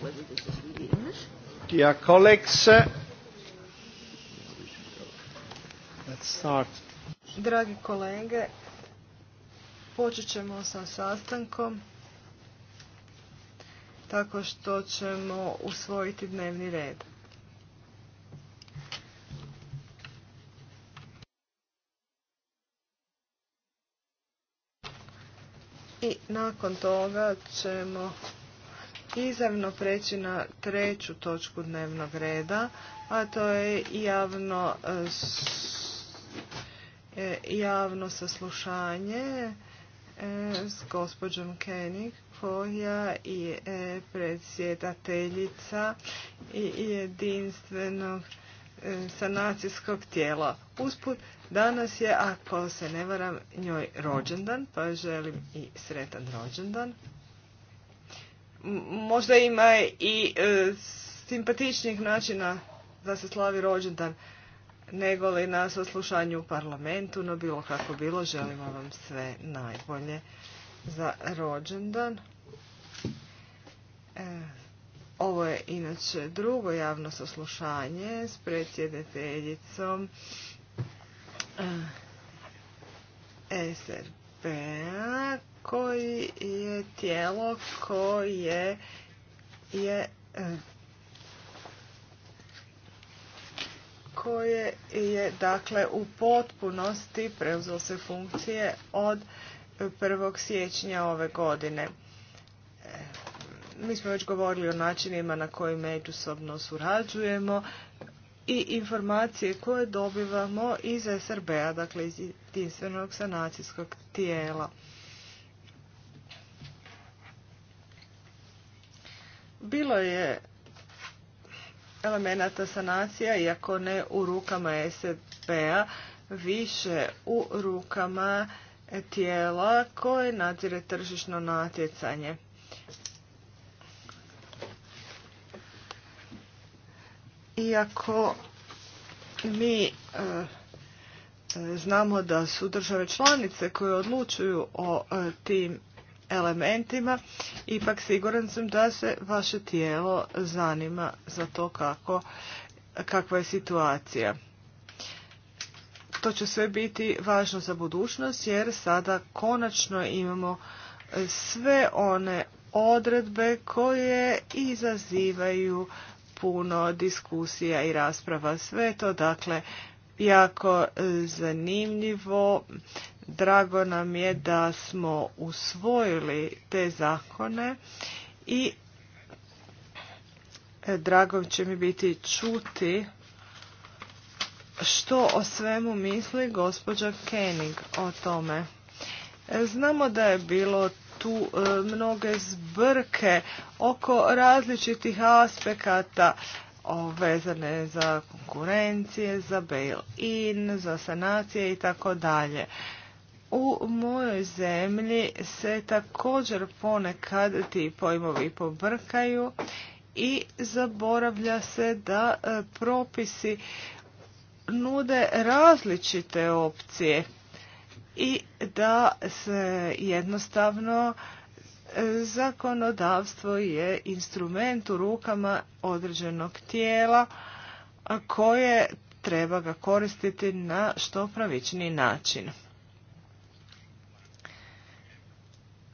Uh, Dragi kolege, počet ćemo sa sastankom tako što ćemo usvojiti dnevni red. I nakon toga ćemo izravno preći na treću točku dnevnog reda, a to je javno, e, e, javno saslušanje e, s gospođom Kenig koja je predsjedateljica i jedinstvenog sanacijskog tijela. Usput, danas je, ako se ne varam, njoj rođendan, pa želim i sretan rođendan možda ima i e, simpatičnih načina da se slavi rođendan nego li na saslušanju u parlamentu, no bilo kako bilo, želimo vam sve najbolje za rođendan. E, ovo je inače drugo javno saslušanje s predsjedateljicom e, SRB koji je tijelo koje je koje je dakle u potpunosti preuzelo se funkcije od 1. siječnja ove godine. Mi smo već govorili o načinima na koji međusobno surađujemo, i informacije koje dobivamo iz SRB-a, dakle iz jedinstvenog sanacijskog tijela. Bilo je elemenata sanacija, iako ne u rukama SRB-a, više u rukama tijela koje nadzire tržišno natjecanje. iako mi e, znamo da su države članice koje odlučuju o e, tim elementima, ipak siguran sam da se vaše tijelo zanima za to kako, kakva je situacija. To će sve biti važno za budućnost jer sada konačno imamo e, sve one odredbe koje izazivaju puno diskusija i rasprava. Sve to dakle jako e, zanimljivo. Drago nam je da smo usvojili te zakone i e, drago će mi biti čuti što o svemu misli gospođa Kenig o tome. E, znamo da je bilo tu e, mnoge zbrke oko različitih aspekata vezane za konkurencije, za bail-in, za sanacije i tako dalje. U mojoj zemlji se također ponekad ti pojmovi pobrkaju i zaboravlja se da e, propisi nude različite opcije i da se jednostavno e, zakonodavstvo je instrument u rukama određenog tijela koje treba ga koristiti na što pravičniji način.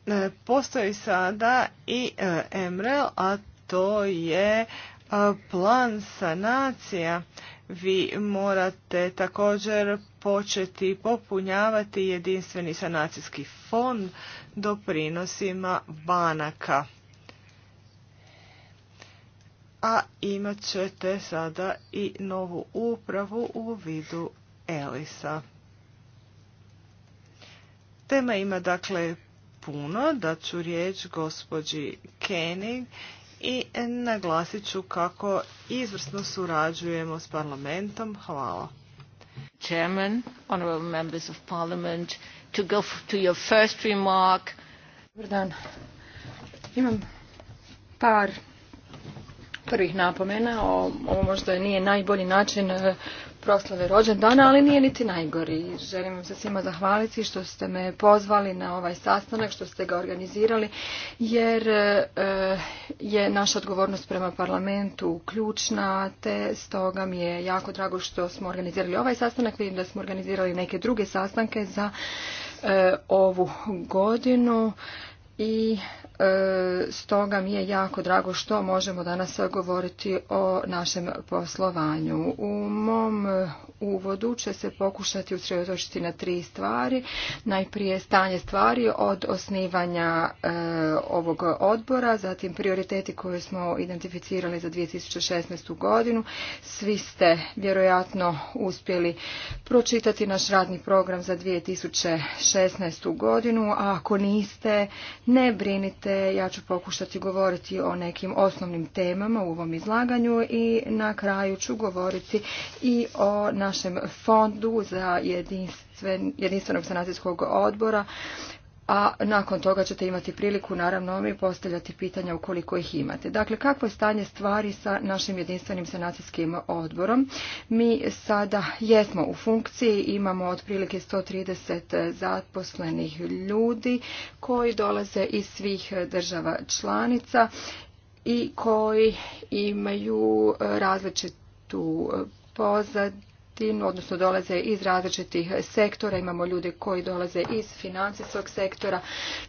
E, postoji sada i e, MREL, a to je plan sanacija vi morate također početi popunjavati jedinstveni sanacijski fond doprinosima banaka. A imat ćete sada i novu upravu u vidu Elisa. Tema ima dakle puno, da ću riječ gospođi Kenning i naglasit ću kako izvrsno surađujemo s parlamentom. Hvala. Chairman, honorable members of parliament, to go to your first remark. Dobar dan. Imam par prvih napomena. Ovo možda nije najbolji način eh, proslave rođendana, ali nije niti najgori. Želim vam se svima zahvaliti što ste me pozvali na ovaj sastanak, što ste ga organizirali, jer e, je naša odgovornost prema parlamentu ključna, te stoga mi je jako drago što smo organizirali ovaj sastanak. Vidim da smo organizirali neke druge sastanke za e, ovu godinu i E, stoga mi je jako drago što možemo danas govoriti o našem poslovanju. U mom uvodu će se pokušati usredotočiti na tri stvari. Najprije stanje stvari od osnivanja e, ovog odbora, zatim prioriteti koje smo identificirali za 2016. godinu. Svi ste vjerojatno uspjeli pročitati naš radni program za 2016. godinu, a ako niste, ne brinite te ja ću pokušati govoriti o nekim osnovnim temama u ovom izlaganju i na kraju ću govoriti i o našem fondu za jedinstvenog sanacijskog odbora a nakon toga ćete imati priliku naravno mi postavljati pitanja ukoliko ih imate. Dakle, kakvo je stanje stvari sa našim jedinstvenim sanacijskim odborom? Mi sada jesmo u funkciji, imamo otprilike 130 zaposlenih ljudi koji dolaze iz svih država članica i koji imaju različitu pozad tim, odnosno dolaze iz različitih sektora. Imamo ljude koji dolaze iz financijskog sektora,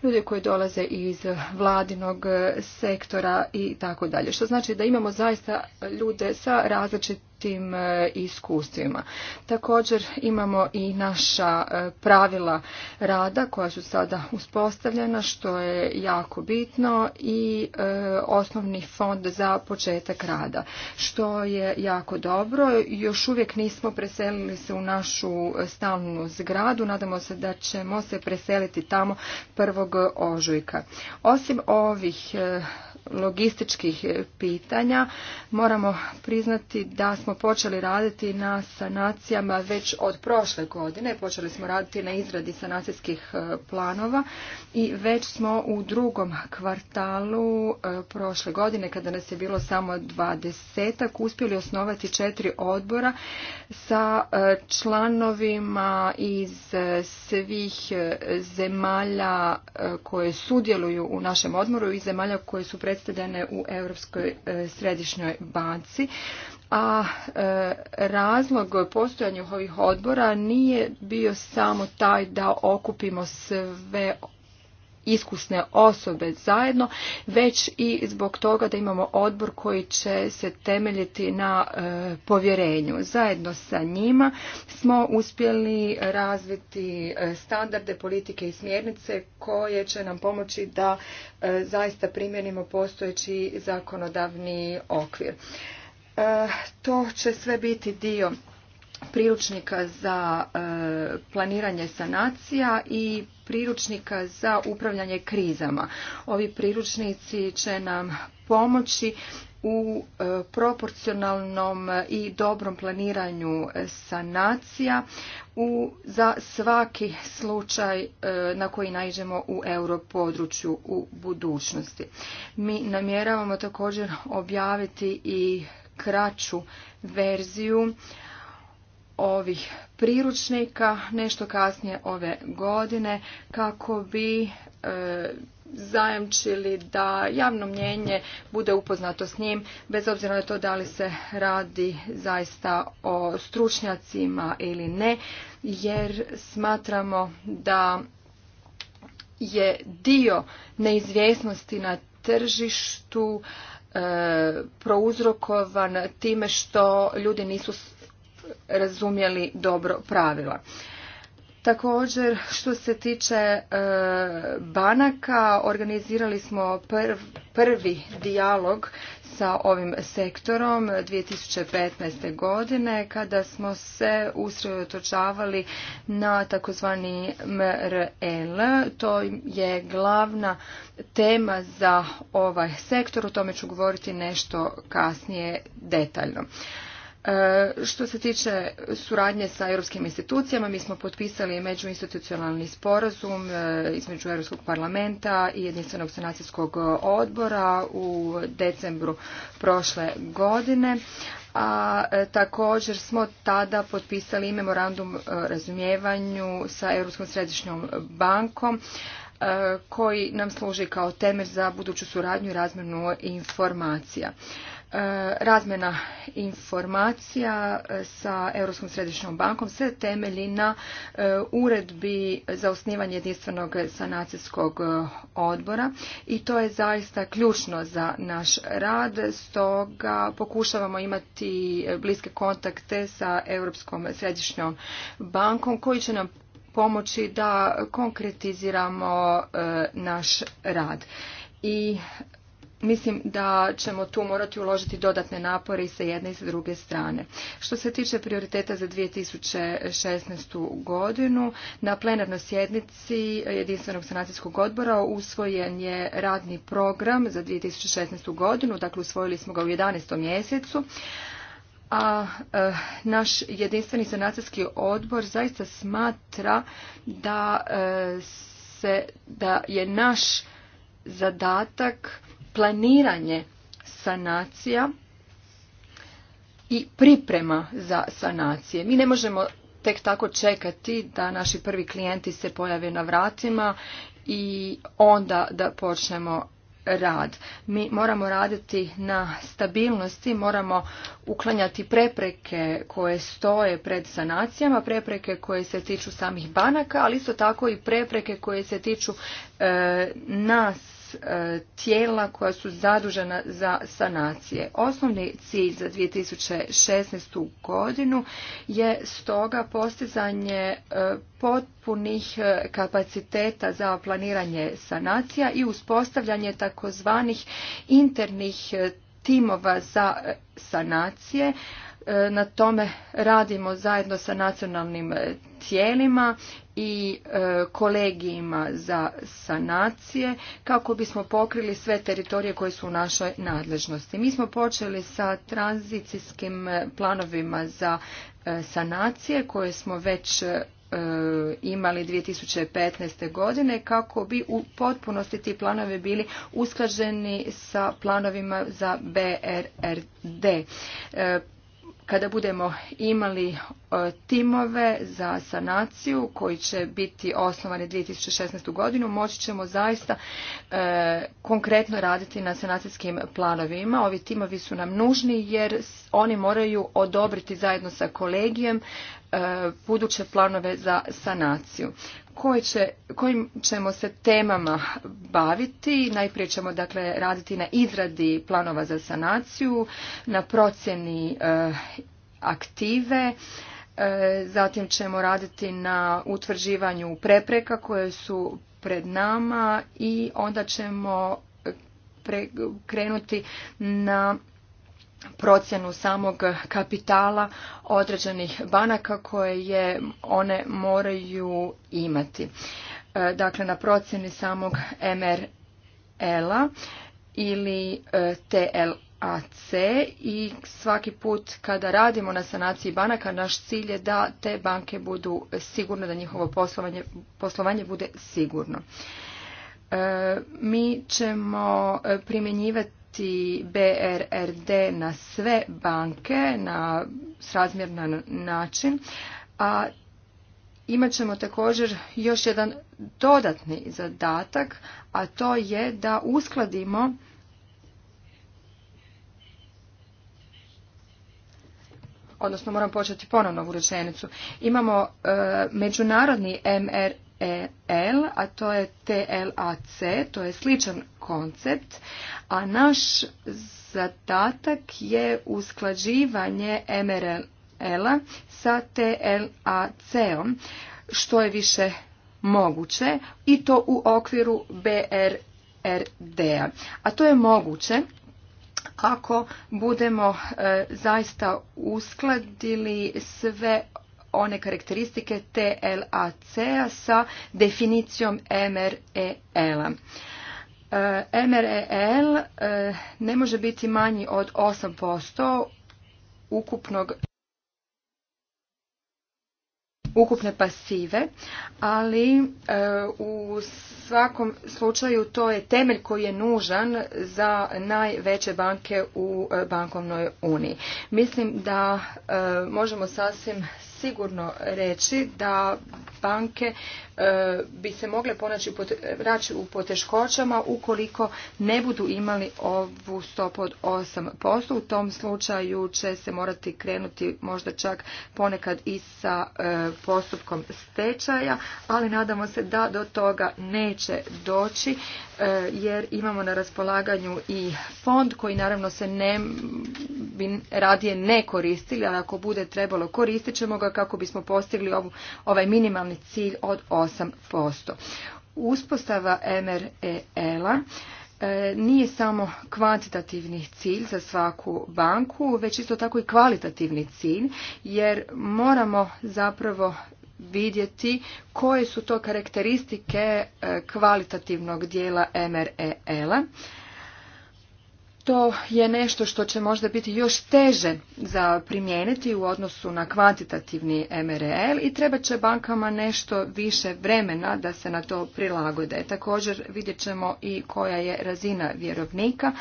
ljude koji dolaze iz vladinog sektora i tako dalje. Što znači da imamo zaista ljude sa različitim različitim e, iskustvima. Također imamo i naša e, pravila rada koja su sada uspostavljena što je jako bitno i e, osnovni fond za početak rada što je jako dobro. Još uvijek nismo preselili se u našu stalnu zgradu. Nadamo se da ćemo se preseliti tamo prvog ožujka. Osim ovih logističkih e, pitanja moramo priznati da smo počeli raditi na sanacijama već od prošle godine. Počeli smo raditi na izradi sanacijskih e, planova i već smo u drugom kvartalu e, prošle godine kada nas je bilo samo desetak, uspjeli osnovati četiri odbora sa članovima iz svih zemalja koje sudjeluju u našem odmoru i zemalja koje su predstavljene predstavljene u Europskoj e, središnjoj banci, a e, razlog postojanja ovih odbora nije bio samo taj da okupimo sve iskusne osobe zajedno, već i zbog toga da imamo odbor koji će se temeljiti na e, povjerenju. Zajedno sa njima smo uspjeli razviti e, standarde, politike i smjernice koje će nam pomoći da e, zaista primjenimo postojeći zakonodavni okvir. to će sve biti dio priručnika za planiranje sanacija i priručnika za upravljanje krizama. Ovi priručnici će nam pomoći u e, proporcionalnom i dobrom planiranju sanacija u, za svaki slučaj e, na koji naiđemo u europodručju u budućnosti. Mi namjeravamo također objaviti i kraću verziju ovih priručnika nešto kasnije ove godine kako bi e, zajamčili da javno mnjenje bude upoznato s njim bez obzira na to da li se radi zaista o stručnjacima ili ne jer smatramo da je dio neizvjesnosti na tržištu e, prouzrokovan time što ljudi nisu razumjeli dobro pravila. Također, što se tiče e, banaka, organizirali smo prvi dijalog sa ovim sektorom 2015. godine kada smo se usredotočavali na takozvani MRL. To je glavna tema za ovaj sektor, o tome ću govoriti nešto kasnije detaljno. E, što se tiče suradnje sa europskim institucijama, mi smo potpisali međuinstitucionalni sporazum e, između Europskog parlamenta i jedinstvenog sanacijskog odbora u decembru prošle godine, a e, također smo tada potpisali memorandum razumijevanju sa Europskom središnjom bankom koji nam služi kao temelj za buduću suradnju i razmjenu informacija. E, razmjena informacija e, sa Europskom središnjom bankom se temelji na e, uredbi za osnivanje jedinstvenog sanacijskog odbora i to je zaista ključno za naš rad. Stoga pokušavamo imati bliske kontakte sa Europskom središnjom bankom koji će nam pomoći da konkretiziramo naš rad i Mislim da ćemo tu morati uložiti dodatne napore i sa jedne i sa druge strane. Što se tiče prioriteta za 2016. godinu, na plenarnoj sjednici Jedinstvenog sanacijskog odbora usvojen je radni program za 2016. godinu, dakle usvojili smo ga u 11. mjesecu a e, naš jedinstveni sanacijski odbor zaista smatra da e, da je naš zadatak planiranje sanacija i priprema za sanacije. Mi ne možemo tek tako čekati da naši prvi klijenti se pojave na vratima i onda da počnemo rad. Mi moramo raditi na stabilnosti, moramo uklanjati prepreke koje stoje pred sanacijama, prepreke koje se tiču samih banaka, ali isto tako i prepreke koje se tiču e, nas E, tijela koja su zadužena za sanacije. Osnovni cilj za 2016. godinu je stoga postizanje e, potpunih e, kapaciteta za planiranje sanacija i uspostavljanje takozvanih internih timova za sanacije E, na tome radimo zajedno sa nacionalnim e, tijelima i e, kolegijima za sanacije kako bismo pokrili sve teritorije koje su u našoj nadležnosti. Mi smo počeli sa tranzicijskim planovima za sanacije koje smo već imali 2015. godine kako bi u potpunosti ti planovi bili usklaženi sa planovima za BRRD kada budemo imali e, timove za sanaciju koji će biti osnovani 2016. godinu, moći ćemo zaista e, konkretno raditi na sanacijskim planovima. Ovi timovi su nam nužni jer oni moraju odobriti zajedno sa kolegijem e, buduće planove za sanaciju. Koji će, kojim ćemo se temama baviti. Najprije ćemo dakle raditi na izradi planova za sanaciju, na procjeni aktive. E, zatim ćemo raditi na utvrđivanju prepreka koje su pred nama i onda ćemo e, krenuti na procjenu samog kapitala određenih banaka koje je one moraju imati. E, dakle, na procjeni samog MRL-a ili TL AC i svaki put kada radimo na sanaciji banaka naš cilj je da te banke budu sigurne, da njihovo poslovanje, poslovanje bude sigurno. E, mi ćemo e, primjenjivati BRRD na sve banke na srazmjernan način, a imat ćemo također još jedan dodatni zadatak, a to je da uskladimo odnosno moram početi ponovno ovu rečenicu. Imamo e, međunarodni MREL, a to je TLAC, to je sličan koncept, a naš zadatak je usklađivanje MREL-a sa TLAC-om, što je više moguće, i to u okviru BRRD-a. E a to je moguće ako budemo e, zaista uskladili sve one karakteristike TLAC-a sa definicijom MREL-a. E, MREL e, ne može biti manji od 8% ukupnog ukupne pasive, ali e, u svakom slučaju to je temelj koji je nužan za najveće banke u e, bankovnoj uniji. Mislim da e, možemo sasvim sigurno reći da banke e, bi se mogle ponaći u poteškoćama ukoliko ne budu imali ovu stopu od 8%. U tom slučaju će se morati krenuti možda čak ponekad i sa e, postupkom stečaja, ali nadamo se da do toga neće doći e, jer imamo na raspolaganju i fond koji naravno se ne bi radije ne koristili, ali ako bude trebalo koristit ćemo ga kako bismo postigli ovu, ovaj minimalni cilj od 8%. Uspostava MREL-a e, nije samo kvantitativni cilj za svaku banku, već isto tako i kvalitativni cilj, jer moramo zapravo vidjeti koje su to karakteristike e, kvalitativnog dijela MREL-a to je nešto što će možda biti još teže za primijeniti u odnosu na kvantitativni MRL i treba će bankama nešto više vremena da se na to prilagode. Također vidjet ćemo i koja je razina vjerovnika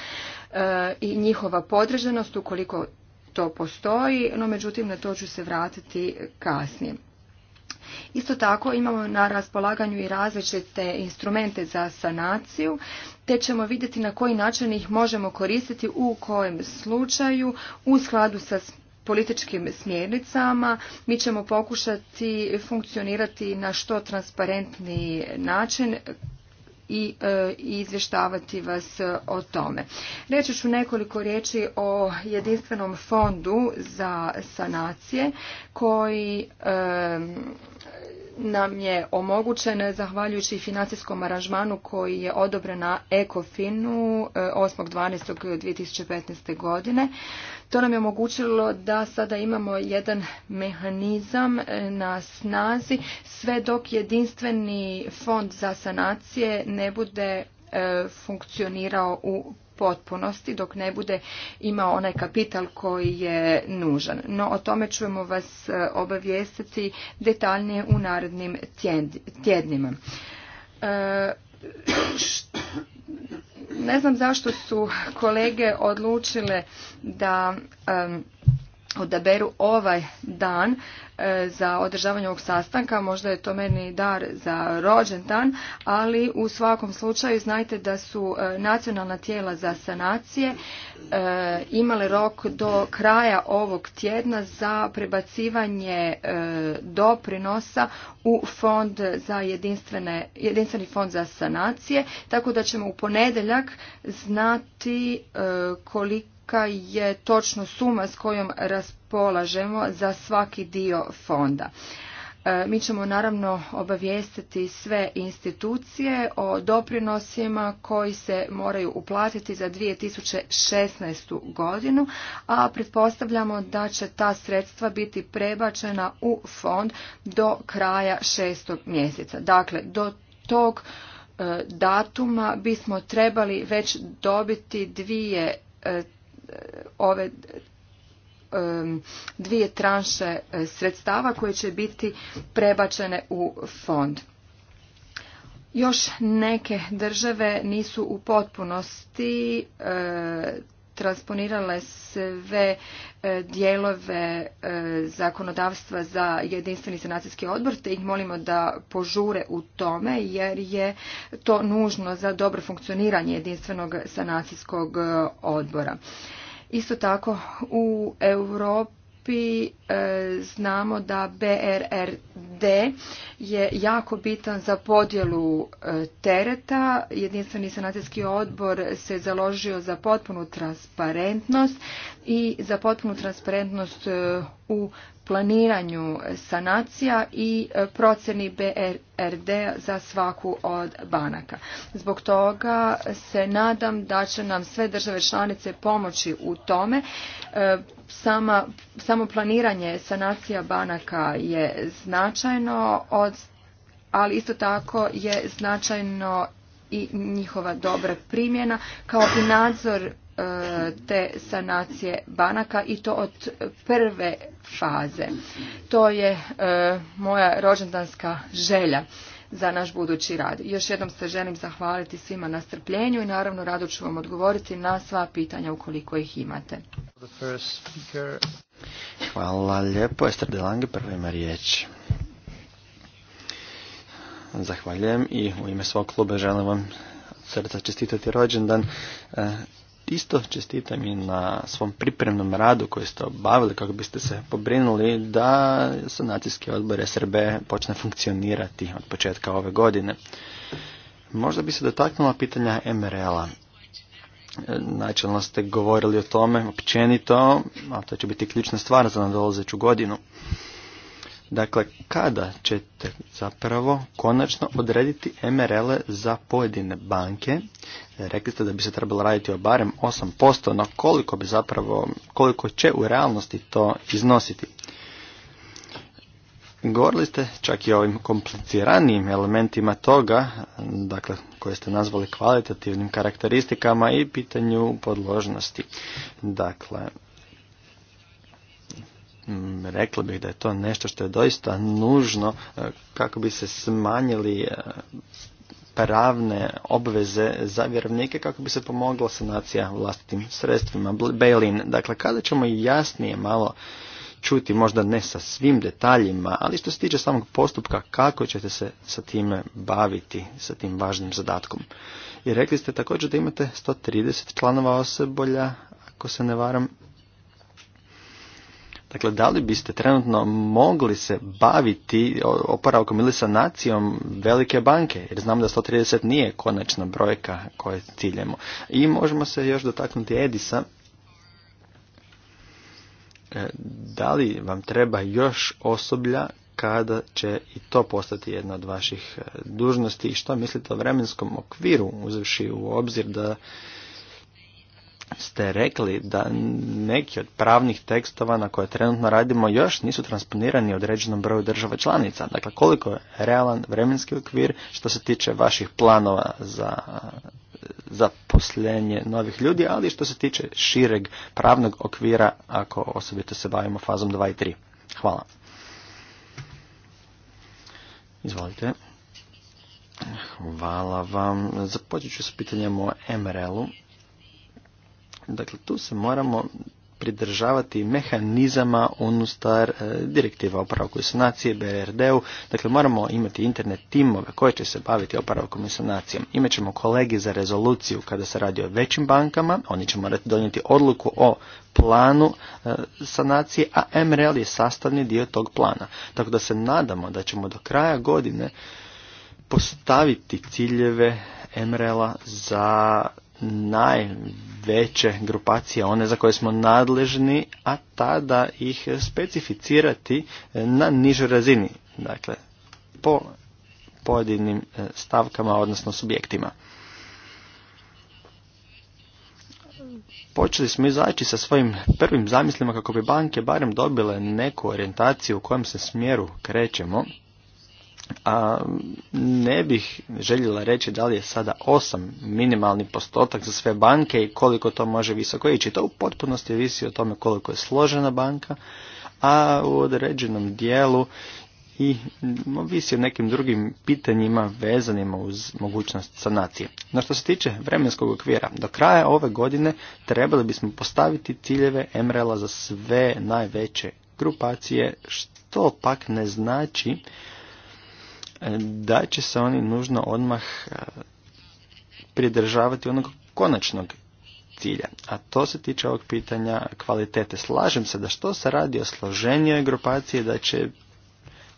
e, i njihova podreženost ukoliko to postoji, no međutim na to ću se vratiti kasnije. Isto tako imamo na raspolaganju i različite instrumente za sanaciju te ćemo vidjeti na koji način ih možemo koristiti u kojem slučaju u skladu sa političkim smjernicama. Mi ćemo pokušati funkcionirati na što transparentni način e, i izvještavati vas o tome. Reći ću nekoliko riječi o jedinstvenom fondu za sanacije koji e, nam je omogućen zahvaljujući financijskom aranžmanu koji je odobren na ECOFIN-u 8.12.2015. Eh, godine. To nam je omogućilo da sada imamo jedan mehanizam eh, na snazi sve dok jedinstveni fond za sanacije ne bude eh, funkcionirao u potpunosti dok ne bude imao onaj kapital koji je nužan. No o tome ćemo vas e, obavijestiti detaljnije u narednim tjednima. E, ne znam zašto su kolege odlučile da odaberu ovaj dan e, za održavanje ovog sastanka. Možda je to meni dar za dan, ali u svakom slučaju znajte da su e, nacionalna tijela za sanacije e, imale rok do kraja ovog tjedna za prebacivanje doprinosa u fond za jedinstvene, jedinstveni fond za sanacije, tako da ćemo u ponedeljak znati koliko je točno suma s kojom raspolažemo za svaki dio fonda. E, mi ćemo naravno obavijestiti sve institucije o doprinosima koji se moraju uplatiti za 2016. godinu, a pretpostavljamo da će ta sredstva biti prebačena u fond do kraja šestog mjeseca. Dakle, do tog e, datuma bismo trebali već dobiti dvije e, ove e, dvije tranše e, sredstava koje će biti prebačene u fond. Još neke države nisu u potpunosti e, transponirale sve e, dijelove e, zakonodavstva za jedinstveni sanacijski odbor, te ih molimo da požure u tome, jer je to nužno za dobro funkcioniranje jedinstvenog sanacijskog e, odbora. Isto tako u Europi Europi e, znamo da BRRD je jako bitan za podjelu e, tereta. Jedinstveni sanacijski odbor se založio za potpunu transparentnost i za potpunu transparentnost e, u planiranju sanacija i e, procjeni BRD za svaku od banaka. Zbog toga se nadam da će nam sve države članice pomoći u tome. E, samo planiranje sanacija banaka je značajno, ali isto tako je značajno i njihova dobra primjena kao i nadzor E, te sanacije banaka i to od prve faze. To je e, moja rođendanska želja za naš budući rad. Još jednom se želim zahvaliti svima na strpljenju i naravno rado ću vam odgovoriti na sva pitanja ukoliko ih imate. Hvala lijepo, Ester Delange, ima Zahvaljujem i u ime svog kluba želim vam srca čestitati rođendan. E, isto čestitam i na svom pripremnom radu koji ste obavili kako biste se pobrinuli da sanacijski odbor SRB počne funkcionirati od početka ove godine. Možda bi se dotaknula pitanja MRL-a. Načelno ste govorili o tome općenito, a to će biti ključna stvar za nadolazeću godinu. Dakle, kada ćete zapravo konačno odrediti MRL-e za pojedine banke? Rekli ste da bi se trebalo raditi o barem 8%, no koliko bi zapravo, koliko će u realnosti to iznositi? Govorili ste čak i o ovim kompliciranijim elementima toga, dakle, koje ste nazvali kvalitativnim karakteristikama i pitanju podložnosti. Dakle, Mm, rekla bih da je to nešto što je doista nužno e, kako bi se smanjili e, pravne obveze za vjerovnike kako bi se pomogla sanacija vlastitim sredstvima. Bailin, dakle kada ćemo jasnije malo čuti, možda ne sa svim detaljima, ali što se tiče samog postupka, kako ćete se sa time baviti, sa tim važnim zadatkom. I rekli ste također da imate 130 članova osebolja, ako se ne varam, Dakle, da li biste trenutno mogli se baviti oporavkom ili sanacijom velike banke? Jer znam da 130 nije konačna brojka koje ciljemo. I možemo se još dotaknuti Edisa. E, da li vam treba još osoblja kada će i to postati jedna od vaših e, dužnosti i što mislite o vremenskom okviru uzevši u obzir da ste rekli da neki od pravnih tekstova na koje trenutno radimo još nisu transponirani određenom broju država članica. Dakle, koliko je realan vremenski okvir što se tiče vaših planova za zaposlenje novih ljudi, ali što se tiče šireg pravnog okvira ako osobito se bavimo fazom 2 i 3. Hvala. Izvolite. Hvala vam. Započet ću s pitanjem o MRL-u. Dakle, tu se moramo pridržavati mehanizama unutar e, direktiva oporavku i sanacije BRD-u. Dakle, moramo imati internet timove koje će se baviti oporavkom i sanacijom. Imaćemo kolegi za rezoluciju kada se radi o većim bankama. Oni će morati donijeti odluku o planu e, sanacije, a MRL je sastavni dio tog plana. Tako da se nadamo da ćemo do kraja godine postaviti ciljeve MRL-a za najveće grupacije, one za koje smo nadležni, a tada ih specificirati e, na nižoj razini, dakle po pojedinim e, stavkama, odnosno subjektima. Počeli smo izaći sa svojim prvim zamislima kako bi banke barem dobile neku orijentaciju u kojem se smjeru krećemo, a ne bih željela reći da li je sada 8 minimalni postotak za sve banke i koliko to može visoko ići. To u potpunosti visi o tome koliko je složena banka, a u određenom dijelu i visi o nekim drugim pitanjima vezanima uz mogućnost sanacije. Na što se tiče vremenskog okvira, do kraja ove godine trebali bismo postaviti ciljeve MRL-a za sve najveće grupacije, što pak ne znači da će se oni nužno odmah e, pridržavati onog konačnog cilja. A to se tiče ovog pitanja kvalitete. Slažem se da što se radi o složenijoj grupaciji, da će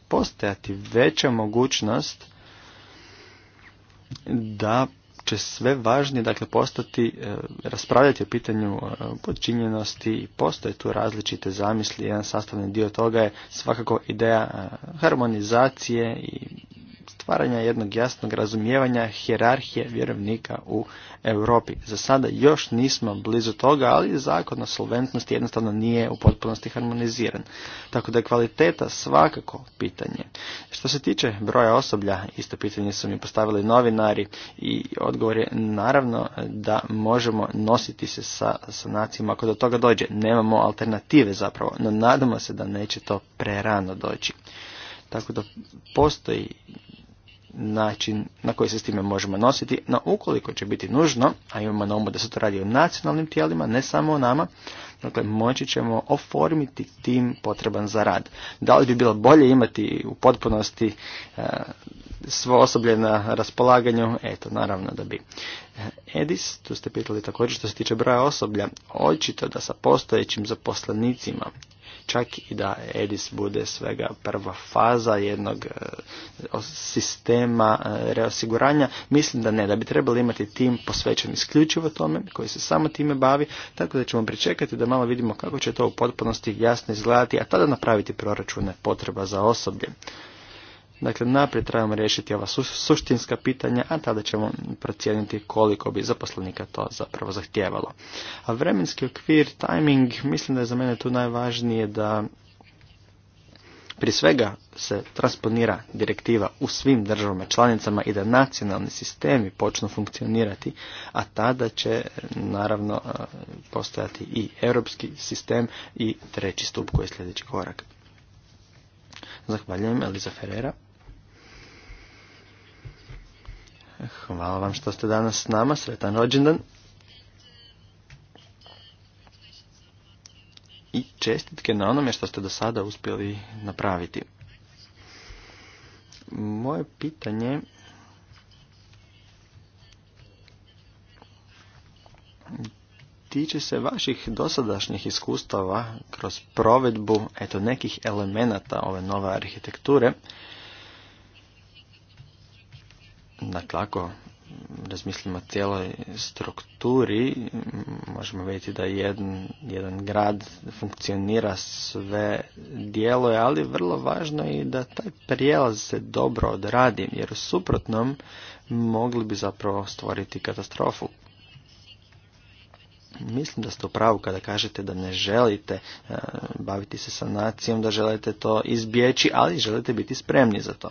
postojati veća mogućnost da će sve važnije dakle, postati, e, raspravljati o pitanju e, podčinjenosti i postoje tu različite zamisli. Jedan sastavni dio toga je svakako ideja e, harmonizacije i stvaranja jednog jasnog razumijevanja hjerarhije vjerovnika u Europi. Za sada još nismo blizu toga, ali zakon o solventnosti jednostavno nije u potpunosti harmoniziran. Tako da je kvaliteta svakako pitanje. Što se tiče broja osoblja, isto pitanje su mi postavili novinari i odgovor je naravno da možemo nositi se sa sanacijom ako do toga dođe. Nemamo alternative zapravo, no nadamo se da neće to prerano doći. Tako da postoji način na koji se s time možemo nositi, no ukoliko će biti nužno, a imamo na umu da se to radi o nacionalnim tijelima, ne samo o nama, dakle moći ćemo oformiti tim potreban za rad. Da li bi bilo bolje imati u potpunosti e, svo osoblje na raspolaganju? Eto, naravno da bi. E, Edis, tu ste pitali također što se tiče broja osoblja, očito da sa postojećim zaposlenicima čak i da EDIS bude svega prva faza jednog e, sistema e, reosiguranja, mislim da ne, da bi trebali imati tim posvećen isključivo tome, koji se samo time bavi, tako da ćemo pričekati da malo vidimo kako će to u potpunosti jasno izgledati, a tada napraviti proračune potreba za osoblje. Dakle, naprijed trebamo riješiti ova suštinska pitanja, a tada ćemo procijeniti koliko bi zaposlenika to zapravo zahtijevalo. A vremenski okvir, timing, mislim da je za mene tu najvažnije da prije svega se transponira direktiva u svim državama članicama i da nacionalni sistemi počnu funkcionirati, a tada će naravno postojati i europski sistem i treći stup koji je sljedeći korak. Zahvaljujem Eliza Ferreira. Hvala vam što ste danas s nama. Sretan rođendan. I čestitke na onome što ste do sada uspjeli napraviti. Moje pitanje tiče se vaših dosadašnjih iskustava kroz provedbu eto nekih elemenata ove nove arhitekture Dakle, ako razmislimo cijeloj strukturi, možemo vidjeti da jedan, jedan grad funkcionira sve djeluje, ali vrlo važno je da taj prijelaz se dobro odradi, jer u suprotnom mogli bi zapravo stvoriti katastrofu. Mislim da ste u pravu kada kažete da ne želite e, baviti se sanacijom, da želite to izbjeći, ali želite biti spremni za to.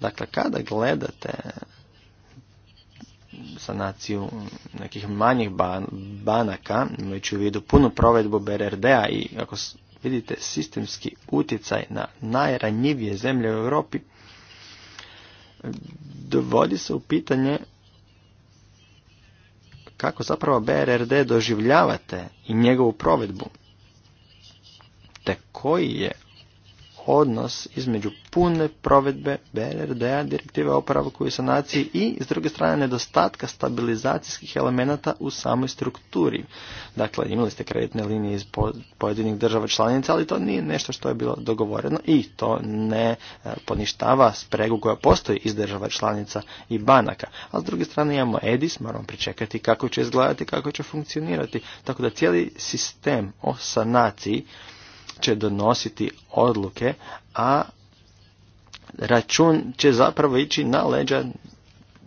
Dakle, kada gledate sanaciju nekih manjih banaka, imajući u vidu punu provedbu BRRD-a i ako vidite sistemski utjecaj na najranjivije zemlje u Europi, dovodi se u pitanje kako zapravo BRRD doživljavate i njegovu provedbu, te koji je odnos između pune provedbe brd direktive o oporavku i sanaciji i s druge strane nedostatka stabilizacijskih elemenata u samoj strukturi. Dakle, imali ste kreditne linije iz pojedinih država članica, ali to nije nešto što je bilo dogovoreno i to ne e, poništava spregu koja postoji iz država članica i banaka. A s druge strane imamo EDIS, moramo pričekati kako će izgledati, kako će funkcionirati. Tako da cijeli sistem o sanaciji će donositi odluke, a račun će zapravo ići na leđa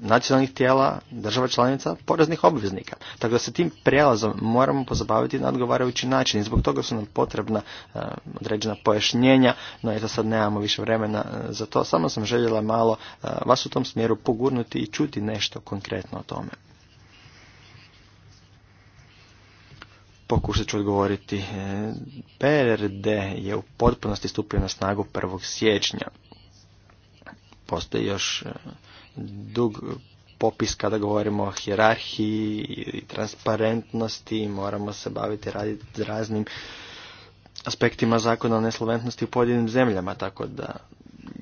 nacionalnih tijela, država članica, poreznih obveznika. Tako da se tim prijelazom moramo pozabaviti na odgovarajući način i zbog toga su nam potrebna eh, određena pojašnjenja, no eto sad nemamo više vremena eh, za to, samo sam željela malo eh, vas u tom smjeru pogurnuti i čuti nešto konkretno o tome. Pokušat ću odgovoriti. E, PRD je u potpunosti stupio na snagu 1. siječnja. Postoji još e, dug popis kada govorimo o hjerarhiji i transparentnosti. Moramo se baviti raditi raznim aspektima zakona o nesloventnosti u pojedinim zemljama, tako da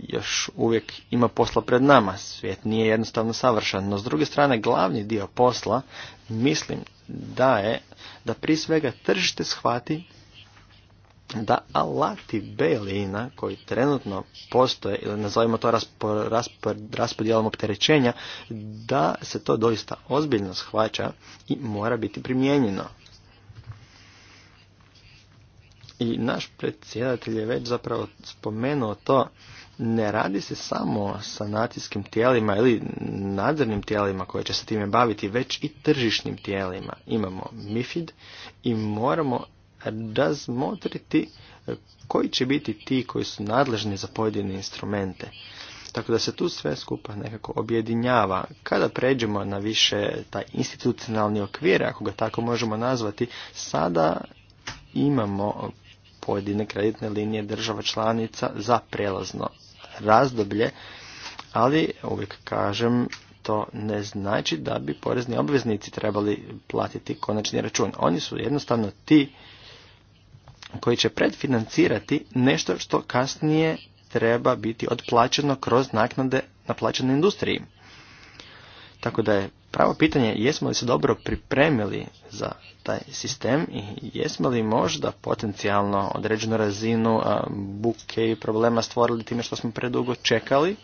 još uvijek ima posla pred nama. Svijet nije jednostavno savršen, no s druge strane glavni dio posla mislim daje da prije svega tržište shvati da alati belina koji trenutno postoje ili nazovimo to raspo, raspo, raspodjelom opterećenja da se to doista ozbiljno shvaća i mora biti primijenjeno. I naš predsjedatelj je već zapravo spomenuo to ne radi se samo sanacijskim tijelima ili nadzornim tijelima koje će se time baviti, već i tržišnim tijelima. Imamo MIFID i moramo razmotriti e, koji će biti ti koji su nadležni za pojedine instrumente. Tako da se tu sve skupa nekako objedinjava. Kada pređemo na više taj institucionalni okvir, ako ga tako možemo nazvati, sada imamo pojedine kreditne linije država članica za prelazno razdoblje, ali uvijek kažem to ne znači da bi porezni obveznici trebali platiti konačni račun. Oni su jednostavno ti koji će predfinancirati nešto što kasnije treba biti otplaćeno kroz naknade naplaćene industriji. Tako da je pravo pitanje je jesmo li se dobro pripremili za taj sistem i jesmo li možda potencijalno određenu razinu buke i problema stvorili time što smo predugo čekali.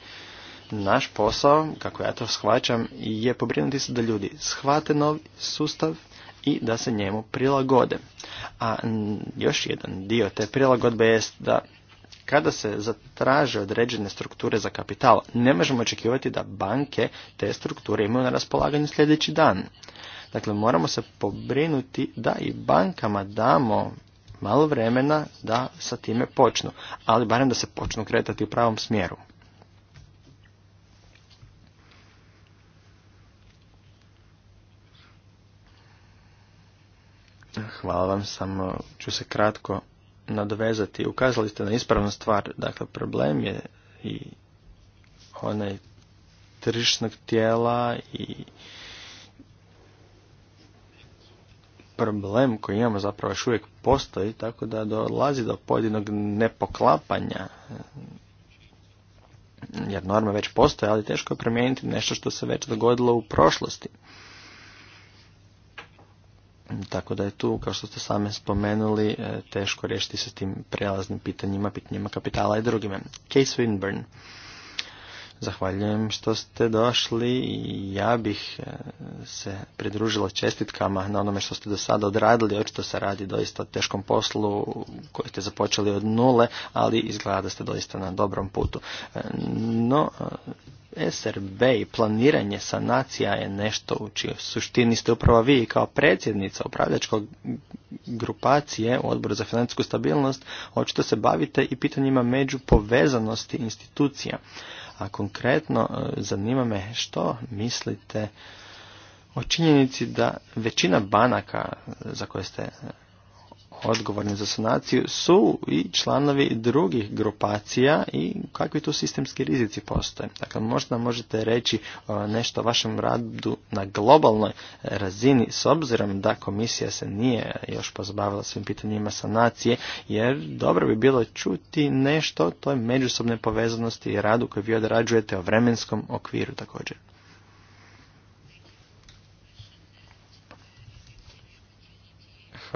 Naš posao, kako ja to shvaćam, je pobrinuti se da ljudi shvate novi sustav i da se njemu prilagode. A još jedan dio te prilagodbe jest da kada se zatraže određene strukture za kapital, ne možemo očekivati da banke te strukture imaju na raspolaganju sljedeći dan. Dakle, moramo se pobrinuti da i bankama damo malo vremena da sa time počnu, ali barem da se počnu kretati u pravom smjeru. Hvala vam, samo ću se kratko nadovezati. Ukazali ste na ispravnu stvar. Dakle, problem je i onaj tržišnog tijela i problem koji imamo zapravo još uvijek postoji, tako da dolazi do pojedinog nepoklapanja jer norma već postoje, ali teško je promijeniti nešto što se već dogodilo u prošlosti. Tako da je tu, kao što ste same spomenuli, e, teško riješiti sa tim prelaznim pitanjima, pitanjima kapitala i drugime. Case Winburn. Zahvaljujem što ste došli i ja bih e, se pridružila čestitkama na onome što ste do sada odradili. Očito se radi doista o teškom poslu koji ste započeli od nule, ali izgleda da ste doista na dobrom putu. E, no, SRB i planiranje sanacija je nešto u čijoj suštini ste upravo vi kao predsjednica upravljačkog grupacije u Odboru za financijsku stabilnost očito se bavite i pitanjima među povezanosti institucija. A konkretno e, zanima me što mislite o činjenici da većina banaka za koje ste e, odgovorni za sanaciju su i članovi drugih grupacija i kakvi tu sistemski rizici postoje. Dakle, možda možete reći e, nešto o vašem radu na globalnoj razini s obzirom da komisija se nije još pozabavila svim pitanjima sanacije, jer dobro bi bilo čuti nešto o toj međusobnoj povezanosti i radu koju vi odrađujete o vremenskom okviru također.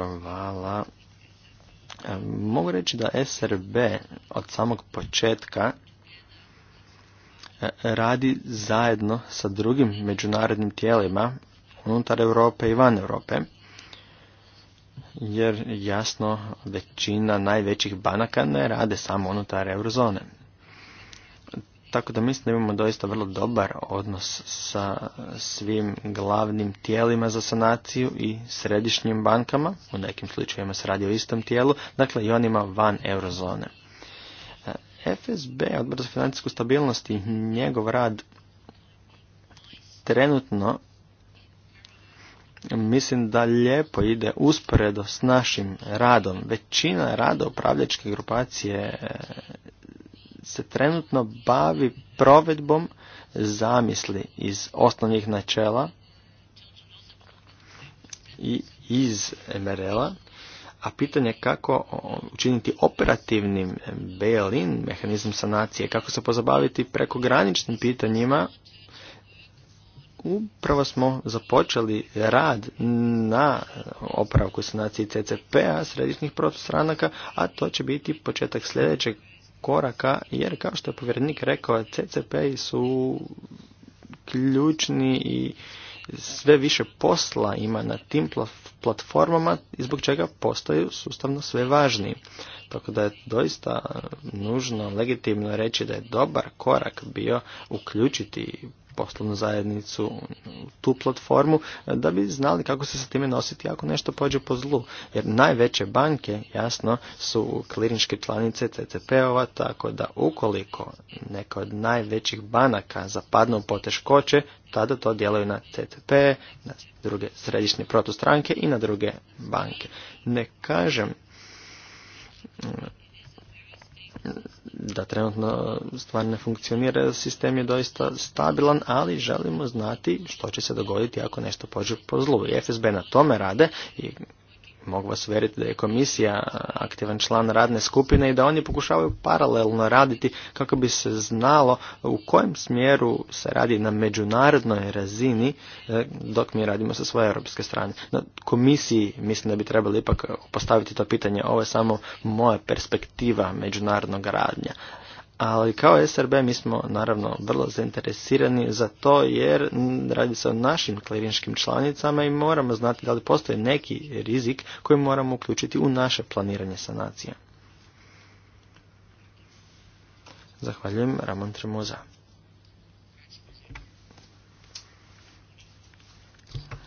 Hvala. E, mogu reći da SRB od samog početka e, radi zajedno sa drugim međunarodnim tijelima unutar Europe i van Europe. Jer jasno većina najvećih banaka ne rade samo unutar eurozone. Tako da mislim da imamo doista vrlo dobar odnos sa svim glavnim tijelima za sanaciju i središnjim bankama. U nekim slučajevima se radi o istom tijelu. Dakle, i onima van eurozone. E, FSB, odbor za financijsku stabilnost i njegov rad trenutno mislim da lijepo ide usporedo s našim radom. Većina rada upravljačke grupacije se trenutno bavi provedbom zamisli iz osnovnih načela i iz MRL-a, a pitanje kako učiniti operativnim bail-in mehanizam sanacije, kako se pozabaviti prekograničnim pitanjima, upravo smo započeli rad na opravku sanacije CCP-a, središnjih protostranaka, a to će biti početak sljedećeg koraka jer kao što je povjerenik rekao CCP su ključni i sve više posla ima na tim platformama i zbog čega postaju sustavno sve važniji. Tako da je doista nužno, legitimno reći da je dobar korak bio uključiti poslovnu zajednicu, tu platformu, da bi znali kako se sa time nositi ako nešto pođe po zlu. Jer najveće banke, jasno, su kliničke članice ttp ova tako da ukoliko neka od najvećih banaka zapadnu u poteškoće, tada to djelaju na TTP, na druge središnje protustranke i na druge banke. Ne kažem da trenutno stvar ne funkcionira, sistem je doista stabilan, ali želimo znati što će se dogoditi ako nešto pođe po zlu. I FSB na tome rade i mogu vas uvjeriti da je komisija aktivan član radne skupine i da oni pokušavaju paralelno raditi kako bi se znalo u kojem smjeru se radi na međunarodnoj razini e, dok mi radimo sa svoje europske strane. Na komisiji mislim da bi trebali ipak postaviti to pitanje, ovo je samo moja perspektiva međunarodnog radnja ali kao SRB mi smo naravno vrlo zainteresirani za to jer radi se o našim klirinškim članicama i moramo znati da li postoji neki rizik koji moramo uključiti u naše planiranje sanacija. Zahvaljujem Ramon Tremuza.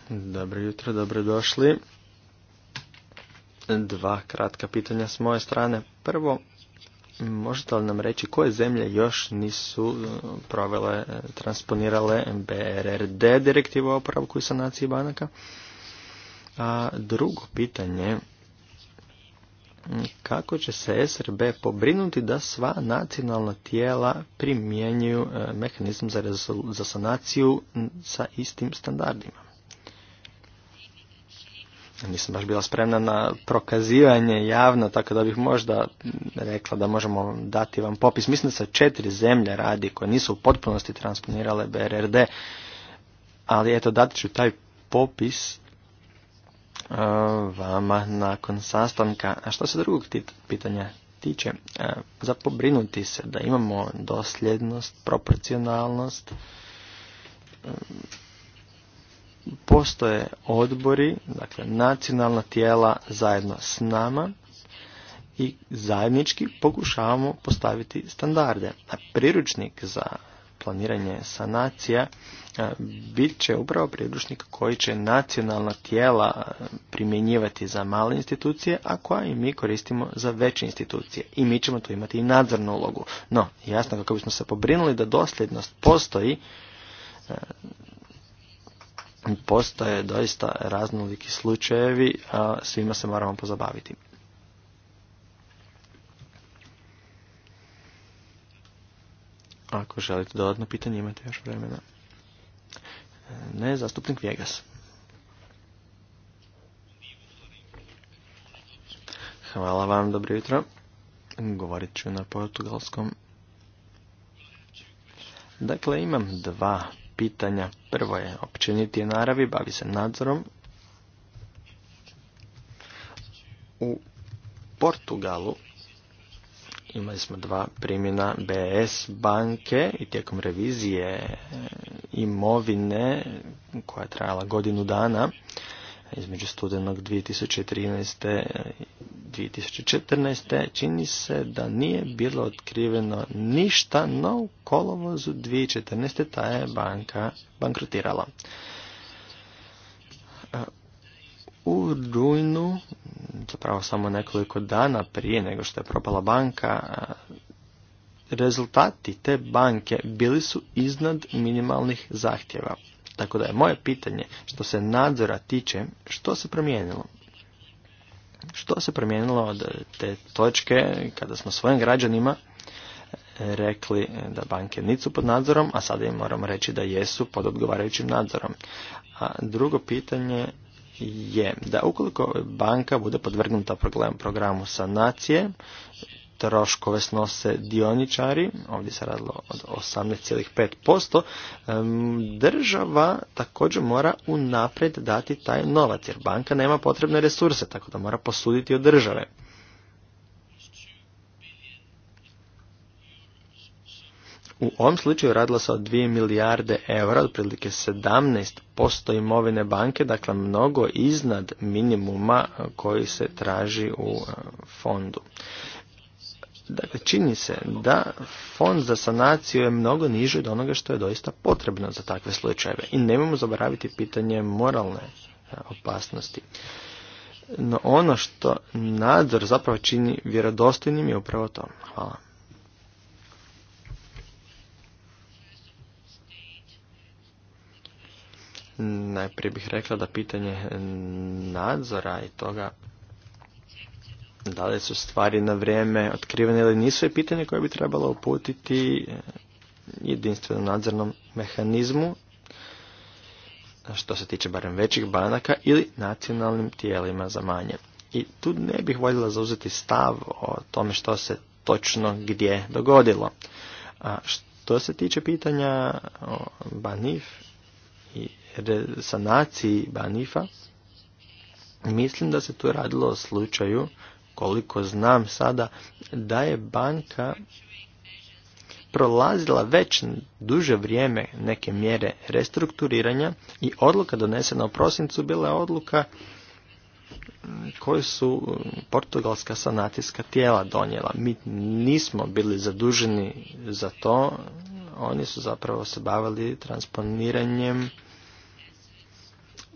Dobro jutro, dobrodošli. Dva kratka pitanja s moje strane. Prvo, Možete li nam reći koje zemlje još nisu e, provele, e, transponirale BRRD direktivu o opravku i sanaciji banaka? A drugo pitanje, kako će se SRB pobrinuti da sva nacionalna tijela primjenjuju e, mehanizam za, za sanaciju sa istim standardima? nisam baš bila spremna na prokazivanje javno, tako da bih možda rekla da možemo dati vam popis. Mislim da se četiri zemlje radi koje nisu u potpunosti transponirale BRRD, ali eto dati ću taj popis e, vama nakon sastanka. A što se drugog pitanja tiče, zapobrinuti e, za pobrinuti se da imamo dosljednost, proporcionalnost, postoje odbori, dakle nacionalna tijela zajedno s nama i zajednički pokušavamo postaviti standarde. A priručnik za planiranje sanacija e, bit će upravo priručnik koji će nacionalna tijela e, primjenjivati za male institucije, a koja i mi koristimo za veće institucije. I mi ćemo tu imati i nadzornu ulogu. No, jasno kako bismo se pobrinuli da dosljednost postoji, e, postoje doista raznoliki slučajevi, a svima se moramo pozabaviti. Ako želite dodatno pitanje, imate još vremena. Ne, zastupnik Vjegas. Hvala vam, dobro jutro. Govorit ću na portugalskom. Dakle, imam dva pitanja. Prvo je općenitije naravi, bavi se nadzorom. U Portugalu imali smo dva primjena BS banke i tijekom revizije e, imovine koja je trajala godinu dana između studenog 2013. 2014. čini se da nije bilo otkriveno ništa, no u kolovozu 2014. ta je banka bankrotirala. E, u rujnu, zapravo samo nekoliko dana prije nego što je propala banka, e, rezultati te banke bili su iznad minimalnih zahtjeva. Tako da je moje pitanje što se nadzora tiče što se promijenilo. Što se promijenilo od te točke kada smo svojim građanima e, rekli e, da banke nisu pod nadzorom, a sada im moramo reći da jesu pod odgovarajućim nadzorom. A drugo pitanje je da ukoliko banka bude podvrgnuta programu sanacije, troškove snose dioničari, ovdje se radilo od 18,5%, država također mora unaprijed dati taj novac, jer banka nema potrebne resurse, tako da mora posuditi od države. U ovom slučaju radilo se o 2 milijarde eura, otprilike 17% imovine banke, dakle mnogo iznad minimuma koji se traži u e, fondu. Dakle, čini se da fond za sanaciju je mnogo niži od onoga što je doista potrebno za takve slučajeve. I nemojmo zaboraviti pitanje moralne e, opasnosti. No ono što nadzor zapravo čini vjerodostojnim je upravo to. Hvala. Najprije bih rekla da pitanje nadzora i toga da li su stvari na vrijeme otkrivene ili nisu je pitanje koje bi trebalo uputiti eh, jedinstvenom nadzornom mehanizmu eh, što se tiče barem većih banaka ili nacionalnim tijelima za manje. I tu ne bih voljela zauzeti stav o tome što se točno gdje dogodilo. A što se tiče pitanja o Banif i sanaciji Banifa, mislim da se tu radilo o slučaju koliko znam sada, da je banka prolazila već duže vrijeme neke mjere restrukturiranja i odluka donesena u prosincu bila je odluka mm, koju su mm, portugalska sanacijska tijela donijela. Mi nismo bili zaduženi za to, oni su zapravo se bavili transponiranjem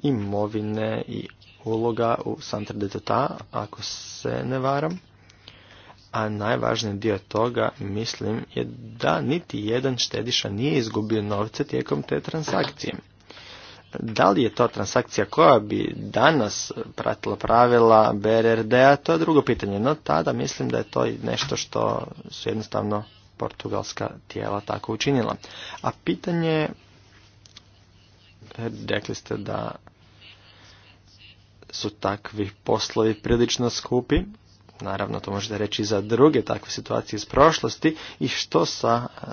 imovine i uloga u Santre de ako se ne varam. A najvažniji dio toga, mislim, je da niti jedan štediša nije izgubio novce tijekom te transakcije. Da li je to transakcija koja bi danas pratila pravila BRRD-a, to je drugo pitanje. No tada mislim da je to nešto što su jednostavno portugalska tijela tako učinila. A pitanje, rekli ste da su takvi poslovi prilično skupi. Naravno, to možete reći za druge takve situacije iz prošlosti i što sa e,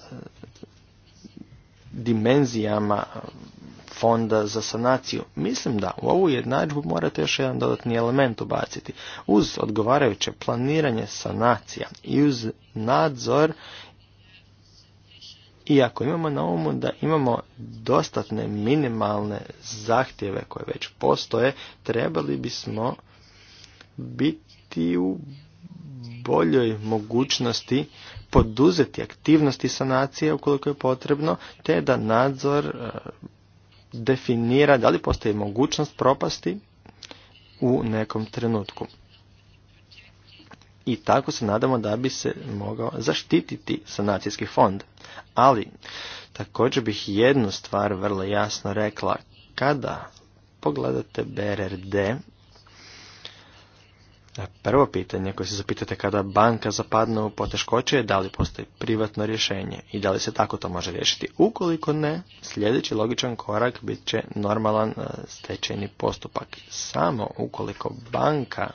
dimenzijama e, fonda za sanaciju. Mislim da u ovu jednadžbu morate još jedan dodatni element ubaciti. Uz odgovarajuće planiranje sanacija i uz nadzor i ako imamo na umu da imamo dostatne minimalne zahtjeve koje već postoje, trebali bismo biti u boljoj mogućnosti poduzeti aktivnosti sanacije ukoliko je potrebno, te da nadzor e, definira da li postoji mogućnost propasti u nekom trenutku i tako se nadamo da bi se mogao zaštititi sanacijski fond. Ali također bih jednu stvar vrlo jasno rekla. Kada pogledate BRRD, e, prvo pitanje koje se zapitate kada banka zapadne u poteškoće je da li postoji privatno rješenje i da li se tako to može riješiti. Ukoliko ne, sljedeći logičan korak bit će normalan e, stečajni postupak. Samo ukoliko banka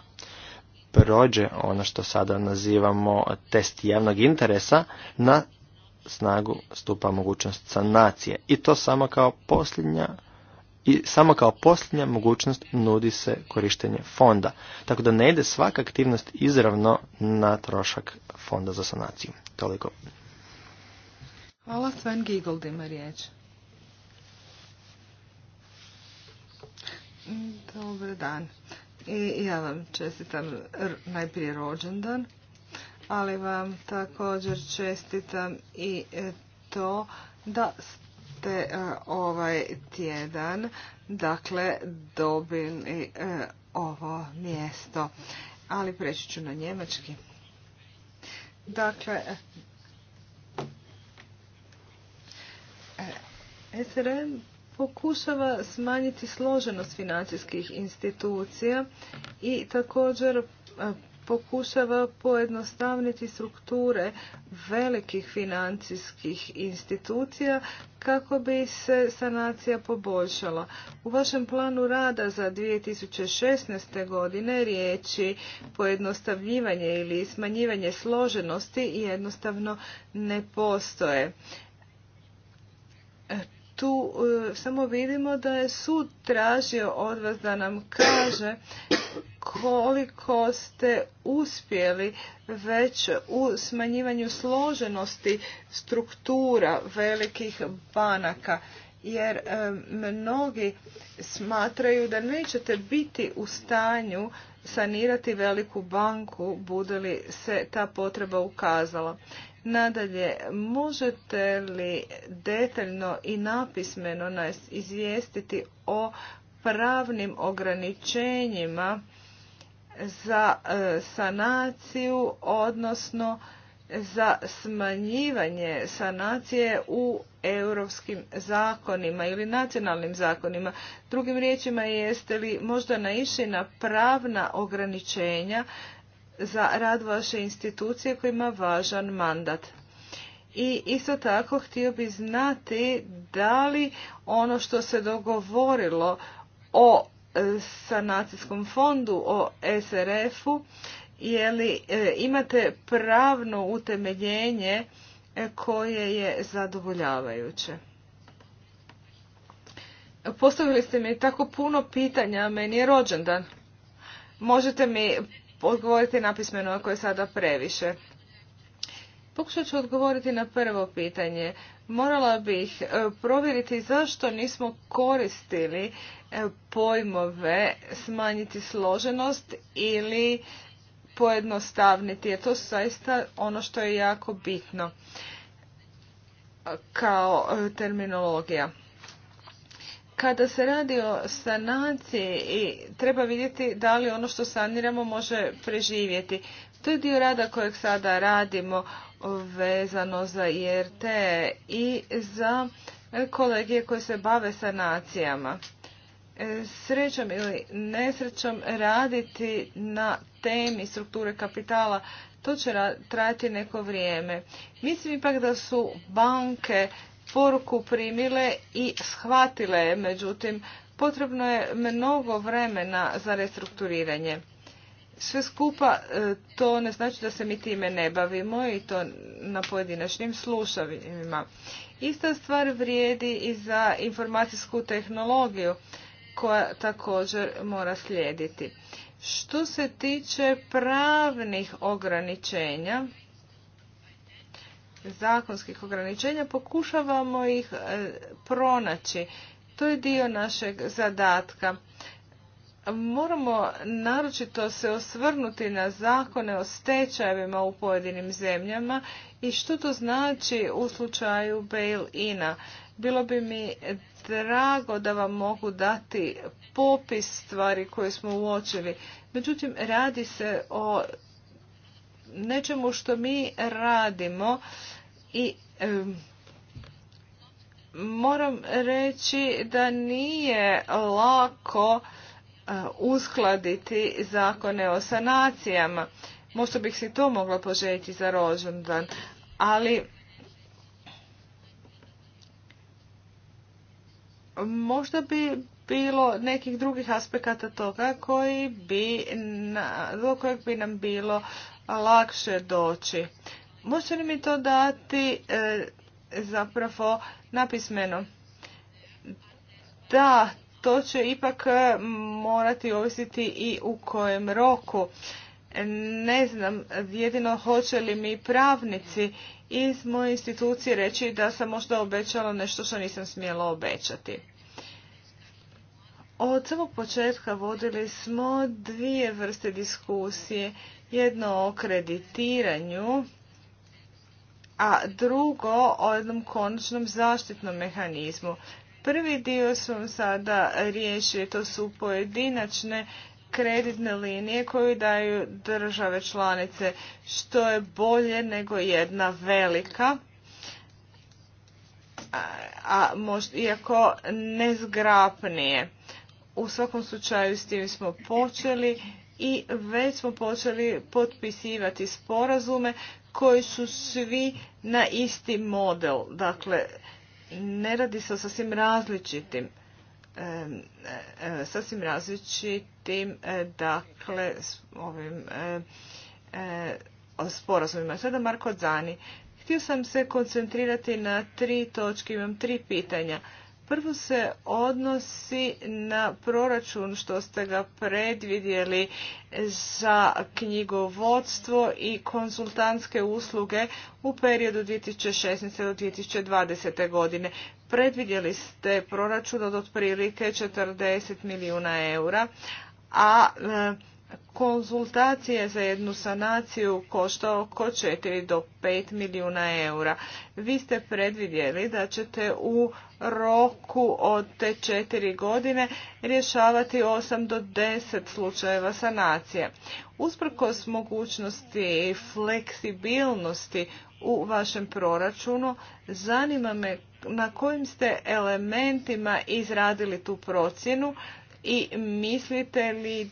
prođe ono što sada nazivamo test javnog interesa, na snagu stupa mogućnost sanacije. I to samo kao posljednja i samo kao posljednja mogućnost nudi se korištenje fonda. Tako da ne ide svaka aktivnost izravno na trošak fonda za sanaciju. Toliko. Hvala Sven Giegold ima riječ. Dobar dan. I ja vam čestitam najprije rođendan, ali vam također čestitam i e, to da ste e, ovaj tjedan dakle dobili e, ovo mjesto. Ali preći ću na njemački. Dakle, SRN pokušava smanjiti složenost financijskih institucija i također pokušava pojednostavniti strukture velikih financijskih institucija kako bi se sanacija poboljšala. U vašem planu rada za 2016. godine riječi pojednostavljivanje ili smanjivanje složenosti jednostavno ne postoje tu e, samo vidimo da je sud tražio od vas da nam kaže koliko ste uspjeli već u smanjivanju složenosti struktura velikih banaka jer e, mnogi smatraju da nećete biti u stanju sanirati veliku banku bude li se ta potreba ukazala. Nadalje, možete li detaljno i napismeno nas izvijestiti o pravnim ograničenjima za e, sanaciju, odnosno za smanjivanje sanacije u europskim zakonima ili nacionalnim zakonima. Drugim riječima jeste li možda naišli na pravna ograničenja za rad vaše institucije koji ima važan mandat. I isto tako htio bi znati da li ono što se dogovorilo o e, sanacijskom fondu, o SRF-u, je li e, imate pravno utemeljenje e, koje je zadovoljavajuće. Postavili ste mi tako puno pitanja, meni je rođendan. Možete mi odgovoriti napismeno ako je sada previše. Pokušat ću odgovoriti na prvo pitanje. Morala bih e, provjeriti zašto nismo koristili e, pojmove smanjiti složenost ili pojednostavniti. Je to zaista ono što je jako bitno e, kao terminologija. Kada se radi o sanaciji i treba vidjeti da li ono što saniramo može preživjeti. To je dio rada kojeg sada radimo vezano za IRT i za kolegije koji se bave sanacijama. Srećom ili nesrećom raditi na temi strukture kapitala, to će trajati neko vrijeme. Mislim ipak da su banke poruku primile i shvatile je, međutim, potrebno je mnogo vremena za restrukturiranje. Sve skupa e, to ne znači da se mi time ne bavimo i to na pojedinačnim slušavima. Ista stvar vrijedi i za informacijsku tehnologiju koja također mora slijediti. Što se tiče pravnih ograničenja, zakonskih ograničenja, pokušavamo ih e, pronaći. To je dio našeg zadatka. Moramo naročito se osvrnuti na zakone o stečajevima u pojedinim zemljama i što to znači u slučaju bail-ina. Bilo bi mi drago da vam mogu dati popis stvari koje smo uočili. Međutim, radi se o nečemu što mi radimo i moram reći da nije lako e, uskladiti zakone o sanacijama. Možda bih si to mogla poželjeti za rođendan, ali možda bi bilo nekih drugih aspekata toga koji bi, do kojeg bi nam bilo lakše doći. Može li mi to dati e, zapravo napismeno? Da, to će ipak e, morati ovisiti i u kojem roku. Ne znam, jedino hoće li mi pravnici iz moje institucije reći da sam možda obećala nešto što nisam smjela obećati. Od samog početka vodili smo dvije vrste diskusije. Jedno o kreditiranju a drugo o jednom konačnom zaštitnom mehanizmu. Prvi dio sam sada riješio, to su pojedinačne kreditne linije koju daju države članice, što je bolje nego jedna velika, a, možda, iako nezgrapnije. U svakom slučaju s tim smo počeli i već smo počeli potpisivati sporazume koji su svi na isti model. Dakle, ne radi se o sasvim različitim e, e, sasvim različitim e, dakle ovim sporazumima. Sada Marko Zani. Htio sam se koncentrirati na tri točke, imam tri pitanja. Prvo se odnosi na proračun što ste ga predvidjeli za knjigovodstvo i konsultantske usluge u periodu 2016. do 2020. godine. Predvidjeli ste proračun od otprilike 40 milijuna eura, a konzultacije za jednu sanaciju košta oko 4 do 5 milijuna eura. Vi ste predvidjeli da ćete u roku od te četiri godine rješavati 8 do 10 slučajeva sanacije. Usprkos mogućnosti i fleksibilnosti u vašem proračunu, zanima me na kojim ste elementima izradili tu procjenu i mislite li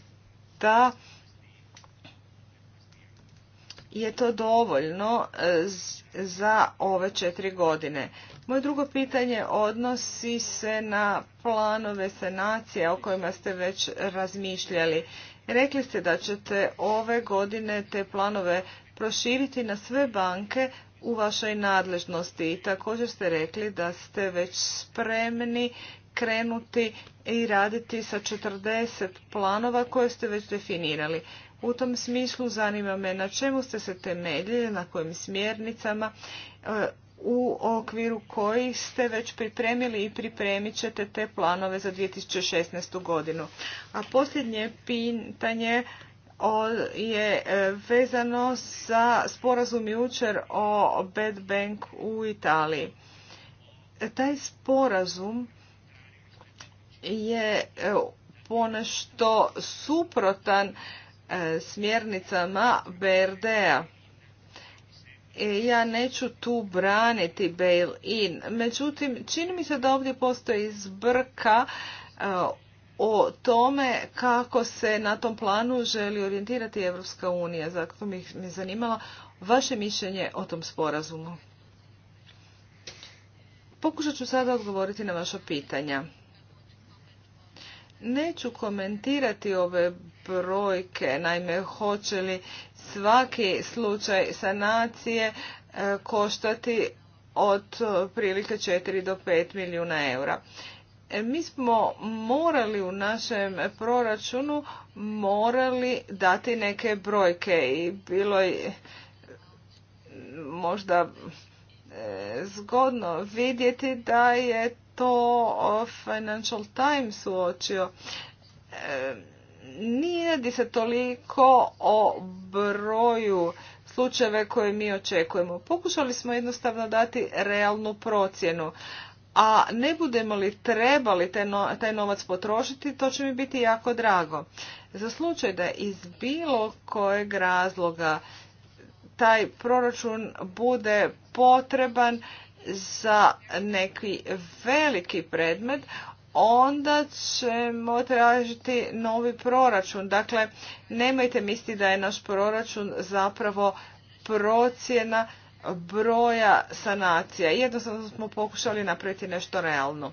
da je to dovoljno e, za ove četiri godine. Moje drugo pitanje odnosi se na planove sanacije o kojima ste već razmišljali. Rekli ste da ćete ove godine te planove proširiti na sve banke u vašoj nadležnosti i također ste rekli da ste već spremni krenuti i raditi sa 40 planova koje ste već definirali. U tom smislu zanima me na čemu ste se temeljili, na kojim smjernicama, e, u okviru kojih ste već pripremili i pripremit ćete te planove za 2016. godinu. A posljednje pitanje je e, vezano za sporazum jučer o Bad Bank u Italiji. E, taj sporazum je e, ponešto suprotan e, smjernicama BRD-a. E, ja neću tu braniti bail-in, međutim čini mi se da ovdje postoji zbrka o tome kako se na tom planu želi orijentirati Evropska unija. Zato mi je zanimalo vaše mišljenje o tom sporazumu. Pokušat ću sada odgovoriti na vaša pitanja. Neću komentirati ove brojke, naime hoće li svaki slučaj sanacije e, koštati od prilike 4 do 5 milijuna eura. E, mi smo morali u našem proračunu morali dati neke brojke i bilo je možda e, zgodno vidjeti da je to Financial Times uočio. E, nije di se toliko o broju slučajeve koje mi očekujemo. Pokušali smo jednostavno dati realnu procjenu. A ne budemo li trebali taj novac potrošiti, to će mi biti jako drago. Za slučaj da iz bilo kojeg razloga taj proračun bude potreban, za neki veliki predmet, onda ćemo tražiti novi proračun. Dakle, nemojte misliti da je naš proračun zapravo procjena broja sanacija. Jednostavno smo pokušali napraviti nešto realno.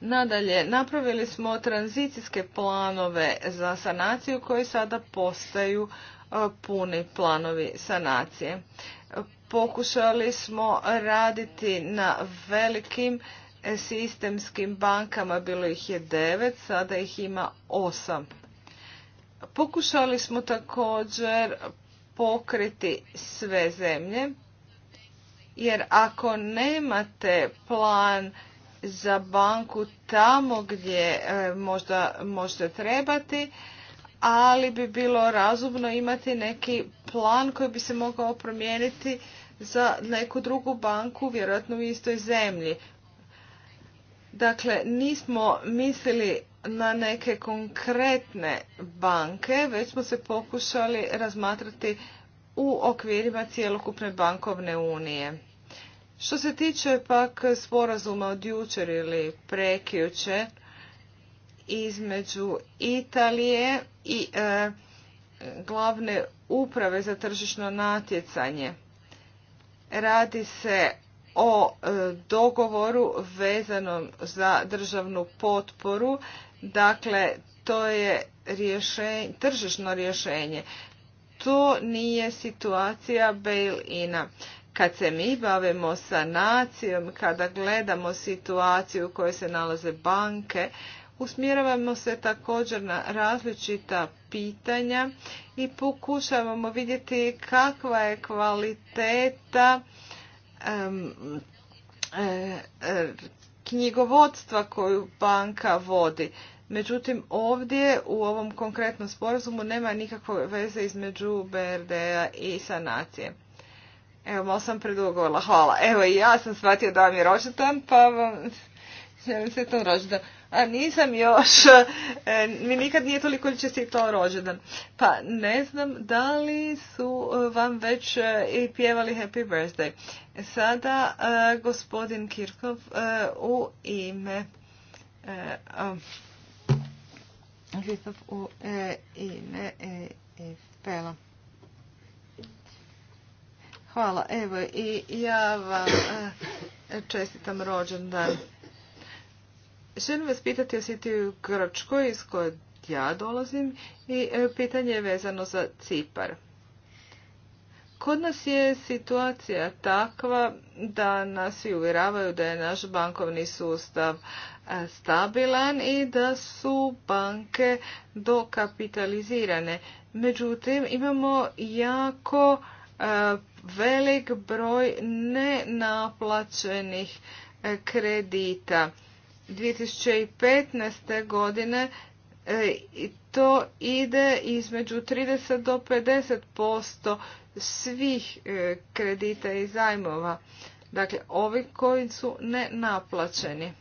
Nadalje, napravili smo tranzicijske planove za sanaciju koji sada postaju e, puni planovi sanacije. Pokušali smo raditi na velikim e, sistemskim bankama, bilo ih je devet, sada ih ima osam. Pokušali smo također pokriti sve zemlje, jer ako nemate plan za banku tamo gdje e, možda možete trebati, ali bi bilo razumno imati neki plan koji bi se mogao promijeniti za neku drugu banku, vjerojatno u istoj zemlji. Dakle, nismo mislili na neke konkretne banke, već smo se pokušali razmatrati u okvirima cjelokupne bankovne unije. Što se tiče pak sporazuma od jučer ili prekjučer između Italije i e, glavne uprave za tržišno natjecanje, Radi se o e, dogovoru vezanom za državnu potporu. Dakle, to je rješenje, tržišno rješenje. To nije situacija bail-ina. Kad se mi bavimo sanacijom, kada gledamo situaciju u kojoj se nalaze banke, Usmjeravamo se također na različita pitanja i pokušavamo vidjeti kakva je kvaliteta e, e, knjigovodstva koju banka vodi. Međutim, ovdje u ovom konkretnom sporazumu nema nikakve veze između BRD-a i sanacije. Evo, malo sam predugovala. Hvala. Evo, i ja sam shvatio da vam je rođetan, pa vam se to rođetan a nisam još, e, mi nikad nije toliko to rođendan. Pa ne znam da li su e, vam već e, i pjevali Happy Birthday. Sada gospodin Kirkov u ime u ime Pela. Hvala, evo i ja vam čestitam rođendan. Želim vas pitati o situaciji u Grčkoj iz koje ja dolazim i e, pitanje je vezano za Cipar. Kod nas je situacija takva da nas i uvjeravaju da je naš bankovni sustav e, stabilan i da su banke dokapitalizirane. Međutim, imamo jako e, velik broj nenaplaćenih kredita 2015. godine e, to ide između 30 do 50% svih e, kredita i zajmova. Dakle, ovi koji su nenaplaćeni.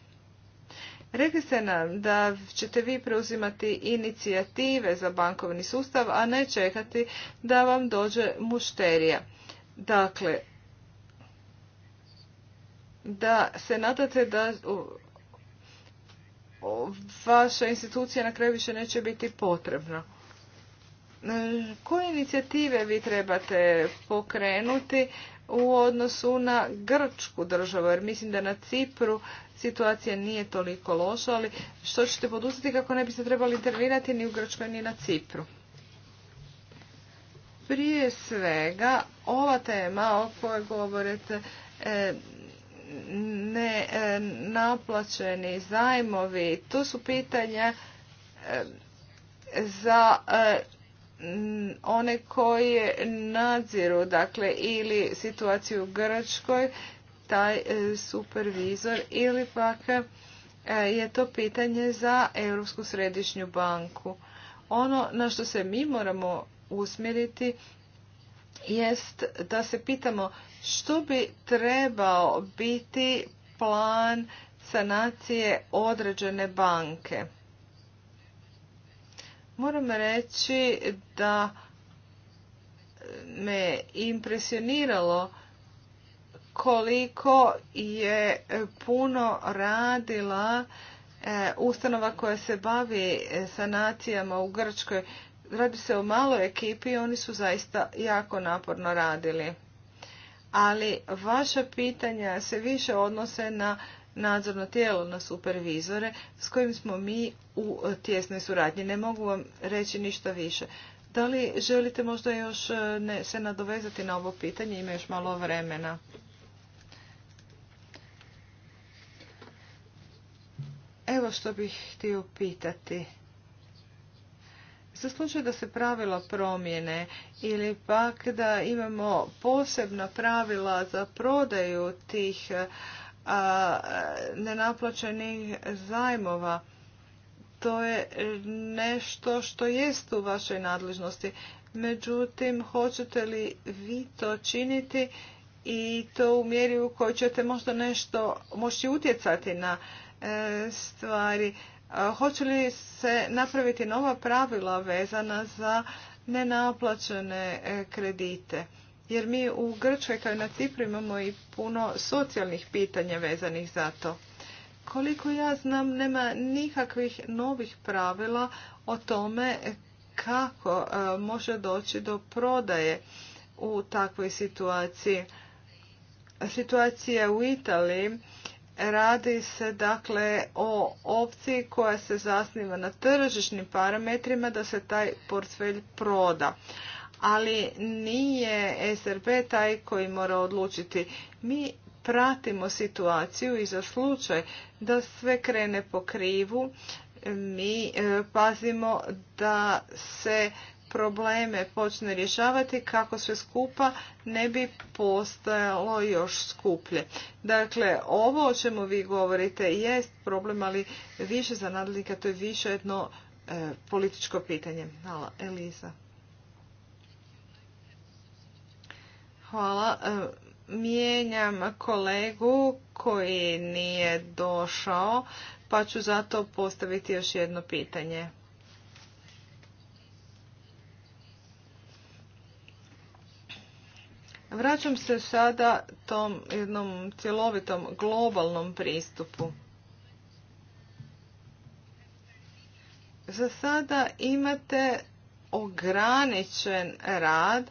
Rekli ste nam da ćete vi preuzimati inicijative za bankovni sustav, a ne čekati da vam dođe mušterija. Dakle, da se nadate da vaša institucija na kraju više neće biti potrebna. E, koje inicijative vi trebate pokrenuti u odnosu na Grčku državu, jer mislim da na Cipru situacija nije toliko loša, ali što ćete poduzeti kako ne biste trebali intervenirati ni u Grčkoj ni na Cipru? Prije svega, ova tema o kojoj govorite e, ne e, naplaćeni zajmovi, to su pitanja e, za e, one koje nadziru, dakle ili situaciju u Grčkoj, taj supervizor ili pak je to pitanje za Europsku središnju banku. Ono na što se mi moramo usmjeriti jest da se pitamo što bi trebao biti plan sanacije određene banke. Moram reći da me impresioniralo koliko je puno radila e, ustanova koja se bavi sanacijama u Grčkoj radi se o maloj ekipi i oni su zaista jako naporno radili. Ali vaša pitanja se više odnose na nadzorno tijelo, na supervizore s kojim smo mi u tjesnoj suradnji. Ne mogu vam reći ništa više. Da li želite možda još e, se nadovezati na ovo pitanje? Ima još malo vremena. Evo što bih htio pitati. Za slučaj da se pravila promjene ili pak da imamo posebna pravila za prodaju tih a, nenaplaćenih zajmova, to je nešto što jest u vašoj nadležnosti. Međutim, hoćete li vi to činiti i to u mjeri u kojoj ćete možda nešto moći utjecati na e, stvari? Hoće li se napraviti nova pravila vezana za nenaplaćene e, kredite? Jer mi u Grčkoj kao i na Cipru imamo i puno socijalnih pitanja vezanih za to. Koliko ja znam, nema nikakvih novih pravila o tome kako e, može doći do prodaje u takvoj situaciji. Situacija u Italiji Radi se dakle o opciji koja se zasniva na tržišnim parametrima da se taj portfelj proda. Ali nije SRB taj koji mora odlučiti. Mi pratimo situaciju i za slučaj da sve krene po krivu, mi e, pazimo da se probleme počne rješavati kako sve skupa ne bi postajalo još skuplje. Dakle, ovo o čemu vi govorite jest problem, ali više za nadlika to je više jedno e, političko pitanje. Hvala, Elisa. Hvala. E, mijenjam kolegu koji nije došao, pa ću zato postaviti još jedno pitanje. Vraćam se sada tom jednom cjelovitom globalnom pristupu. Za sada imate ograničen rad,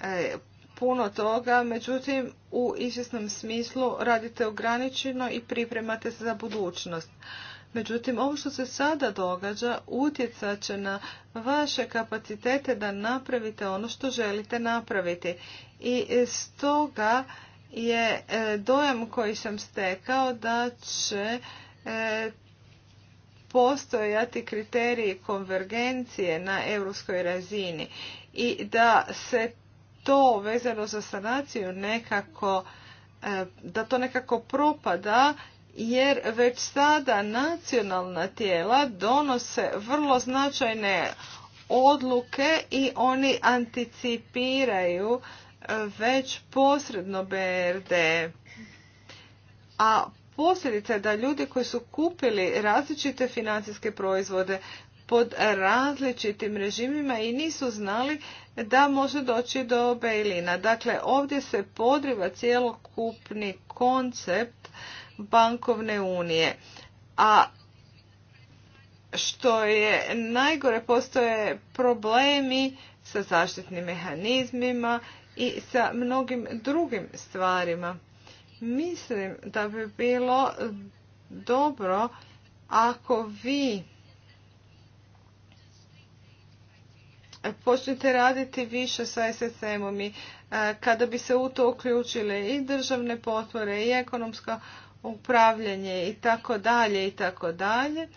e, puno toga, međutim u izvjesnom smislu radite ograničeno i pripremate se za budućnost. Međutim, ovo što se sada događa utjecat će na vaše kapacitete da napravite ono što želite napraviti. I stoga je e, dojam koji sam stekao da će e, postojati kriteriji konvergencije na europskoj razini i da se to vezano za sanaciju nekako e, da to nekako propada jer već sada nacionalna tijela donose vrlo značajne odluke i oni anticipiraju e, već posredno BRD. A posljedica je da ljudi koji su kupili različite financijske proizvode pod različitim režimima i nisu znali da može doći do bejlina. Dakle, ovdje se podriva cijelokupni koncept bankovne unije. A što je najgore postoje problemi sa zaštitnim mehanizmima i sa mnogim drugim stvarima. Mislim da bi bilo dobro ako vi počnete raditi više sa SSM-om i e, kada bi se u to uključile i državne potvore i ekonomska upravljanje i tako dalje i tako dalje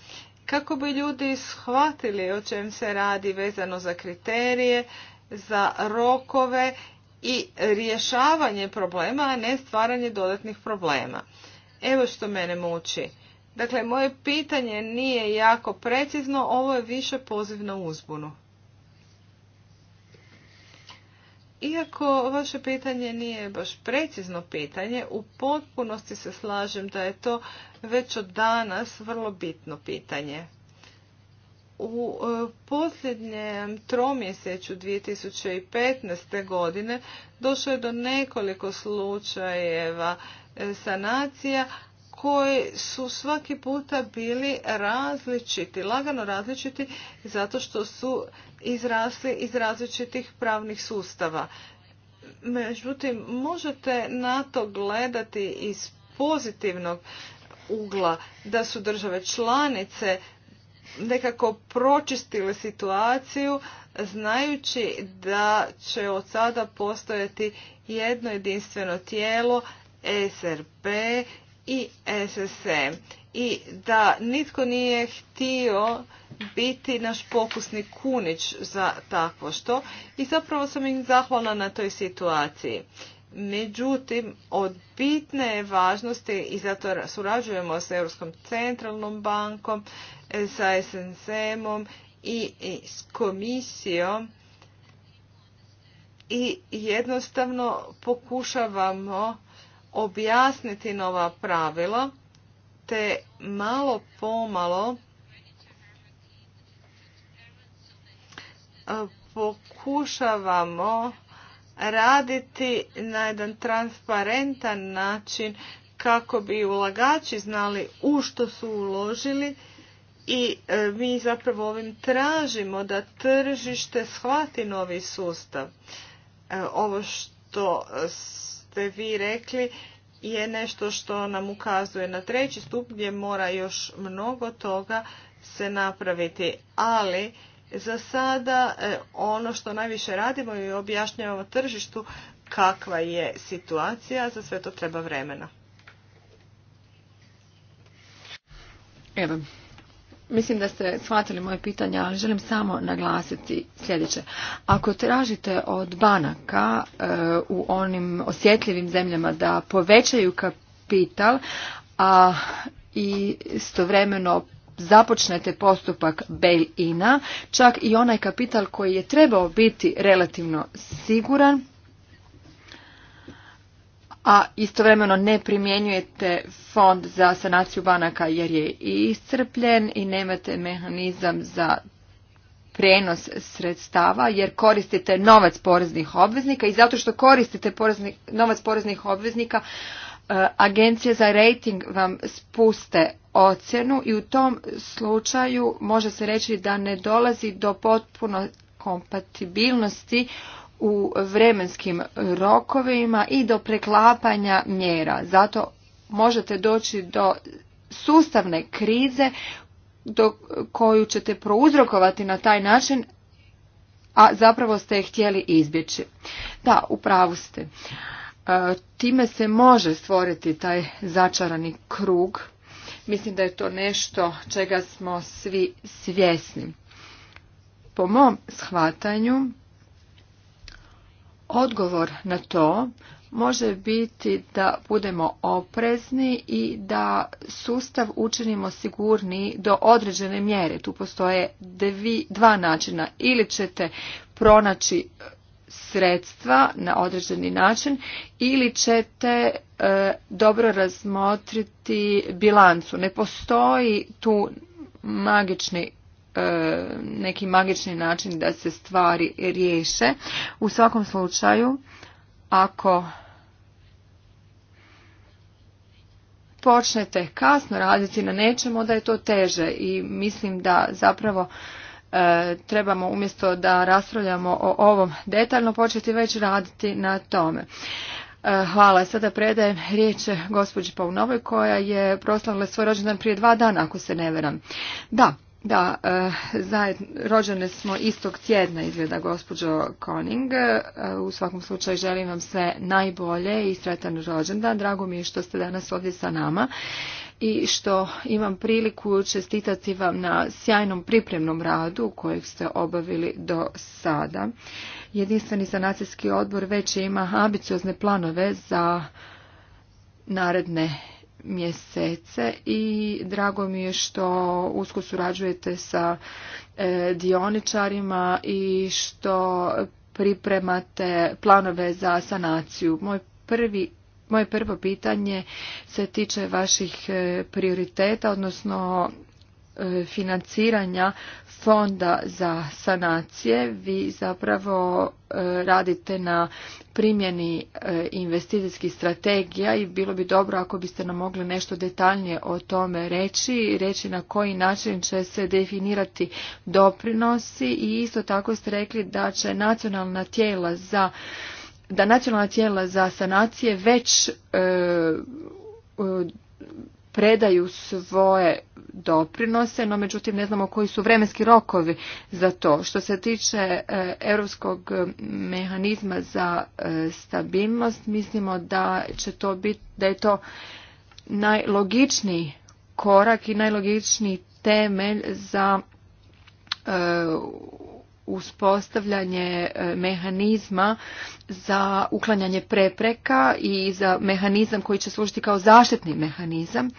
kako bi ljudi shvatili o čem se radi vezano za kriterije, za rokove i rješavanje problema, a ne stvaranje dodatnih problema. Evo što mene muči. Dakle, moje pitanje nije jako precizno, ovo je više poziv na uzbunu. Iako vaše pitanje nije baš precizno pitanje, u potpunosti se slažem da je to već od danas vrlo bitno pitanje. U e, posljednjem tromjeseću 2015. godine došlo je do nekoliko slučajeva e, sanacija, koji su svaki puta bili različiti, lagano različiti zato što su izrasli iz različitih pravnih sustava. Međutim, možete na to gledati iz pozitivnog ugla da su države članice nekako pročistile situaciju znajući da će od sada postojati jedno jedinstveno tijelo SRP i SSM e. i da nitko nije htio biti naš pokusni kunić za takvo što i zapravo sam im zahvalna na toj situaciji. Međutim, od bitne je važnosti i zato surađujemo s Europskom centralnom bankom, sa SNCM-om i s komisijom i jednostavno pokušavamo objasniti nova pravila te malo pomalo e, pokušavamo raditi na jedan transparentan način kako bi ulagači znali u što su uložili i e, mi zapravo ovim tražimo da tržište shvati novi sustav. E, ovo što ste vi rekli je nešto što nam ukazuje na treći stup gdje mora još mnogo toga se napraviti. Ali za sada e, ono što najviše radimo i objašnjavamo tržištu kakva je situacija, za sve to treba vremena. Evo, Mislim da ste shvatili moje pitanje, ali želim samo naglasiti sljedeće. Ako tražite od banaka e, u onim osjetljivim zemljama da povećaju kapital, a i istovremeno započnete postupak bail-ina, čak i onaj kapital koji je trebao biti relativno siguran, a istovremeno ne primjenjujete fond za sanaciju banaka jer je iscrpljen i nemate mehanizam za prenos sredstava jer koristite novac poreznih obveznika i zato što koristite novac poreznih obveznika e, agencije za rating vam spuste ocjenu i u tom slučaju može se reći da ne dolazi do potpuno kompatibilnosti u vremenskim rokovima i do preklapanja mjera. Zato možete doći do sustavne krize do koju ćete prouzrokovati na taj način, a zapravo ste je htjeli izbjeći. Da, u pravu ste. E, time se može stvoriti taj začarani krug. Mislim da je to nešto čega smo svi svjesni. Po mom shvatanju, Odgovor na to može biti da budemo oprezni i da sustav učinimo sigurni do određene mjere. Tu postoje dva načina. Ili ćete pronaći e, sredstva na određeni način ili ćete e, dobro razmotriti bilancu. Ne postoji tu magični neki magični način da se stvari riješe. U svakom slučaju, ako počnete kasno raditi na nečemu, onda je to teže i mislim da zapravo e, trebamo umjesto da raspravljamo o ovom detaljno početi već raditi na tome. E, hvala. Sada predajem riječ gospođi Paunovoj koja je proslavila svoj rođendan prije dva dana, ako se ne veram. Da, da, e, rođene smo istog tjedna izgleda gospođo Koning. E, u svakom slučaju želim vam sve najbolje i sretan rođendan. Drago mi je što ste danas ovdje sa nama i što imam priliku čestitati vam na sjajnom pripremnom radu kojeg ste obavili do sada. Jedinstveni sanacijski odbor već ima ambiciozne planove za naredne mjesece i drago mi je što usko surađujete sa e, dioničarima i što pripremate planove za sanaciju. Moj prvi moje prvo pitanje se tiče vaših e, prioriteta, odnosno E, financiranja fonda za sanacije vi zapravo e, radite na primjeni e, investicijskih strategija i bilo bi dobro ako biste nam mogli nešto detaljnije o tome reći reći na koji način će se definirati doprinosi i isto tako ste rekli da će nacionalna tijela za da nacionalna tijela za sanacije već predaju svoje doprinose, no međutim ne znamo koji su vremenski rokovi za to. Što se tiče e, europskog mehanizma za e, stabilnost, mislimo da će to biti, da je to najlogičniji korak i najlogičniji temelj za e, uspostavljanje e, mehanizma za uklanjanje prepreka i za mehanizam koji će služiti kao zaštitni mehanizam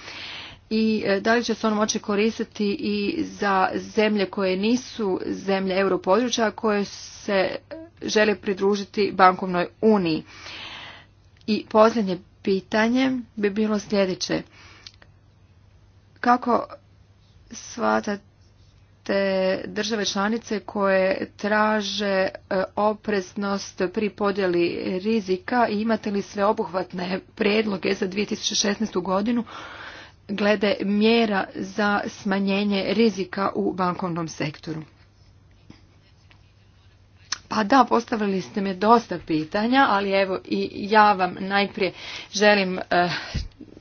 i e, da li će se on moći koristiti i za zemlje koje nisu zemlje europodručja koje se žele pridružiti bankovnoj uniji. I posljednje pitanje bi bilo sljedeće. Kako shvatati te države članice koje traže e, opreznost pri podjeli rizika i imate li sveobuhvatne predloge za 2016. godinu glede mjera za smanjenje rizika u bankovnom sektoru. Pa da, postavili ste mi dosta pitanja, ali evo i ja vam najprije želim eh,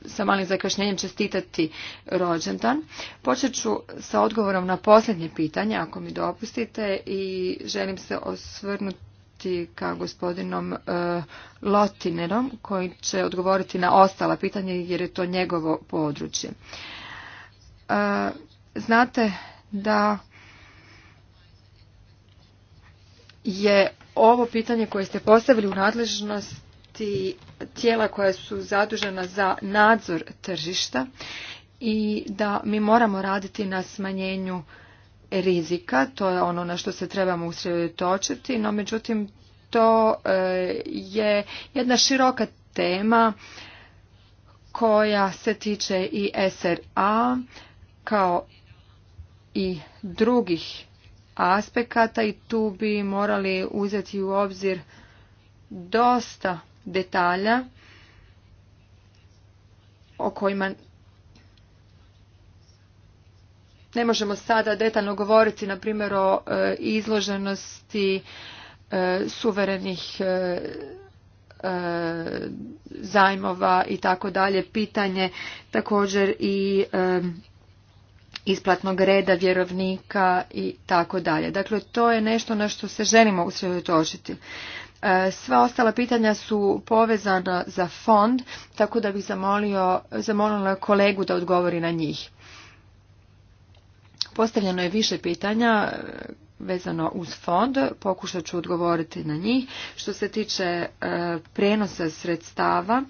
sa malim zakašnjenjem čestitati rođendan. Počet ću sa odgovorom na posljednje pitanje, ako mi dopustite, i želim se osvrnuti ka gospodinom eh, Lotinerom, koji će odgovoriti na ostala pitanja, jer je to njegovo područje. Eh, znate da je ovo pitanje koje ste postavili u nadležnosti tijela koja su zadužena za nadzor tržišta i da mi moramo raditi na smanjenju rizika, to je ono na što se trebamo usredotočiti, no međutim to e, je jedna široka tema koja se tiče i SRA kao i drugih aspekata i tu bi morali uzeti u obzir dosta detalja o kojima ne možemo sada detaljno govoriti, na primjer o e, izloženosti e, suverenih e, zajmova i tako dalje, pitanje također i isplatnog reda vjerovnika i tako dalje. Dakle, to je nešto na što se želimo usredotočiti. E, sva ostala pitanja su povezana za fond, tako da bih zamolio, zamolila kolegu da odgovori na njih. Postavljeno je više pitanja e, vezano uz fond, pokušat ću odgovoriti na njih. Što se tiče e, prenosa sredstava,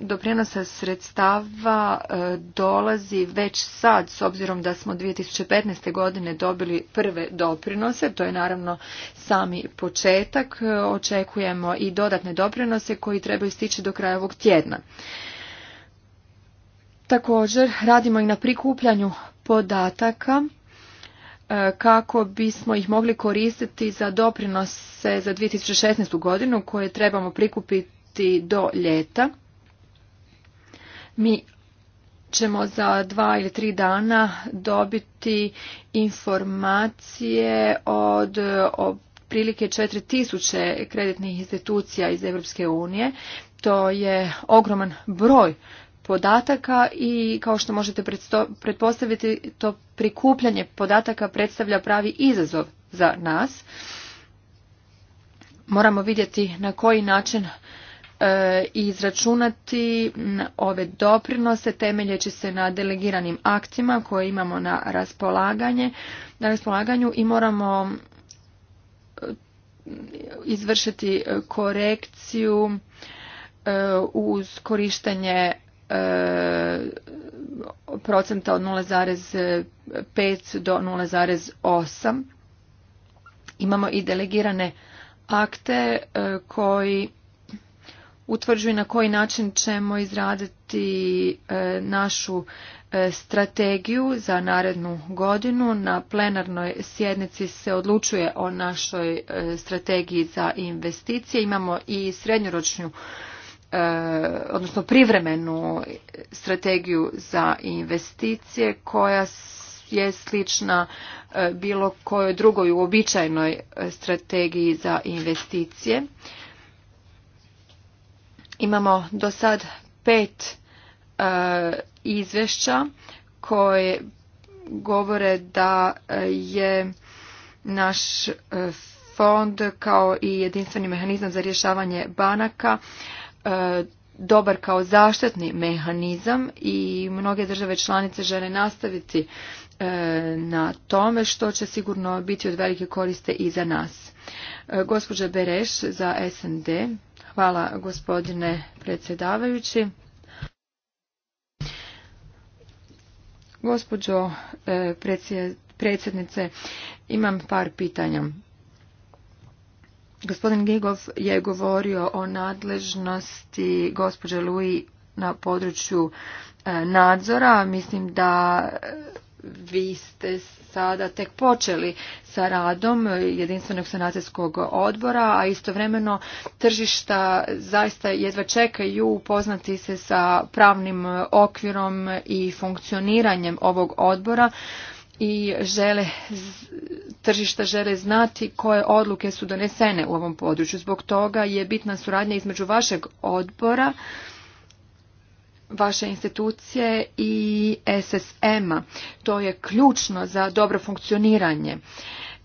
do sredstava e, dolazi već sad s obzirom da smo 2015. godine dobili prve doprinose to je naravno sami početak e, očekujemo i dodatne doprinose koji trebaju stići do kraja ovog tjedna također radimo i na prikupljanju podataka e, kako bismo ih mogli koristiti za doprinose za 2016. godinu koje trebamo prikupiti do ljeta mi ćemo za dva ili tri dana dobiti informacije od prilike 4000 kreditnih institucija iz Europske unije. To je ogroman broj podataka i kao što možete pretpostaviti to prikupljanje podataka predstavlja pravi izazov za nas. Moramo vidjeti na koji način i e, izračunati ove doprinose temeljeći se na delegiranim aktima koje imamo na raspolaganje na raspolaganju i moramo e, izvršiti korekciju e, uz korištenje procenta od 0,5 do 0,8 imamo i delegirane akte koji utvrđuju na koji način ćemo izraditi e, našu e, strategiju za narednu godinu. Na plenarnoj sjednici se odlučuje o našoj e, strategiji za investicije. Imamo i srednjoročnu odnosno privremenu strategiju za investicije koja je slična bilo kojoj drugoj uobičajenoj strategiji za investicije. Imamo do sad pet e, izvješća koje govore da e, je naš e, fond kao i jedinstveni mehanizam za rješavanje banaka dobar kao zaštitni mehanizam i mnoge države članice žele nastaviti na tome što će sigurno biti od velike koriste i za nas. Gospođa Bereš za SND. Hvala gospodine predsjedavajući. Gospođo e, predsjednice, imam par pitanja. Gospodin Gigov je govorio o nadležnosti gospođe Lui na području e, nadzora. Mislim da vi ste sada tek počeli sa radom jedinstvenog sanacijskog odbora, a istovremeno tržišta zaista jedva čekaju upoznati se sa pravnim okvirom i funkcioniranjem ovog odbora i žele, tržišta žele znati koje odluke su donesene u ovom području. Zbog toga je bitna suradnja između vašeg odbora vaše institucije i SSM-a. To je ključno za dobro funkcioniranje.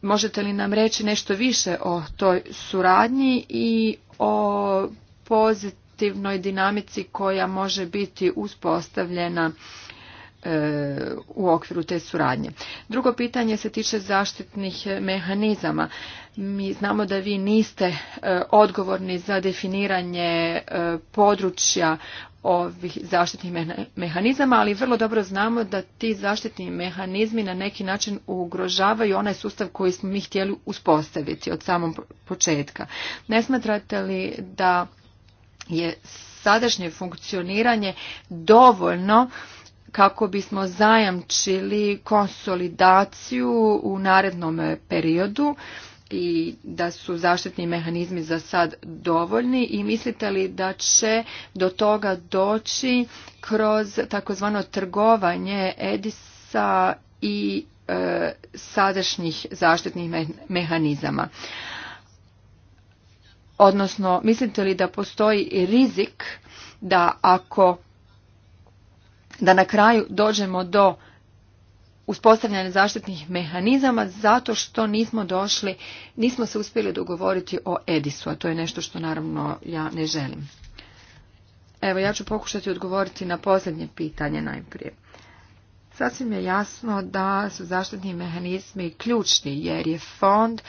Možete li nam reći nešto više o toj suradnji i o pozitivnoj dinamici koja može biti uspostavljena e, u okviru te suradnje. Drugo pitanje se tiče zaštitnih mehanizama. Mi znamo da vi niste e, odgovorni za definiranje e, područja ovih zaštitnih mehanizama, ali vrlo dobro znamo da ti zaštitni mehanizmi na neki način ugrožavaju onaj sustav koji smo mi htjeli uspostaviti od samog početka. Ne smatrate li da je sadašnje funkcioniranje dovoljno kako bismo zajamčili konsolidaciju u narednom periodu i da su zaštitni mehanizmi za sad dovoljni i mislite li da će do toga doći kroz takozvano trgovanje Edisa i e, sadašnjih zaštitnih mehanizama? Odnosno, mislite li da postoji rizik da ako da na kraju dođemo do uspostavljanje zaštitnih mehanizama zato što nismo došli, nismo se uspjeli dogovoriti o Edisu, a to je nešto što naravno ja ne želim. Evo, ja ću pokušati odgovoriti na posljednje pitanje najprije. Sasvim je jasno da su zaštitni mehanizmi ključni jer je fond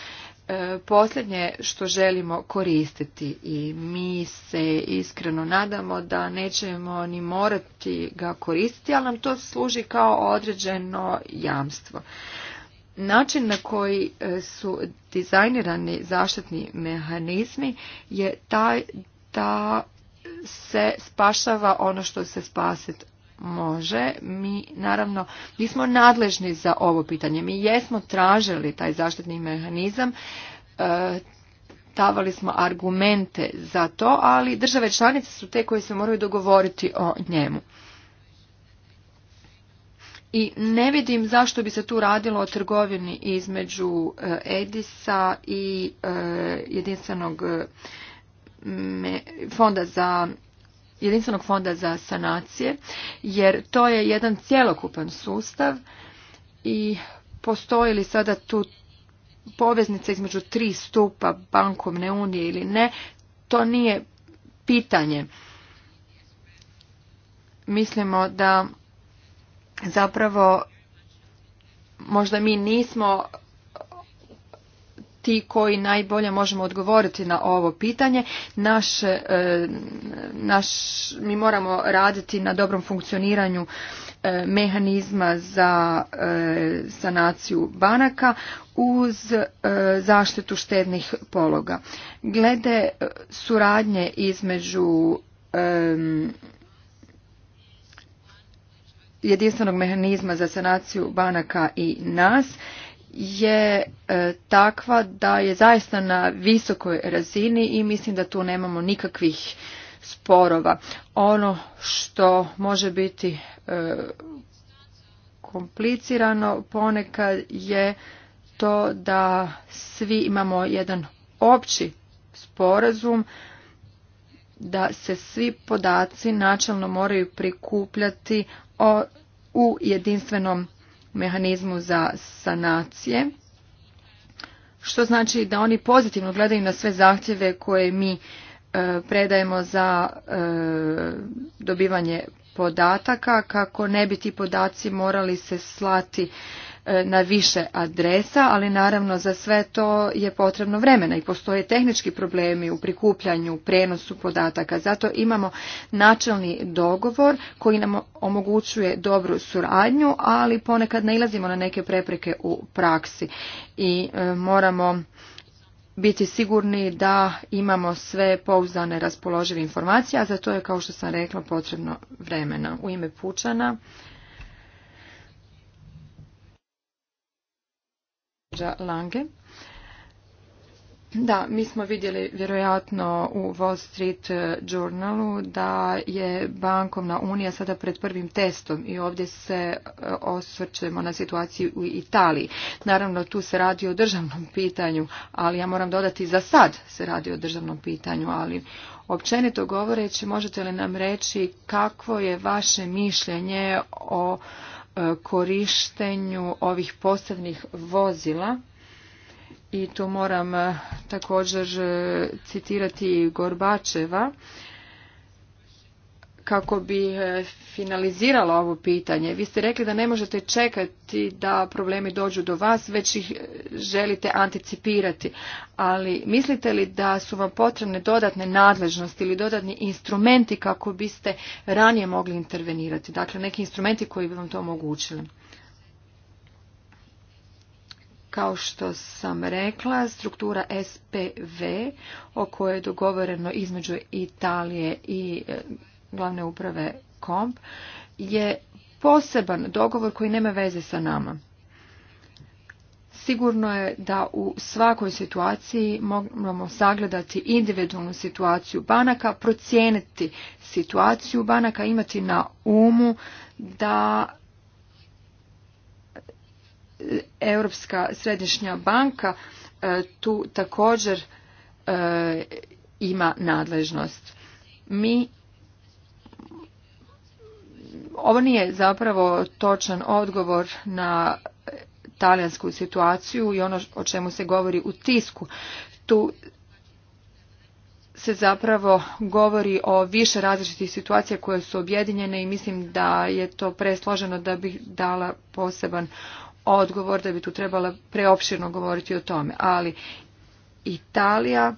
E, posljednje što želimo koristiti i mi se iskreno nadamo da nećemo ni morati ga koristiti, ali nam to služi kao određeno jamstvo. Način na koji e, su dizajnirani zaštitni mehanizmi je taj da se spašava ono što se spasiti može. Mi naravno nismo nadležni za ovo pitanje. Mi jesmo tražili taj zaštitni mehanizam, e, davali smo argumente za to, ali države članice su te koje se moraju dogovoriti o njemu. I ne vidim zašto bi se tu radilo o trgovini između e, Edisa i e, jedinstvenog fonda za jedinstvenog fonda za sanacije, jer to je jedan cjelokupan sustav i postoji li sada tu poveznica između tri stupa bankovne unije ili ne, to nije pitanje. Mislimo da zapravo možda mi nismo ti koji najbolje možemo odgovoriti na ovo pitanje. Naš, e, naš, mi moramo raditi na dobrom funkcioniranju e, mehanizma za e, sanaciju banaka uz zaštitu štednih pologa. Glede suradnje između jedinstvenog mehanizma za sanaciju banaka i nas je e, takva da je zaista na visokoj razini i mislim da tu nemamo nikakvih sporova. Ono što može biti e, komplicirano ponekad je to da svi imamo jedan opći sporazum da se svi podaci načelno moraju prikupljati o, u jedinstvenom mehanizmu za sanacije, što znači da oni pozitivno gledaju na sve zahtjeve koje mi e, predajemo za e, dobivanje podataka kako ne bi ti podaci morali se slati E, na više adresa, ali naravno za sve to je potrebno vremena i postoje tehnički problemi u prikupljanju, prenosu podataka. Zato imamo načelni dogovor koji nam omogućuje dobru suradnju, ali ponekad nailazimo na neke prepreke u praksi i e, moramo biti sigurni da imamo sve pouzdane raspoložive informacije, a za to je, kao što sam rekla, potrebno vremena. U ime Pučana, Lange. Da, mi smo vidjeli vjerojatno u Wall Street eh, Journalu da je bankovna unija sada pred prvim testom i ovdje se eh, osvrćemo na situaciju u Italiji. Naravno tu se radi o državnom pitanju, ali ja moram dodati za sad se radi o državnom pitanju, ali općenito govoreći možete li nam reći kakvo je vaše mišljenje o korištenju ovih posebnih vozila i tu moram eh, također eh, citirati Gorbačeva kako bi eh, finalizirala ovo pitanje. Vi ste rekli da ne možete čekati da problemi dođu do vas, već ih eh, želite anticipirati. Ali mislite li da su vam potrebne dodatne nadležnosti ili dodatni instrumenti kako biste ranije mogli intervenirati? Dakle, neki instrumenti koji bi vam to omogućili. Kao što sam rekla, struktura SPV o kojoj je dogovoreno između Italije i eh, glavne uprave KOMP je poseban dogovor koji nema veze sa nama. Sigurno je da u svakoj situaciji moramo sagledati individualnu situaciju banaka, procijeniti situaciju banaka, imati na umu da Europska središnja banka e, tu također e, ima nadležnost. Mi ovo nije zapravo točan odgovor na talijansku situaciju i ono o čemu se govori u tisku. Tu se zapravo govori o više različitih situacija koje su objedinjene i mislim da je to presloženo da bih dala poseban odgovor, da bi tu trebala preopširno govoriti o tome. Ali Italija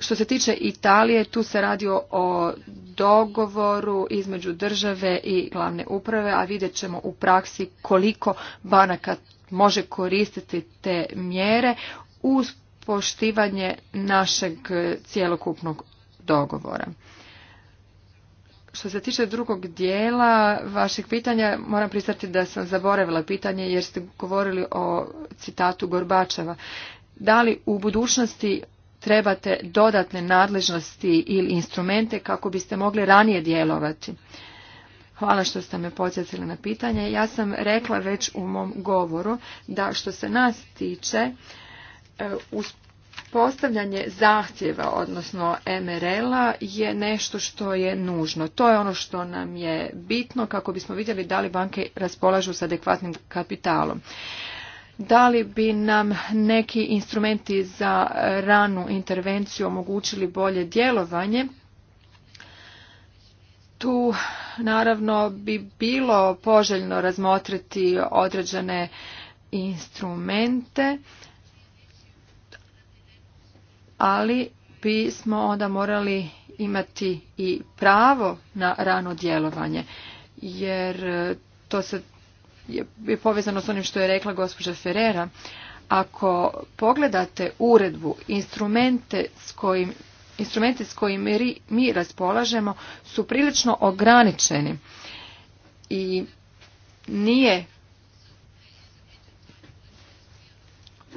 što se tiče Italije, tu se radi o dogovoru između države i glavne uprave, a vidjet ćemo u praksi koliko banaka može koristiti te mjere uz poštivanje našeg cjelokupnog dogovora. Što se tiče drugog dijela vašeg pitanja, moram pristati da sam zaboravila pitanje jer ste govorili o citatu Gorbačeva. Da li u budućnosti trebate dodatne nadležnosti ili instrumente kako biste mogli ranije djelovati. Hvala što ste me podsjetili na pitanje. Ja sam rekla već u mom govoru da što se nas tiče e, uspostavljanje zahtjeva, odnosno MRL-a je nešto što je nužno. To je ono što nam je bitno kako bismo vidjeli da li banke raspolažu s adekvatnim kapitalom da li bi nam neki instrumenti za ranu intervenciju omogućili bolje djelovanje tu naravno bi bilo poželjno razmotriti određene instrumente ali bismo onda morali imati i pravo na rano djelovanje jer to se je povezano s onim što je rekla gospođa Ferrera. Ako pogledate uredbu, instrumente s kojim instrumente s kojim mi raspolažemo su prilično ograničeni i nije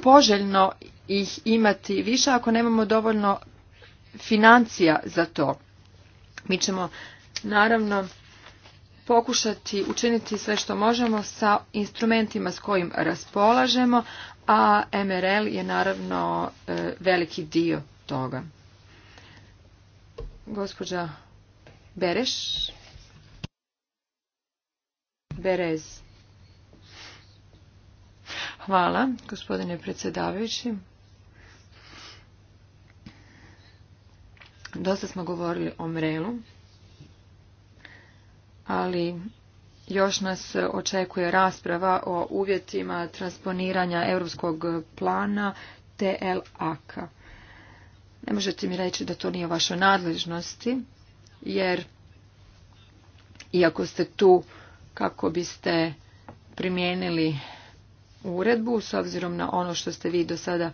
poželjno ih imati više ako nemamo dovoljno financija za to. Mi ćemo naravno pokušati učiniti sve što možemo sa instrumentima s kojim raspolažemo, a MRL je naravno e, veliki dio toga. Gospođa Bereš. Berez. Hvala, gospodine predsjedavajući. Dosta smo govorili o MRL-u ali još nas očekuje rasprava o uvjetima transponiranja europskog plana TLAK-a. Ne možete mi reći da to nije vaša nadležnosti, jer iako ste tu kako biste primijenili uredbu, s obzirom na ono što ste vi do sada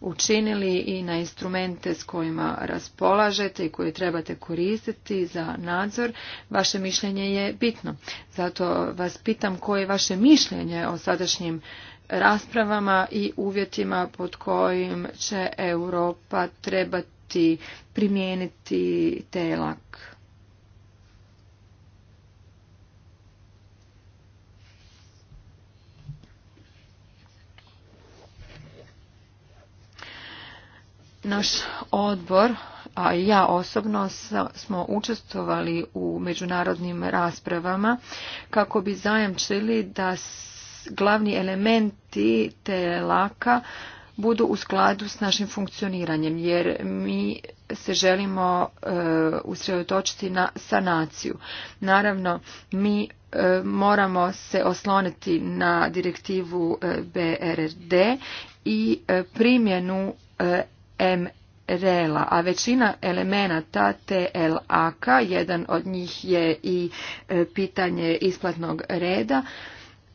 učinili i na instrumente s kojima raspolažete i koje trebate koristiti za nadzor, vaše mišljenje je bitno. Zato vas pitam koje je vaše mišljenje o sadašnjim raspravama i uvjetima pod kojim će Europa trebati primijeniti telak. Naš odbor, a i ja osobno, smo učestvovali u međunarodnim raspravama kako bi zajamčili da glavni elementi te laka budu u skladu s našim funkcioniranjem jer mi se želimo e, usredotočiti na sanaciju. Naravno, mi e, moramo se osloniti na direktivu e, BRD i primjenu M a a većina elemenata TLAK-a, jedan od njih je i e, pitanje isplatnog reda,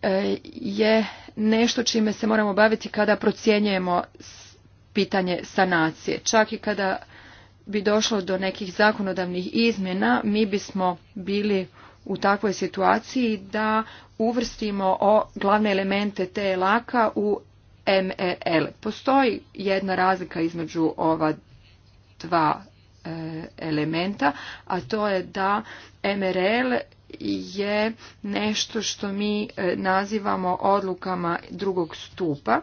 e, je nešto čime se moramo baviti kada procjenjujemo pitanje sanacije. Čak i kada bi došlo do nekih zakonodavnih izmjena, mi bismo bili u takvoj situaciji da uvrstimo o glavne elemente TLAK-a u MEL. Postoji jedna razlika između ova dva e, elementa, a to je da MRL je nešto što mi e, nazivamo odlukama drugog stupa,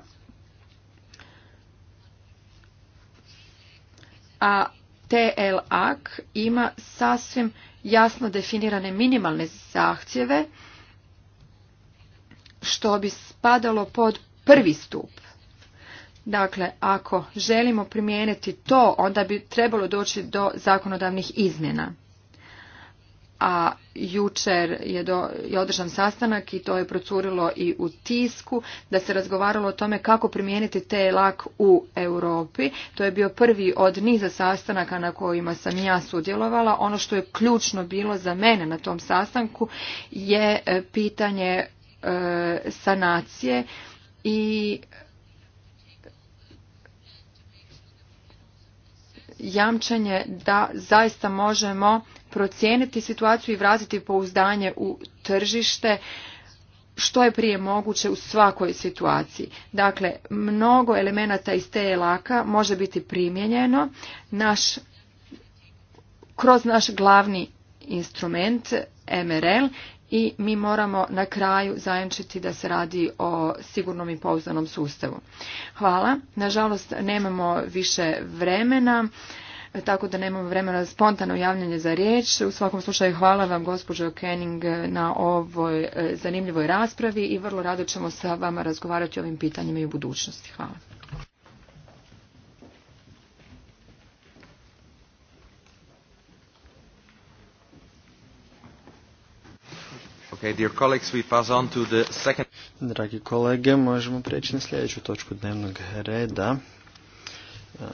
a TLAC ima sasvim jasno definirane minimalne zahtjeve što bi spadalo pod prvi stup. Dakle, ako želimo primijeniti to, onda bi trebalo doći do zakonodavnih izmjena. A jučer je, je održan sastanak i to je procurilo i u tisku da se razgovaralo o tome kako primijeniti TELAK u Europi. To je bio prvi od niza sastanaka na kojima sam ja sudjelovala. Ono što je ključno bilo za mene na tom sastanku je e, pitanje e, sanacije i jamčenje da zaista možemo procijeniti situaciju i vratiti pouzdanje u tržište što je prije moguće u svakoj situaciji. Dakle, mnogo elemenata iz te laka može biti primijenjeno naš, kroz naš glavni instrument MRL i mi moramo na kraju zajamčiti da se radi o sigurnom i pouzdanom sustavu. Hvala. Nažalost, nemamo više vremena tako da nemamo vremena spontano javljanje za riječ. U svakom slučaju hvala vam gospođo Kenning na ovoj eh, zanimljivoj raspravi i vrlo rado ćemo sa vama razgovarati o ovim pitanjima i u budućnosti. Hvala. Dragi kolege, možemo prijeći na sljedeću točku dnevnog reda. E,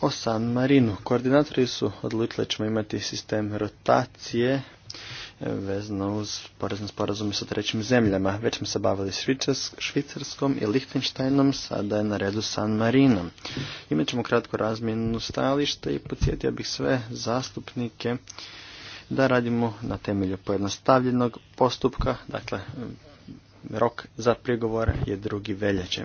o San Marinu. Koordinatori su odlučili ćemo imati sistem rotacije e, vezano uz porezne sporazume sa trećim zemljama. Već smo se bavili Švicarskom i Lichtensteinom, sada je na redu San Marinom. Imat ćemo kratku razmjenu stajališta i podsjetio bih sve zastupnike da radimo na temelju pojednostavljenog postupka, dakle rok za prigovore je drugi veljače.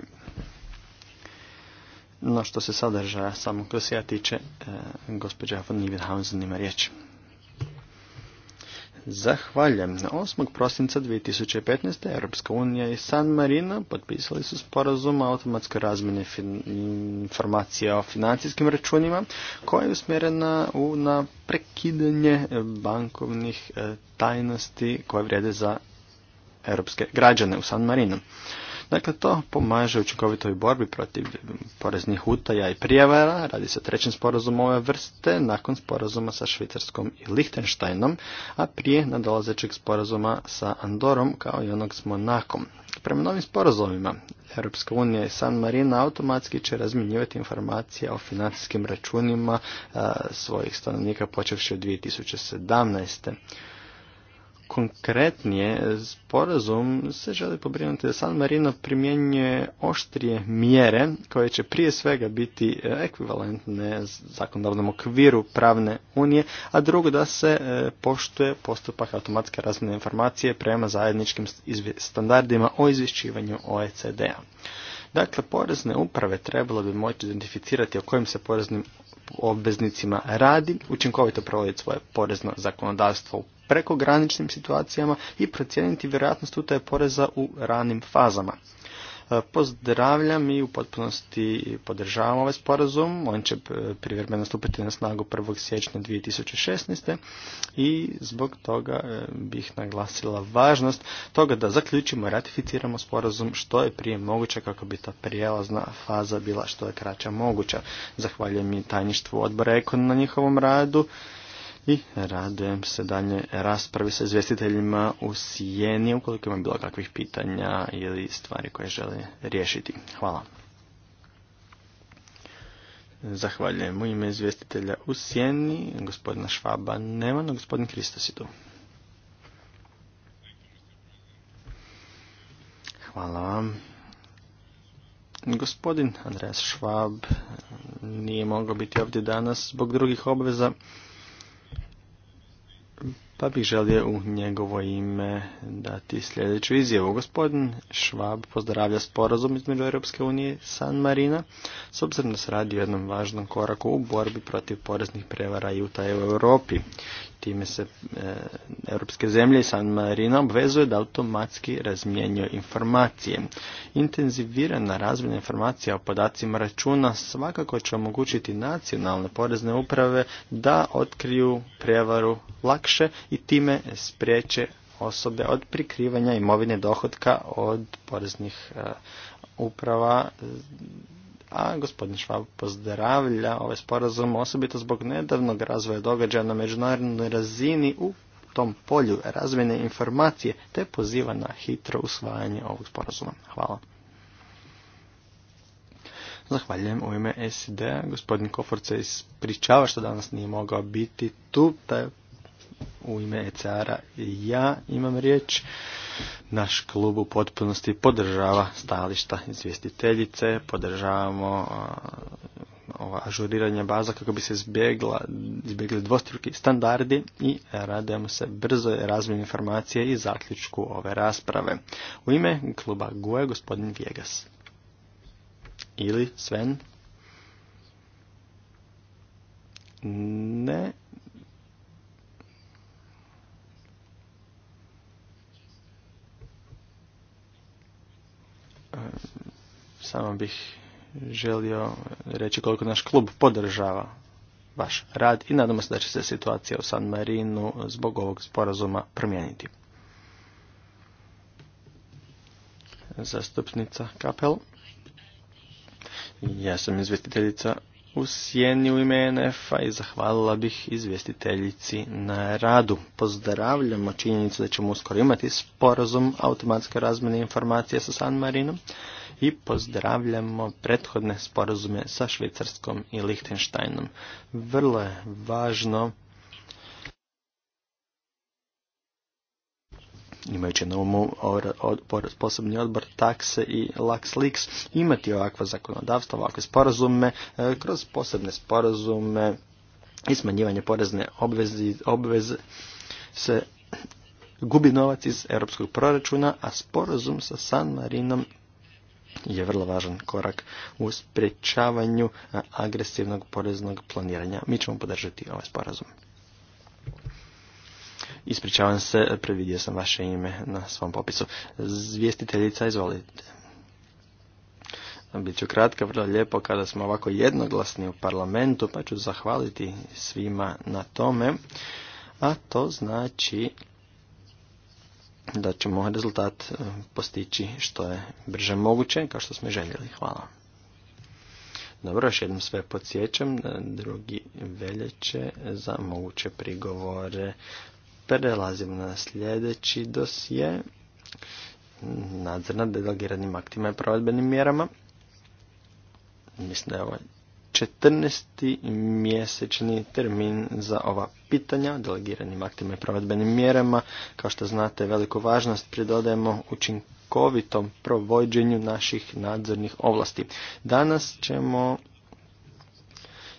No što se sadržaja samog dosija tiče, e, gospođa von Nivenhausen ima riječ. Zahvaljujem. 8. prosinca 2015. Europska unija i San Marino potpisali su sporazum o automatskoj razmjeni informacija o financijskim računima koja je usmjerena u, na prekidanje e, bankovnih e, tajnosti koje vrijede za europske građane u San Marino. Dakle, to pomaže učinkovitoj borbi protiv poreznih utaja i prijevara. Radi se o trećem sporazumu ove vrste nakon sporazuma sa Švicarskom i Lichtensteinom, a prije nadolazećeg sporazuma sa Andorom kao i onog s Monakom. Prema novim sporazumima, Europska unija i San Marina automatski će razminjivati informacije o financijskim računima svojih stanovnika počevši od 2017 konkretnije, sporazum se želi pobrinuti da San Marino primjenjuje oštrije mjere koje će prije svega biti e, ekvivalentne zakonodavnom okviru pravne unije, a drugo da se e, poštuje postupak automatske razmjene informacije prema zajedničkim standardima o izvješćivanju OECD-a. Dakle, porezne uprave trebalo bi moći identificirati o kojim se poreznim obveznicima radi, učinkovito provoditi svoje porezno zakonodavstvo u prekograničnim situacijama i procijeniti vjerojatnost utaje poreza u ranim fazama. E, pozdravljam i u potpunosti podržavam ovaj sporazum. On će e, privremeno stupiti na snagu 1. siječnja 2016. i zbog toga e, bih naglasila važnost toga da zaključimo i ratificiramo sporazum što je prije moguće kako bi ta prijelazna faza bila što je kraća moguća. Zahvaljujem i tajništvu odbora Ekon na njihovom radu i radujem se dalje raspravi sa izvjestiteljima u Sijeni ukoliko ima bilo kakvih pitanja ili stvari koje žele riješiti. Hvala. Zahvaljujem u ime izvjestitelja u Sijeni, gospodina Švaba nema, gospodin Kristos tu. Hvala vam. Gospodin Andreas Švab nije mogao biti ovdje danas zbog drugih obveza pa bih želio u njegovo ime dati sljedeću izjavu. Gospodin Švab pozdravlja sporazum između Europske unije San Marina, s obzirom da se radi o jednom važnom koraku u borbi protiv poreznih prevara i utaje u Europi time se e, europske zemlje i San Marino obvezuje da automatski razmjenjuje informacije. Intenzivirana razmjena informacija o podacima računa svakako će omogućiti nacionalne porezne uprave da otkriju prevaru lakše i time spriječe osobe od prikrivanja imovine dohotka od poreznih e, uprava a gospodin Švab pozdravlja ovaj sporazum osobito zbog nedavnog razvoja događaja na međunarodnoj razini u tom polju razmjene informacije te poziva na hitro usvajanje ovog sporazuma. Hvala. Zahvaljujem u ime SID-a. Gospodin Kofor ispričava što danas nije mogao biti tu, te u ime ECR-a ja imam riječ. Naš klub u potpunosti podržava stališta izvjestiteljice, podržavamo ova ažuriranja baza kako bi se izbjegla, izbjegli dvostruki standardi i radujemo se brzo razmjeni informacije i zaključku ove rasprave. U ime kluba GUE gospodin Vjegas. Ili Sven? Ne. samo bih želio reći koliko naš klub podržava vaš rad i nadamo se da će se situacija u San Marinu zbog ovog sporazuma promijeniti. Zastupnica Kapel. Ja sam izvjestiteljica u sjeni u ime NF-a i zahvalila bih izvjestiteljici na radu. Pozdravljamo činjenicu da ćemo uskoro imati sporazum automatske razmene informacije sa San Marinom i pozdravljamo prethodne sporazume sa Švicarskom i Lichtensteinom. Vrlo je važno imajući na umu posebni odbor takse i leaks, imati ovakva zakonodavstva, ovakve sporazume, e, kroz posebne sporazume i smanjivanje porezne obveze, obveze se gubi novac iz europskog proračuna, a sporazum sa San Marinom je vrlo važan korak u sprečavanju agresivnog poreznog planiranja. Mi ćemo podržati ovaj sporazum. Ispričavam se, previdio sam vaše ime na svom popisu. Zvijestiteljica, izvolite. Biću kratka, vrlo lijepo kada smo ovako jednoglasni u parlamentu, pa ću zahvaliti svima na tome. A to znači da ćemo ovaj rezultat e, postići što je brže moguće, kao što smo željeli. Hvala. Dobro, još jednom sve podsjećam, e, drugi veljeće za moguće prigovore Prelazimo na sljedeći dosje. Nadzor nad delegiranim aktima i provedbenim mjerama. Mislim da je ovo 14. mjesečni termin za ova pitanja delegiranim aktima i provedbenim mjerama. Kao što znate, veliku važnost pridodajemo učinkovitom provođenju naših nadzornih ovlasti. Danas ćemo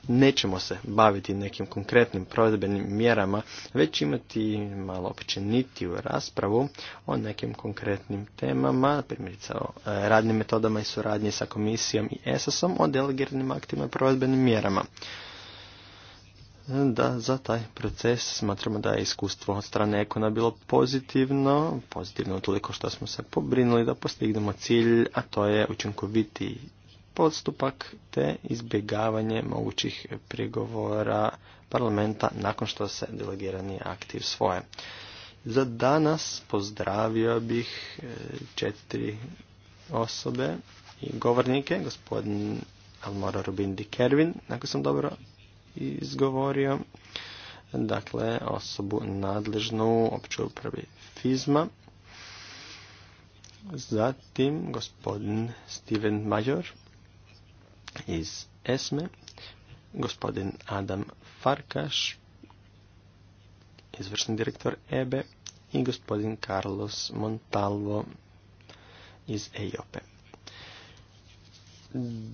nećemo se baviti nekim konkretnim provedbenim mjerama, već imati malo općenitiju raspravu o nekim konkretnim temama, primjerice o e, radnim metodama i suradnji sa komisijom i ESAS-om, o delegiranim aktima i provedbenim mjerama. Da, za taj proces smatramo da je iskustvo od strane Ekona bilo pozitivno, pozitivno toliko što smo se pobrinuli da postignemo cilj, a to je učinkoviti postupak te izbjegavanje mogućih prigovora parlamenta nakon što se delegirani aktiv svoje. Za danas pozdravio bih e, četiri osobe i govornike, gospodin Almora Rubindi Kervin, ako sam dobro izgovorio, dakle osobu nadležnu općoj upravi FIZMA, zatim gospodin Steven Major, iz ESME, gospodin Adam Farkaš, izvršni direktor EBE i gospodin Carlos Montalvo iz EIOPE.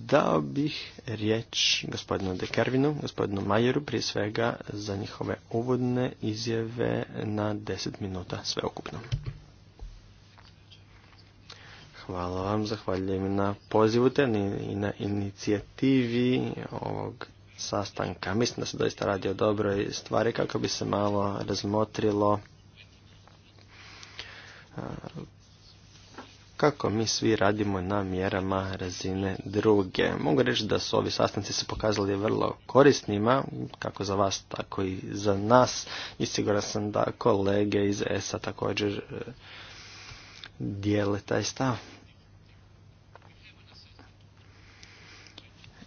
Dao bih riječ gospodinu Dekervinu, gospodinu Majeru, prije svega za njihove uvodne izjave na 10 minuta sveukupno. Hvala vam, zahvaljujem na pozivu te i na inicijativi ovog sastanka. Mislim da se doista radi o dobroj stvari kako bi se malo razmotrilo kako mi svi radimo na mjerama razine druge. Mogu reći da su ovi sastanci se pokazali vrlo korisnima, kako za vas, tako i za nas. I siguran sam da kolege iz ESA također e, dijele taj stav.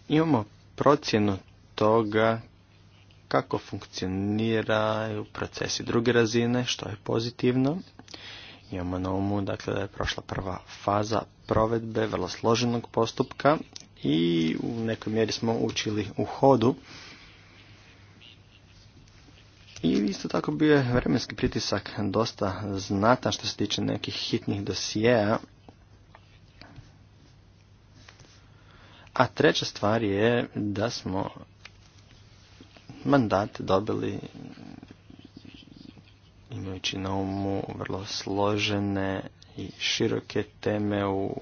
Imamo procjenu toga kako funkcioniraju procesi druge razine, što je pozitivno. Imamo na umu dakle, da je prošla prva faza provedbe vrlo složenog postupka i u nekoj mjeri smo učili u hodu i isto tako bio je vremenski pritisak dosta znatan što se tiče nekih hitnih dosijeja. A treća stvar je da smo mandat dobili imajući na umu vrlo složene i široke teme u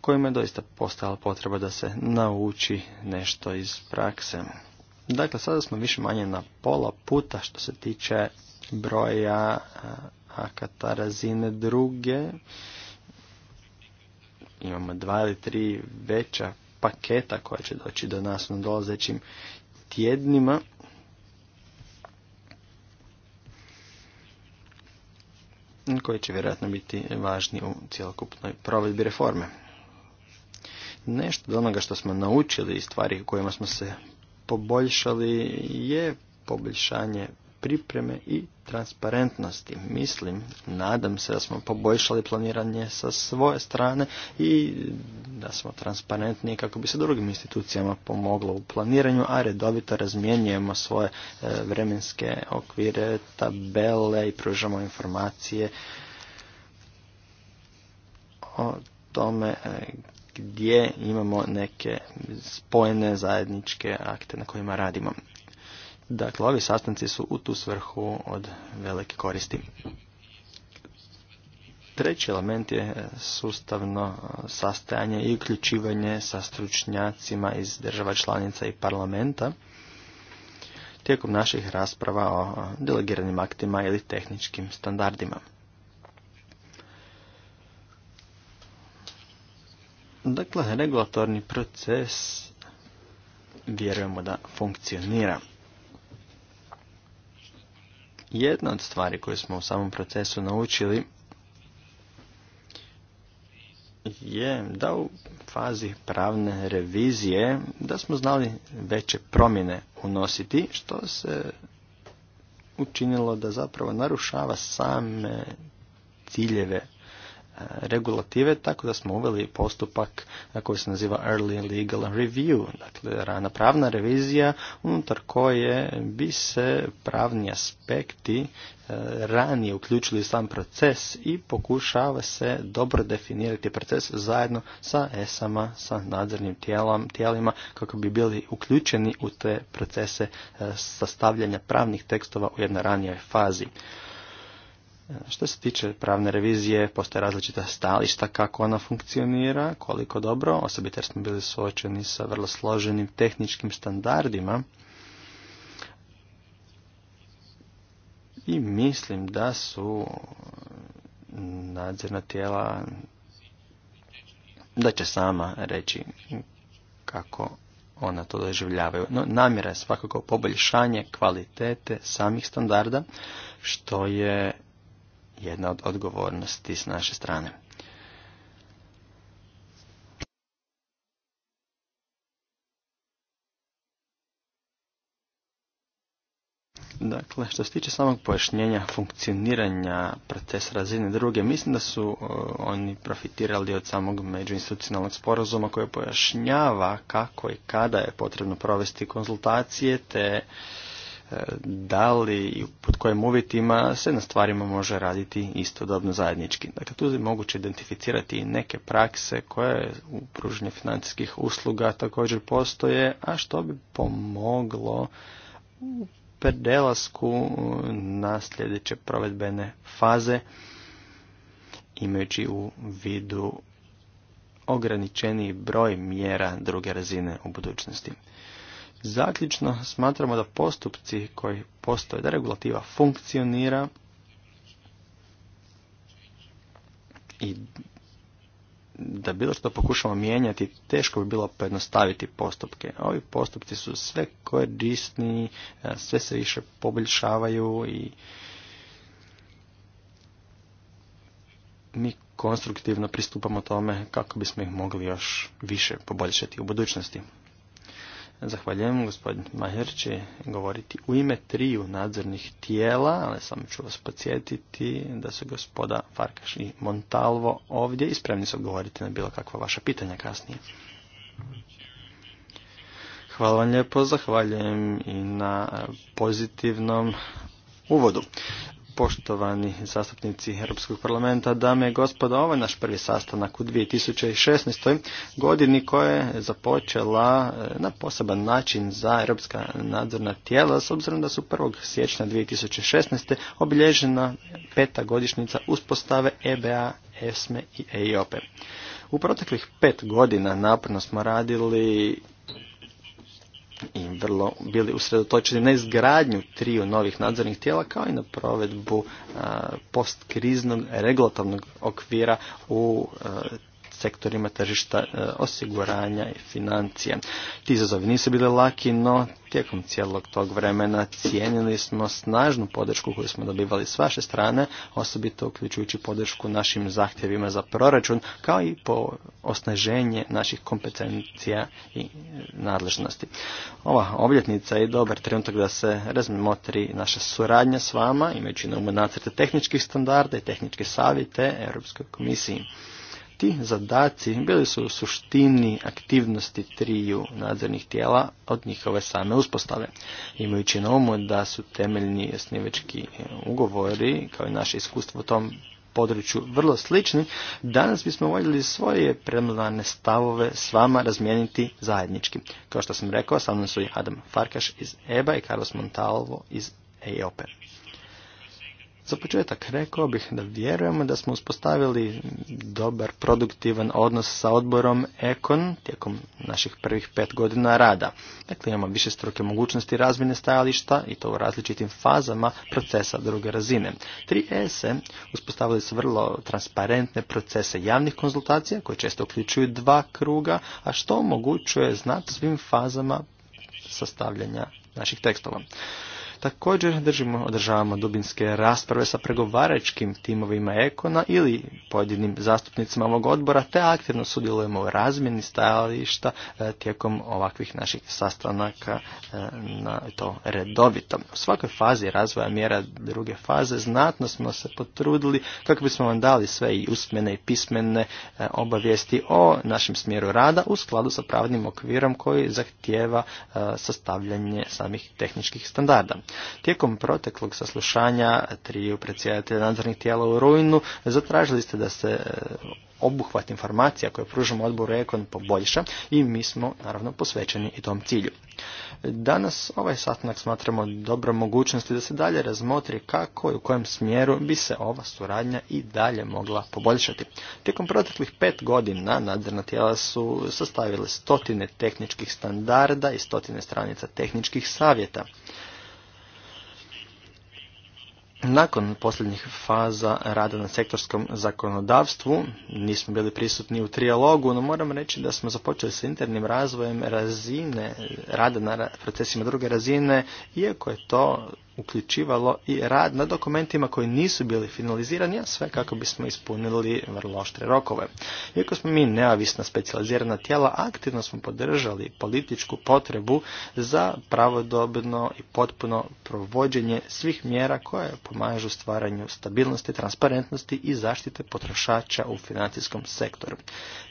kojima je doista postala potreba da se nauči nešto iz prakse. Dakle, sada smo više manje na pola puta što se tiče broja eh, akata razine druge. Imamo dva ili tri veća paketa koja će doći do nas na dolazećim tjednima. koji će vjerojatno biti važni u cjelokupnoj provedbi reforme. Nešto od onoga što smo naučili i stvari kojima smo se poboljšali je poboljšanje pripreme i transparentnosti. Mislim, nadam se da smo poboljšali planiranje sa svoje strane i da smo transparentni kako bi se drugim institucijama pomoglo u planiranju, a redovito razmjenjujemo svoje e, vremenske okvire, tabele i pružamo informacije o tome e, gdje imamo neke spojene zajedničke akte na kojima radimo. Dakle, ovi sastanci su u tu svrhu od velike koristi. Treći element je sustavno sastajanje i uključivanje sa stručnjacima iz država članica i parlamenta tijekom naših rasprava o delegiranim aktima ili tehničkim standardima. Dakle, regulatorni proces vjerujemo da funkcionira. Jedna od stvari koje smo u samom procesu naučili je da u fazi pravne revizije da smo znali veće promjene unositi što se učinilo da zapravo narušava same ciljeve regulative, tako da smo uveli postupak koji se naziva Early Legal Review, dakle rana pravna revizija unutar koje bi se pravni aspekti e, ranije uključili u sam proces i pokušava se dobro definirati proces zajedno sa ESama, sa nadzornim tijelom, tijelima kako bi bili uključeni u te procese e, sastavljanja pravnih tekstova u jednoj ranijoj fazi. Što se tiče pravne revizije, postoje različita stališta kako ona funkcionira, koliko dobro, osobito smo bili suočeni sa vrlo složenim tehničkim standardima. I mislim da su nadzirna tijela da će sama reći kako ona to doživljavaju. No, namjera je svakako poboljšanje kvalitete samih standarda, što je jedna od odgovornosti s naše strane. Dakle, što se tiče samog pojašnjenja funkcioniranja procesa razine druge, mislim da su e, oni profitirali od samog međuinstitucionalnog sporazuma koje pojašnjava kako i kada je potrebno provesti konzultacije te E, da li i pod kojim uvjetima se na stvarima može raditi istodobno zajednički. Dakle, tu je moguće identificirati i neke prakse koje u pruženju financijskih usluga također postoje, a što bi pomoglo u predelasku e, na sljedeće provedbene faze, imajući u vidu ograničeni broj mjera druge razine u budućnosti. Zaključno smatramo da postupci koji postoje, da regulativa funkcionira i da bilo što pokušamo mijenjati, teško bi bilo pojednostaviti postupke. Ovi postupci su sve korisniji, sve se više poboljšavaju i mi konstruktivno pristupamo tome kako bismo ih mogli još više poboljšati u budućnosti. Zahvaljujem gospodin Maher će govoriti u ime triju nadzornih tijela, ali samo ću vas podsjetiti da su gospoda Farkaš i Montalvo ovdje i spremni su govoriti na bilo kakva vaša pitanja kasnije. Hvala vam lijepo, zahvaljujem i na pozitivnom uvodu. Poštovani zastupnici Europskog parlamenta, dame i gospodo, ovo je naš prvi sastanak u 2016. godini koja je započela e, na poseban način za europska nadzorna tijela s obzirom da su 1. siječnja 2016. obilježena peta godišnjica uspostave EBA, ESME i EIOPE. U proteklih pet godina naporno smo radili i vrlo bili usredotočeni na izgradnju triju novih nadzornih tijela kao i na provedbu postkriznog regulatornog okvira u sektorima tržišta e, osiguranja i financija. Ti izazovi nisu bili laki, no tijekom cijelog tog vremena cijenili smo snažnu podršku koju smo dobivali s vaše strane, osobito uključujući podršku našim zahtjevima za proračun, kao i po osnaženje naših kompetencija i nadležnosti. Ova obljetnica je dobar trenutak da se razmotri naša suradnja s vama, imajući na umu nacrte tehničkih standarda i tehničke savjete Europskoj komisiji ti zadaci bili su u suštini aktivnosti triju nadzornih tijela od njihove same uspostave. Imajući na umu da su temeljni osnivački ugovori, kao i naše iskustvo u tom području vrlo slični, danas bismo voljeli svoje premlane stavove s vama razmijeniti zajednički. Kao što sam rekao, sa mnom su i Adam Farkaš iz EBA i Carlos Montalvo iz EOPE. Za početak rekao bih da vjerujemo da smo uspostavili dobar, produktivan odnos sa odborom Ekon tijekom naših prvih pet godina rada. Dakle, imamo više struke mogućnosti razmjene stajališta i to u različitim fazama procesa druge razine. 3 e s e uspostavili su vrlo transparentne procese javnih konzultacija koje često uključuju dva kruga, a što omogućuje znat svim fazama sastavljanja naših tekstova. Također držimo, održavamo dubinske rasprave sa pregovaračkim timovima Ekona ili pojedinim zastupnicima ovog odbora, te aktivno sudjelujemo u razmjeni stajališta e, tijekom ovakvih naših sastanaka e, na to redovito. U svakoj fazi razvoja mjera druge faze znatno smo se potrudili kako bismo vam dali sve i usmene i pismene e, obavijesti o našem smjeru rada u skladu sa pravnim okvirom koji zahtijeva sastavljanje samih tehničkih standarda. Tijekom proteklog saslušanja triju predsjedatelja nadzornih tijela u rujnu zatražili ste da se e, obuhvat informacija koje pružamo odboru Ekon poboljša i mi smo naravno posvećeni i tom cilju. Danas ovaj satnak smatramo dobro mogućnosti da se dalje razmotri kako i u kojem smjeru bi se ova suradnja i dalje mogla poboljšati. Tijekom proteklih pet godina nadzorna tijela su sastavile stotine tehničkih standarda i stotine stranica tehničkih savjeta. Nakon posljednjih faza rada na sektorskom zakonodavstvu nismo bili prisutni u trijalogu, no moram reći da smo započeli sa internim razvojem razine, rada na procesima druge razine, iako je to uključivalo i rad na dokumentima koji nisu bili finalizirani, a sve kako bismo ispunili vrlo oštre rokove. Iako smo mi neavisna specijalizirana tijela, aktivno smo podržali političku potrebu za pravodobno i potpuno provođenje svih mjera koje pomažu stvaranju stabilnosti, transparentnosti i zaštite potrošača u financijskom sektoru.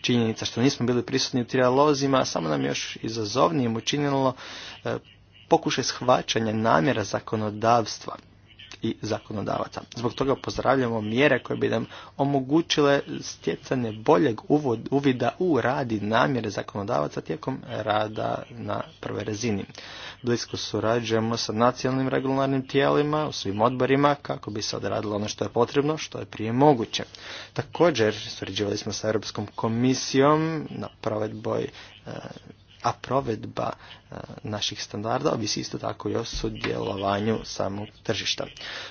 Činjenica što nismo bili prisutni u trijalozima samo nam još izazovnijim učinilo e, pokušaj shvaćanja namjera zakonodavstva i zakonodavaca. Zbog toga pozdravljamo mjere koje bi nam omogućile stjecanje boljeg uvida u radi namjere zakonodavaca tijekom rada na prvoj razini. Blisko surađujemo sa nacionalnim regularnim tijelima u svim odborima kako bi se odradilo ono što je potrebno, što je prije moguće. Također, surađivali smo sa Europskom komisijom na provedboj e, a provedba e, naših standarda ovisi isto tako i o sudjelovanju samog tržišta.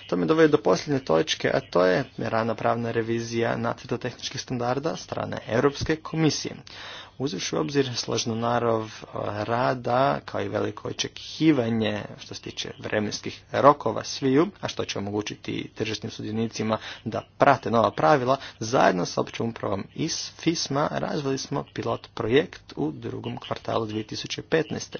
To me dovodi do posljednje točke, a to je rana pravna revizija nacrta tehničkih standarda strane Europske komisije. Uzivši u obzir složno narav e, rada, kao i veliko očekivanje što se tiče vremenskih rokova sviju, a što će omogućiti tržišnim sudionicima da prate nova pravila, zajedno sa općom upravom iz FISMA razvili smo pilot projekt u drugom kvartalu 2015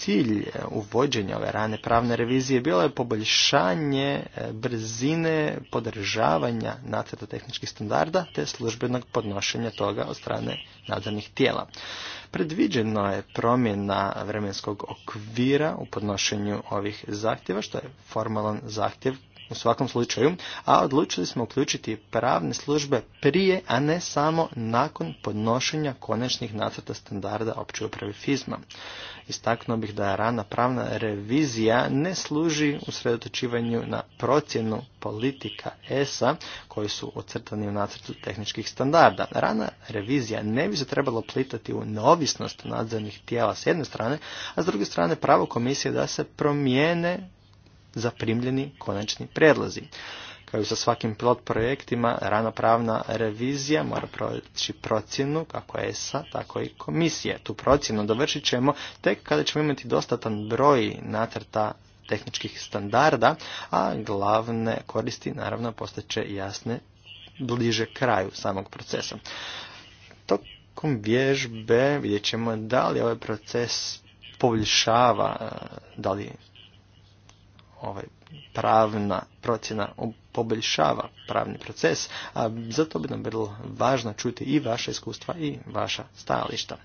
cilj uvođenja ove rane pravne revizije bilo je poboljšanje e, brzine podržavanja nacrta tehničkih standarda te službenog podnošenja toga od strane nadzornih tijela. Predviđeno je promjena vremenskog okvira u podnošenju ovih zahtjeva, što je formalan zahtjev u svakom slučaju, a odlučili smo uključiti pravne službe prije, a ne samo nakon podnošenja konačnih nacrta standarda opće upravi FISMA. Istaknuo bih da rana pravna revizija ne služi sredotočivanju na procjenu politika ESA koji su ocrtani u nacrtu tehničkih standarda. Rana revizija ne bi se trebala plitati u neovisnost nadzornih tijela s jedne strane, a s druge strane pravo komisije da se promijene zaprimljeni konačni predlozi. Kao i sa svakim pilot projektima, ranopravna revizija mora proći procjenu kako ESA, tako i komisije. Tu procjenu dovršit ćemo tek kada ćemo imati dostatan broj natrta tehničkih standarda, a glavne koristi naravno postaće jasne bliže kraju samog procesa. Tokom vježbe vidjet ćemo da li ovaj proces poboljšava, da li ovaj pravna procjena poboljšava pravni proces, a zato bi nam bilo važno čuti i vaše iskustva i vaša stajališta.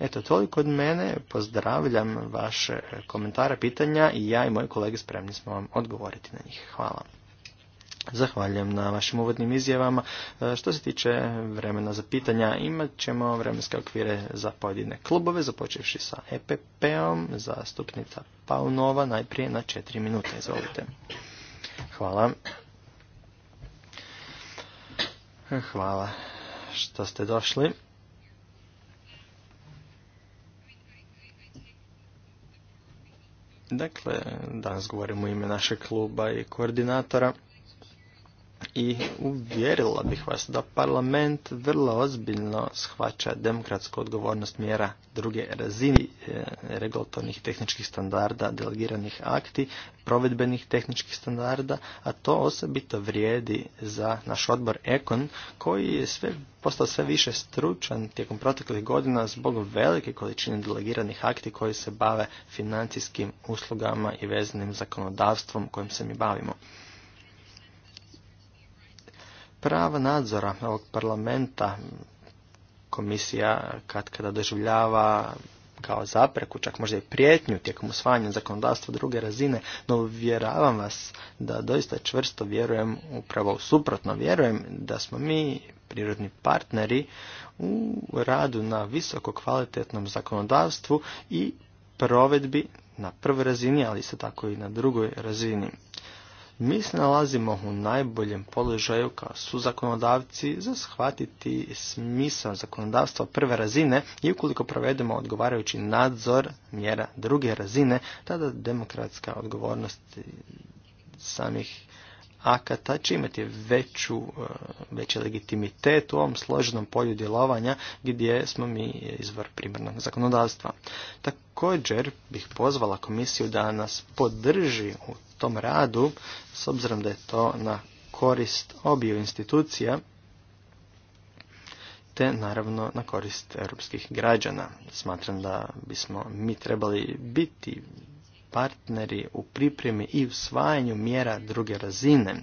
Eto, toliko od mene, pozdravljam vaše komentare, pitanja i ja i moji kolege spremni smo vam odgovoriti na njih. Hvala. Zahvaljujem na vašim uvodnim izjavama. E, što se tiče vremena za pitanja, imat ćemo vremenske okvire za pojedine klubove, započevši sa EPP-om, zastupnica Paunova, najprije na četiri minute. Izvolite. Hvala. Hvala što ste došli. Dakle, danas govorimo u ime našeg kluba i koordinatora i uvjerila bih vas da parlament vrlo ozbiljno shvaća demokratsku odgovornost mjera druge razini e, regulatornih tehničkih standarda, delegiranih akti, provedbenih tehničkih standarda, a to osobito vrijedi za naš odbor Ekon koji je sve, postao sve više stručan tijekom proteklih godina zbog velike količine delegiranih akti koji se bave financijskim uslugama i vezanim zakonodavstvom kojim se mi bavimo prava nadzora ovog parlamenta komisija kad kada doživljava kao zapreku, čak možda i prijetnju tijekom usvajanja zakonodavstva druge razine, no uvjeravam vas da doista čvrsto vjerujem, upravo suprotno vjerujem, da smo mi prirodni partneri u radu na visoko kvalitetnom zakonodavstvu i provedbi na prvoj razini, ali isto tako i na drugoj razini mi se nalazimo u najboljem položaju kao su zakonodavci za shvatiti smisao zakonodavstva prve razine i ukoliko provedemo odgovarajući nadzor mjera druge razine, tada demokratska odgovornost samih akata će imati veću, e, veći legitimitet u ovom složenom polju djelovanja gdje smo mi izvor primarnog zakonodavstva. Također bih pozvala komisiju da nas podrži u tom radu s obzirom da je to na korist obiju institucija te naravno na korist europskih građana. Smatram da bismo mi trebali biti partneri u pripremi i usvajanju mjera druge razine.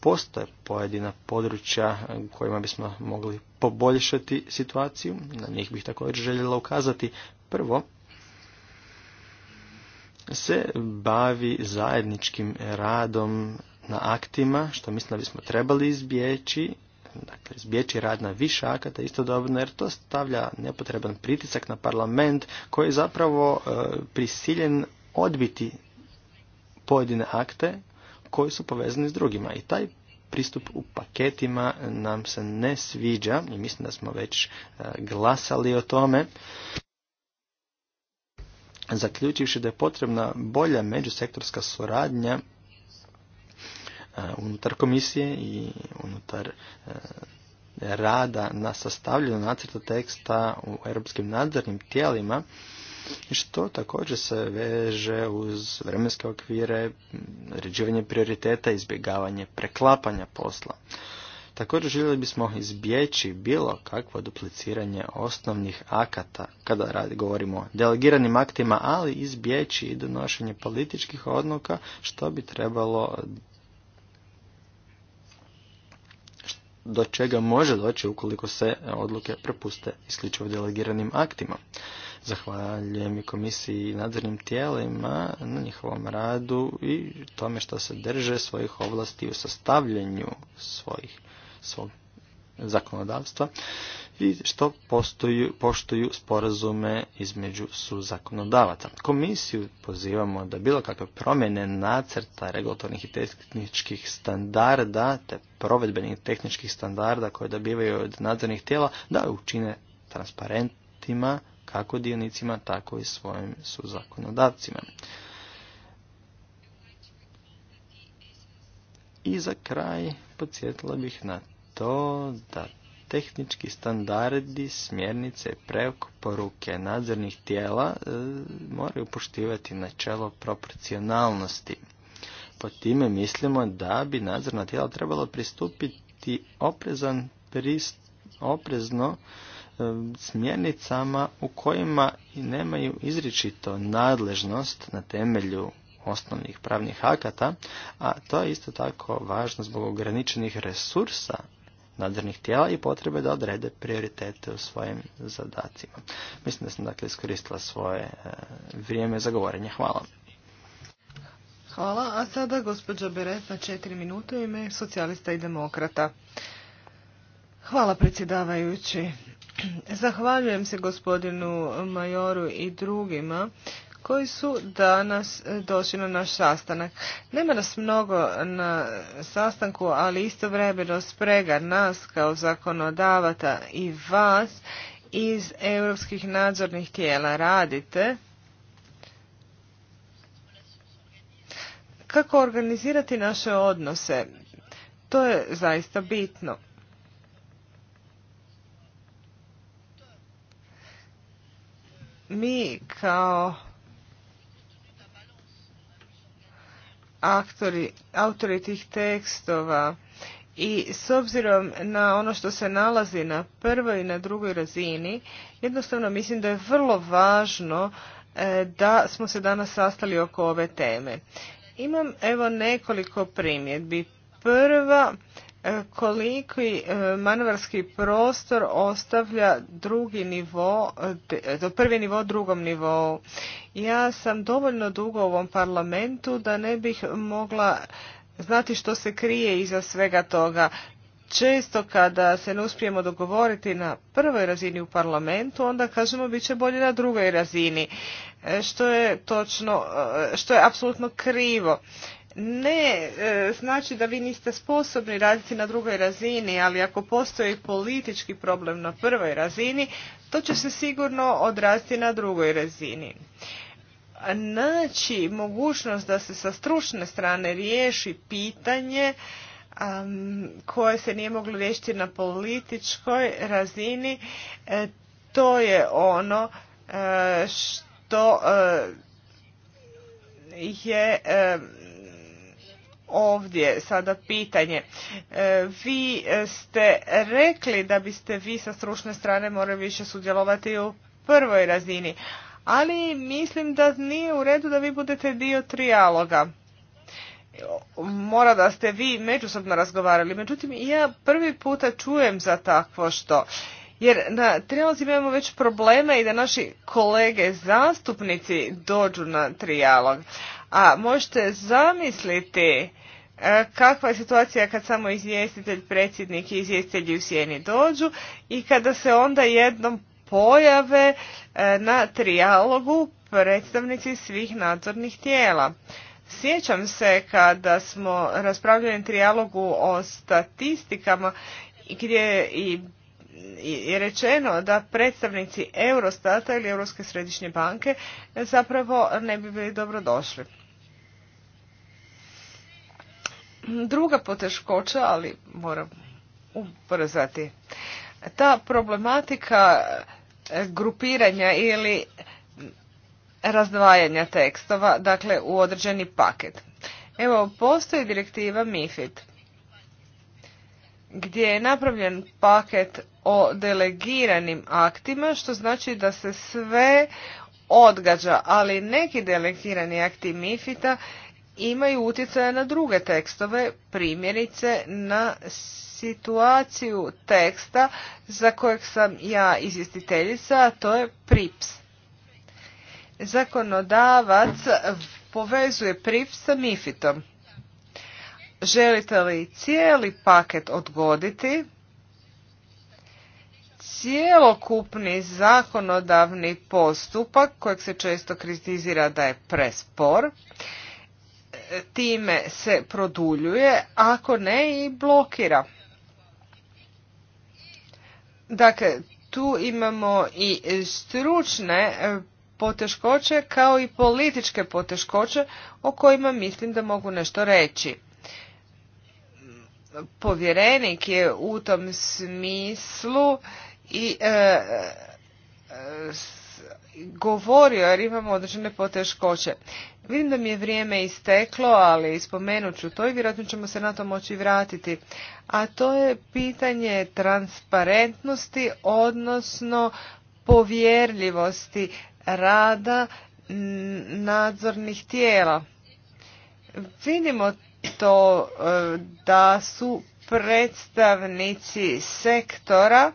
Postoje pojedina područja kojima bismo mogli poboljšati situaciju, na njih bih također željela ukazati. Prvo, se bavi zajedničkim radom na aktima, što mislim da bismo trebali izbjeći, dakle izbjeći rad na više akata istodobno, jer to stavlja nepotreban pritisak na parlament koji je zapravo e, prisiljen odbiti pojedine akte koji su povezani s drugima. I taj pristup u paketima nam se ne sviđa i mislim da smo već e, glasali o tome. Zaključivši da je potrebna bolja međusektorska suradnja e, unutar komisije i unutar e, rada na sastavljanju nacrta teksta u europskim nadzornim tijelima i što također se veže uz vremenske okvire, ređivanje prioriteta, izbjegavanje preklapanja posla. Također željeli bismo izbjeći bilo kakvo dupliciranje osnovnih akata kada radi, govorimo o delegiranim aktima, ali izbjeći i donošenje političkih odluka što bi trebalo do čega može doći ukoliko se odluke prepuste isključivo delegiranim aktima. Zahvaljujem i komisiji i nadzornim tijelima na njihovom radu i tome što se drže svojih ovlasti u sastavljanju svojih, svog zakonodavstva i što postoju, poštuju sporazume između su zakonodavaca. Komisiju pozivamo da bilo kakve promjene nacrta regulatornih i tehničkih standarda te provedbenih tehničkih standarda koje dobivaju od nadzornih tijela da učine transparentima kako dionicima, tako i svojim suzakonodavcima. I za kraj podsjetila bih na to da tehnički standardi, smjernice, preporuke nadzornih tijela e, moraju poštivati načelo proporcionalnosti. Po time mislimo da bi nadzorna tijela trebalo pristupiti oprezan oprezno smjernicama u kojima i nemaju izričito nadležnost na temelju osnovnih pravnih akata, a to je isto tako važno zbog ograničenih resursa nadzornih tijela i potrebe da odrede prioritete u svojim zadacima. Mislim da sam dakle iskoristila svoje eh, vrijeme za govorenje. Hvala. Hvala. A sada gospođa Beret na četiri minute u ime socijalista i demokrata. Hvala predsjedavajući. Zahvaljujem se gospodinu Majoru i drugima koji su danas e, došli na naš sastanak. Nema nas mnogo na sastanku, ali istovremeno sprega nas kao zakonodavata i vas iz europskih nadzornih tijela radite. Kako organizirati naše odnose? To je zaista bitno. mi kao aktori, autori tih tekstova i s obzirom na ono što se nalazi na prvoj i na drugoj razini, jednostavno mislim da je vrlo važno e, da smo se danas sastali oko ove teme. Imam evo nekoliko primjedbi. Prva E, koliki e, manevarski prostor ostavlja drugi nivo, e, prvi nivo drugom nivou. Ja sam dovoljno dugo u ovom parlamentu da ne bih mogla znati što se krije iza svega toga često kada se ne uspijemo dogovoriti na prvoj razini u parlamentu, onda kažemo bit će bolje na drugoj razini, e, što je točno, e, što je apsolutno krivo. Ne e, znači da vi niste sposobni raditi na drugoj razini, ali ako postoji politički problem na prvoj razini, to će se sigurno odrasti na drugoj razini naći mogućnost da se sa stručne strane riješi pitanje koje se nije moglo riješiti na političkoj razini, e, to je ono e, što e, je ovdje sada pitanje. Vi ste rekli da biste vi sa stručne strane morali više sudjelovati u prvoj razini, ali mislim da nije u redu da vi budete dio trijaloga mora da ste vi međusobno razgovarali. Međutim, ja prvi puta čujem za takvo što. Jer na trijalozima imamo već probleme i da naši kolege zastupnici dođu na trijalog. A možete zamisliti e, kakva je situacija kad samo izvjestitelj, predsjednik i izvjestitelji u sjeni dođu i kada se onda jednom pojave e, na trijalogu predstavnici svih nadzornih tijela. Sjećam se kada smo raspravljali u trijalogu o statistikama gdje i je rečeno da predstavnici Eurostata ili Europske središnje banke zapravo ne bi bili dobro došli. Druga poteškoća, ali moram ubrzati. Ta problematika grupiranja ili razdvajanja tekstova, dakle u određeni paket. Evo, postoji direktiva MIFID gdje je napravljen paket o delegiranim aktima, što znači da se sve odgađa, ali neki delegirani akti MIFITA imaju utjecaja na druge tekstove, primjerice na situaciju teksta za kojeg sam ja izvjestiteljica, a to je PRIPS zakonodavac povezuje PRIP sa MIFITom. Želite li cijeli paket odgoditi? Cijelokupni zakonodavni postupak kojeg se često kritizira da je prespor, time se produljuje, ako ne i blokira. Dakle, tu imamo i stručne poteškoće kao i političke poteškoće o kojima mislim da mogu nešto reći. Povjerenik je u tom smislu i e, e, govorio jer imamo određene poteškoće. Vidim da mi je vrijeme isteklo, ali spomenut ću to i vjerojatno ćemo se na to moći vratiti. A to je pitanje transparentnosti, odnosno povjerljivosti rada nadzornih tijela. Vidimo to e, da su predstavnici sektora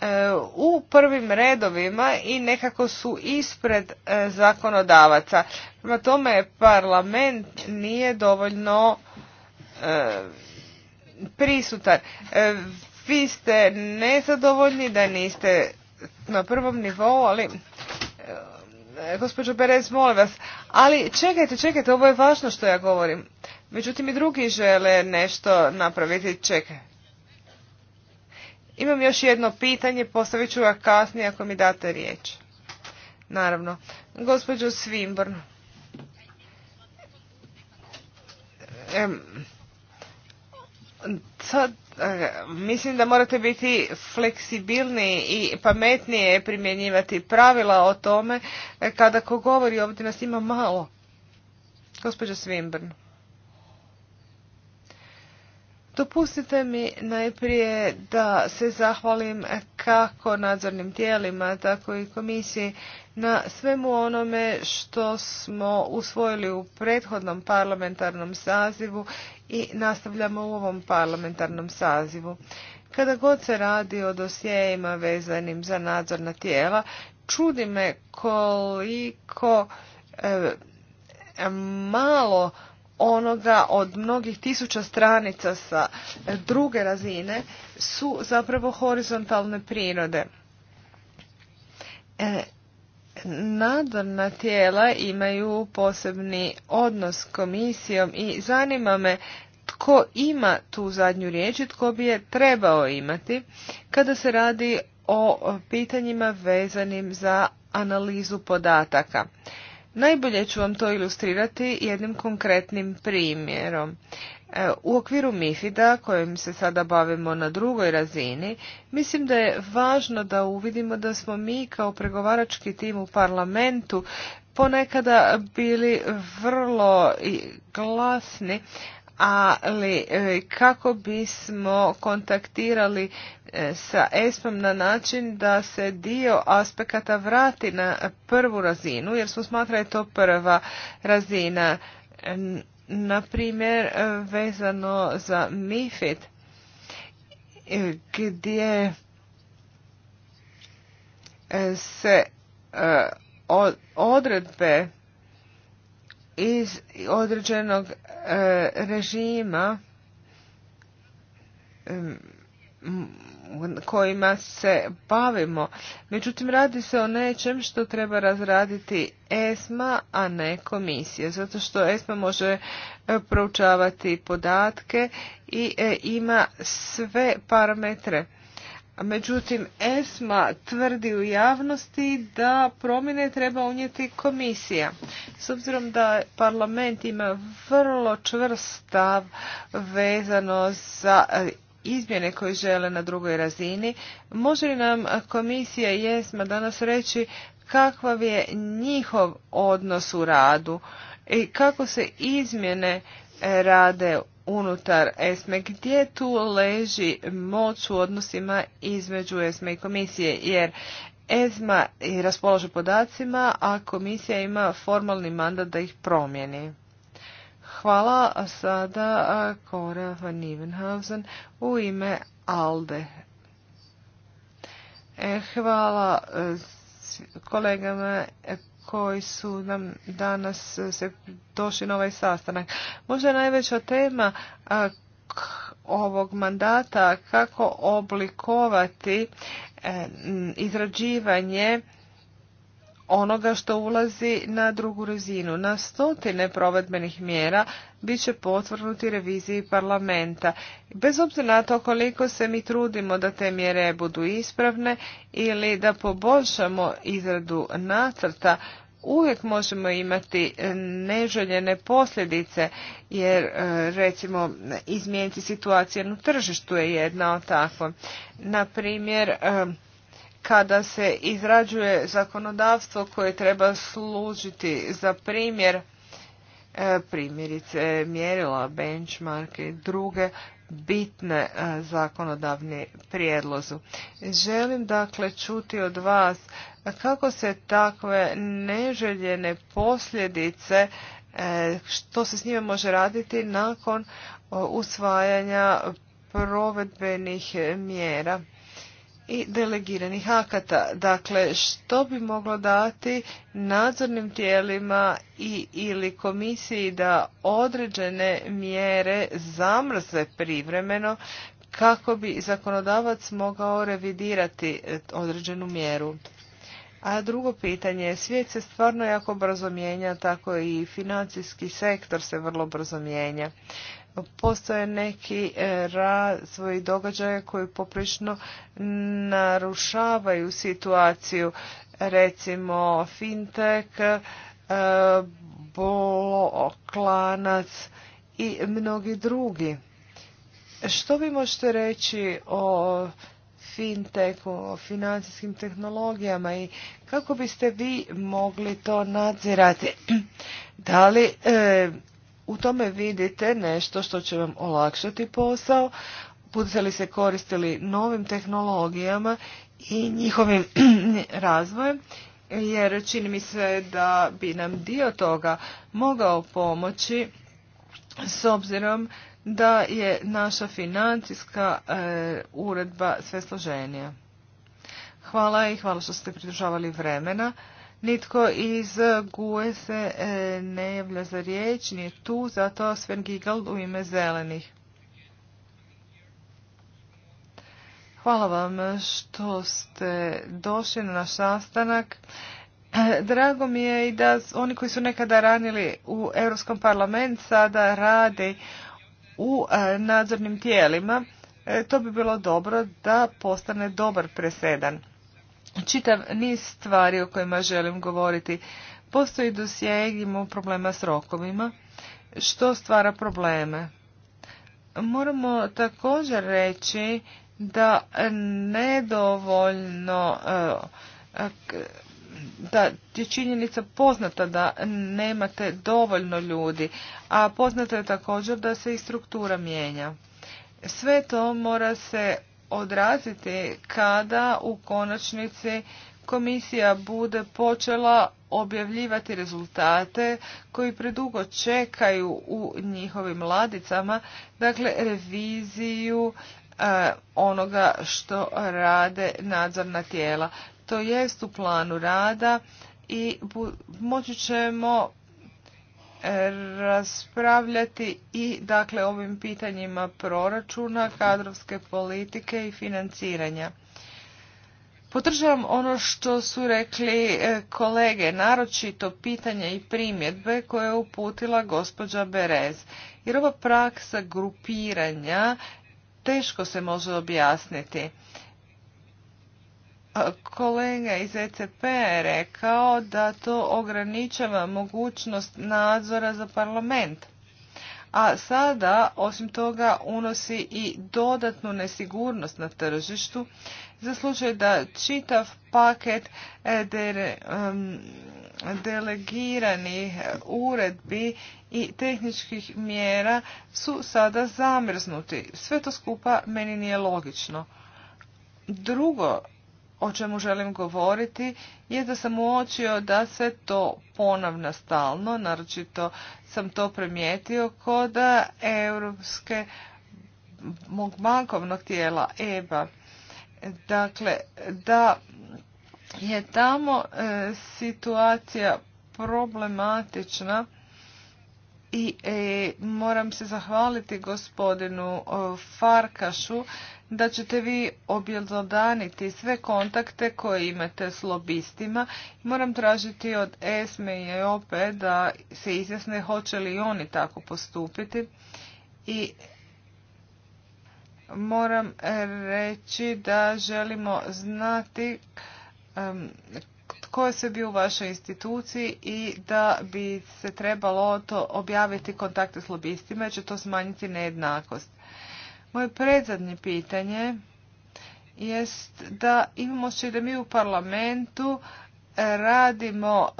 e, u prvim redovima i nekako su ispred e, zakonodavaca. Prema tome parlament nije dovoljno prisutan. Vi ste nezadovoljni da niste na prvom nivou, ali E, gospođo Berez, molim vas, ali čekajte, čekajte, ovo je važno što ja govorim. Međutim, i drugi žele nešto napraviti, čekaj. Imam još jedno pitanje, postavit ću ga kasnije ako mi date riječ. Naravno. Gospođo Svimborn. E, mislim da morate biti fleksibilni i pametnije primjenjivati pravila o tome e, kada ko govori ovdje nas ima malo. Gospođa Svimbrn. Dopustite mi najprije da se zahvalim kako nadzornim tijelima, tako i komisiji na svemu onome što smo usvojili u prethodnom parlamentarnom sazivu i nastavljamo u ovom parlamentarnom sazivu. Kada god se radi o dosjejima vezanim za nadzorna tijela, čudi me koliko e, malo onoga od mnogih tisuća stranica sa druge razine su zapravo horizontalne prirode. E, Nadorna tijela imaju posebni odnos s komisijom i zanima me tko ima tu zadnju riječ i tko bi je trebao imati kada se radi o pitanjima vezanim za analizu podataka. Najbolje ću vam to ilustrirati jednim konkretnim primjerom. E, u okviru MIFID-a, kojim se sada bavimo na drugoj razini, mislim da je važno da uvidimo da smo mi kao pregovarački tim u parlamentu ponekada bili vrlo glasni, ali e, kako bismo kontaktirali sa ESPOM na način da se dio aspekata vrati na prvu razinu, jer smo smatrali to prva razina. Na primjer, vezano za MIFID, gdje se e, odredbe iz određenog e, režima kojima se bavimo. Međutim, radi se o nečem što treba razraditi ESMA, a ne komisije, zato što ESMA može e, proučavati podatke i e, ima sve parametre. Međutim, ESMA tvrdi u javnosti da promjene treba unijeti komisija. S obzirom da parlament ima vrlo čvrst stav vezano za e, izmjene koje žele na drugoj razini. Može li nam komisija jesma danas reći kakav je njihov odnos u radu i kako se izmjene e, rade unutar ESME, gdje tu leži moć u odnosima između ESME i komisije, jer ESMA raspolaže podacima, a komisija ima formalni mandat da ih promijeni. Hvala sada Kora van Nivenhausen u ime Alde. E, hvala e, kolegama koji su nam danas e, se došli na ovaj sastanak. Možda je najveća tema ovog mandata kako oblikovati izrađivanje onoga što ulazi na drugu razinu. Na stotine provedbenih mjera bit će potvrnuti reviziji parlamenta. Bez obzira na to koliko se mi trudimo da te mjere budu ispravne ili da poboljšamo izradu nacrta, uvijek možemo imati neželjene posljedice, jer e, recimo izmijeniti situaciju na tržištu je jedna od takva. Naprimjer, e, kada se izrađuje zakonodavstvo koje treba služiti za primjer, e, primjerice mjerila, benchmark i druge bitne e, zakonodavne prijedlozu. Želim dakle čuti od vas kako se takve neželjene posljedice e, što se s njima može raditi nakon usvajanja provedbenih mjera i delegiranih akata. Dakle, što bi moglo dati nadzornim tijelima i ili komisiji da određene mjere zamrze privremeno kako bi zakonodavac mogao revidirati e, određenu mjeru. A drugo pitanje, svijet se stvarno jako brzo mijenja, tako i financijski sektor se vrlo brzo mijenja postoje neki e, razvoji događaja koji poprično narušavaju situaciju, recimo fintech, e, klanac i mnogi drugi. Što vi možete reći o fintechu, o financijskim tehnologijama i kako biste vi mogli to nadzirati? Da li e, u tome vidite nešto što će vam olakšati posao, budete li se koristili novim tehnologijama i njihovim razvojem, jer čini mi se da bi nam dio toga mogao pomoći s obzirom da je naša financijska e, uredba sve složenija. Hvala i hvala što ste pridržavali vremena. Nitko iz GUE se e, ne javlja za riječ, nije tu, zato Sven gigal u ime zelenih. Hvala vam što ste došli na naš sastanak. Drago mi je i da oni koji su nekada ranili u Europskom parlamentu sada rade u e, nadzornim tijelima. E, to bi bilo dobro da postane dobar presedan čitav niz stvari o kojima želim govoriti. Postoji dosije imamo problema s rokovima, što stvara probleme. Moramo također reći da nedovoljno eh, da je činjenica poznata da nemate dovoljno ljudi, a poznato je također da se i struktura mijenja. Sve to mora se odraziti kada u konačnici komisija bude počela objavljivati rezultate koji predugo čekaju u njihovim mladicama, dakle reviziju e, onoga što rade nadzorna tijela. To jest u planu rada i moći ćemo raspravljati i dakle ovim pitanjima proračuna, kadrovske politike i financiranja. Podržavam ono što su rekli e, kolege, naročito pitanja i primjedbe koje je uputila gospođa Berez. Jer ova praksa grupiranja teško se može objasniti kolega iz ECP je rekao da to ograničava mogućnost nadzora za parlament. A sada, osim toga, unosi i dodatnu nesigurnost na tržištu za slučaj da čitav paket e, delegiranih e, uredbi i tehničkih mjera su sada zamrznuti. Sve to skupa meni nije logično. Drugo o čemu želim govoriti je da sam uočio da se to ponavlja stalno, naročito sam to primijetio kod europske bankovnog tijela EBA. Dakle, da je tamo e, situacija problematična i e, moram se zahvaliti gospodinu Farkašu da ćete vi objelodaniti sve kontakte koje imate s lobistima. Moram tražiti od ESME e i EOP da se izjasne hoće li oni tako postupiti. I moram reći da želimo znati tko je bio u vašoj instituciji i da bi se trebalo to objaviti kontakte s lobistima jer će to smanjiti nejednakost. Moje predzadnje pitanje jest da imamo se da mi u parlamentu radimo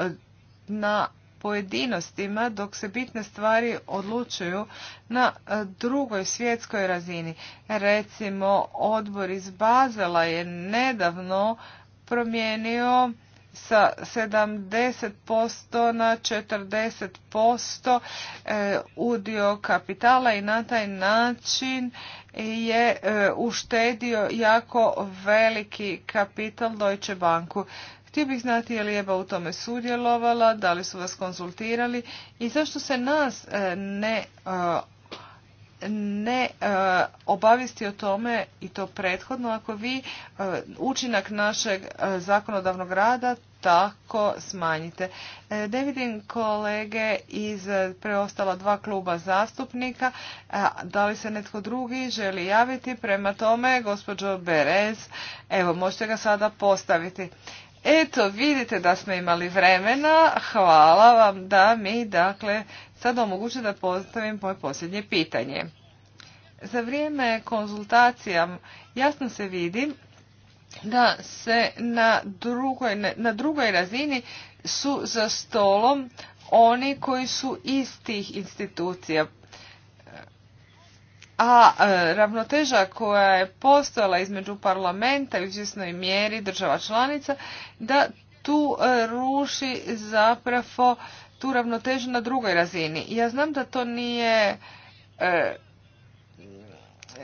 na pojedinostima dok se bitne stvari odlučuju na drugoj svjetskoj razini. Recimo, odbor iz Bazela je nedavno promijenio sa 70% na 40% e, udio kapitala i na taj način je e, uštedio jako veliki kapital Deutsche Banku. Htio bih znati je li Eva u tome sudjelovala, da li su vas konzultirali i zašto se nas e, ne ne e, obavisti o tome i to prethodno ako vi e, učinak našeg e, zakonodavnog rada tako smanjite. Ne vidim kolege iz preostala dva kluba zastupnika. Da li se netko drugi želi javiti? Prema tome, gospođo Berez, evo, možete ga sada postaviti. Eto, vidite da smo imali vremena. Hvala vam da mi, dakle, sada omogućiti da postavim moje posljednje pitanje. Za vrijeme konzultacija jasno se vidi da se na drugoj, na drugoj razini su za stolom oni koji su iz tih institucija. A e, ravnoteža koja je postojala između parlamenta i u mjeri država članica, da tu e, ruši zapravo tu ravnotežu na drugoj razini. Ja znam da to nije e,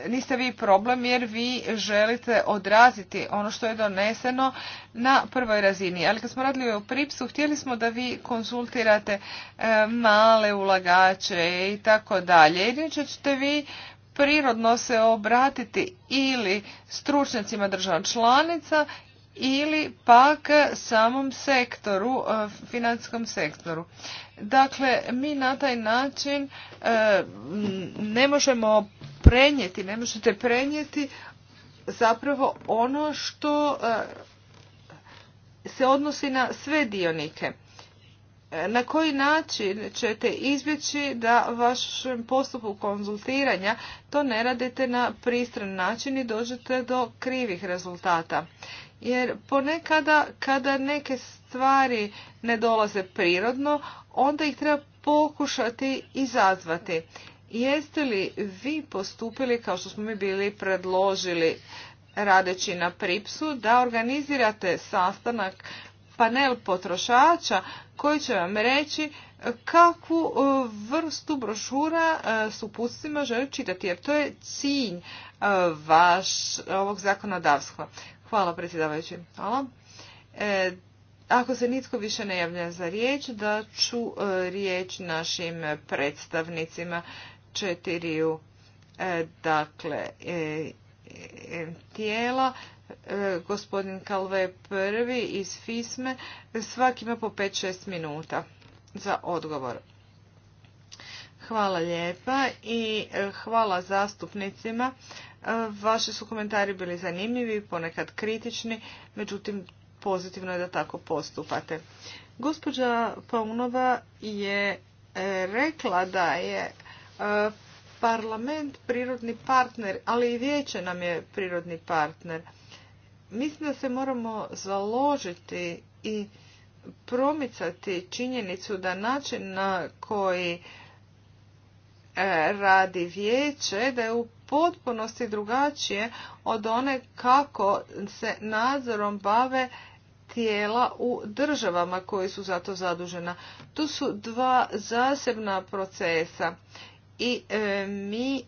niste vi problem jer vi želite odraziti ono što je doneseno na prvoj razini. Ali kad smo radili o pripsu, htjeli smo da vi konsultirate e, male ulagače i tako dalje. Inače ćete vi prirodno se obratiti ili stručnjacima država članica ili pak samom sektoru, e, financijskom sektoru. Dakle, mi na taj način e, ne možemo prenijeti, ne možete prenijeti zapravo ono što e, se odnosi na sve dionike. Na koji način ćete izbjeći da vašem postupku konzultiranja to ne radite na pristran način i dođete do krivih rezultata. Jer ponekada kada neke stvari ne dolaze prirodno, onda ih treba pokušati izazvati. Jeste li vi postupili kao što smo mi bili predložili radeći na Pripsu da organizirate sastanak panel potrošača koji će vam reći e, kakvu e, vrstu brošura e, s uputstvima želi čitati, jer to je cilj vaš ovog zakonodavstva. Hvala predsjedavajući. Hvala. E, ako se nitko više ne javlja za riječ, da ću e, riječ našim predstavnicima četiriju e, dakle tijela. Gospodin Kalve prvi iz FISME, svak ima po 5-6 minuta za odgovor. Hvala lijepa i hvala zastupnicima Vaši su komentari bili zanimljivi, ponekad kritični, međutim pozitivno je da tako postupate. Gospođa Paunova je e, rekla da je e, parlament prirodni partner, ali i vijeće nam je prirodni partner. Mislim da se moramo založiti i promicati činjenicu da način na koji e, radi vijeće, da je u potpunosti drugačije od one kako se nadzorom bave tijela u državama koje su za to zadužena. Tu su dva zasebna procesa i e, mi e,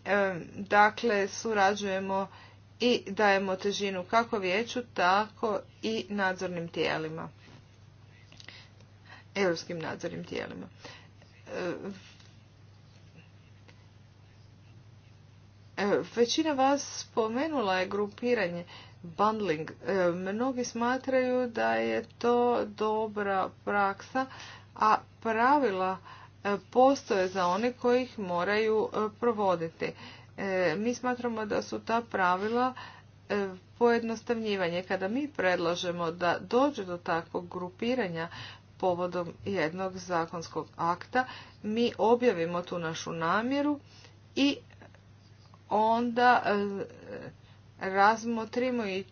dakle surađujemo i dajemo težinu kako vijeću, tako i nadzornim tijelima, europskim nadzornim tijelima. E, E, većina vas spomenula je grupiranje, bundling. E, mnogi smatraju da je to dobra praksa, a pravila e, postoje za one koji ih moraju provoditi. Mi smatramo da su ta pravila pojednostavnjivanje. Kada mi predlažemo da dođe do takvog grupiranja povodom jednog zakonskog akta, mi objavimo tu našu namjeru i onda e, razmotrimo i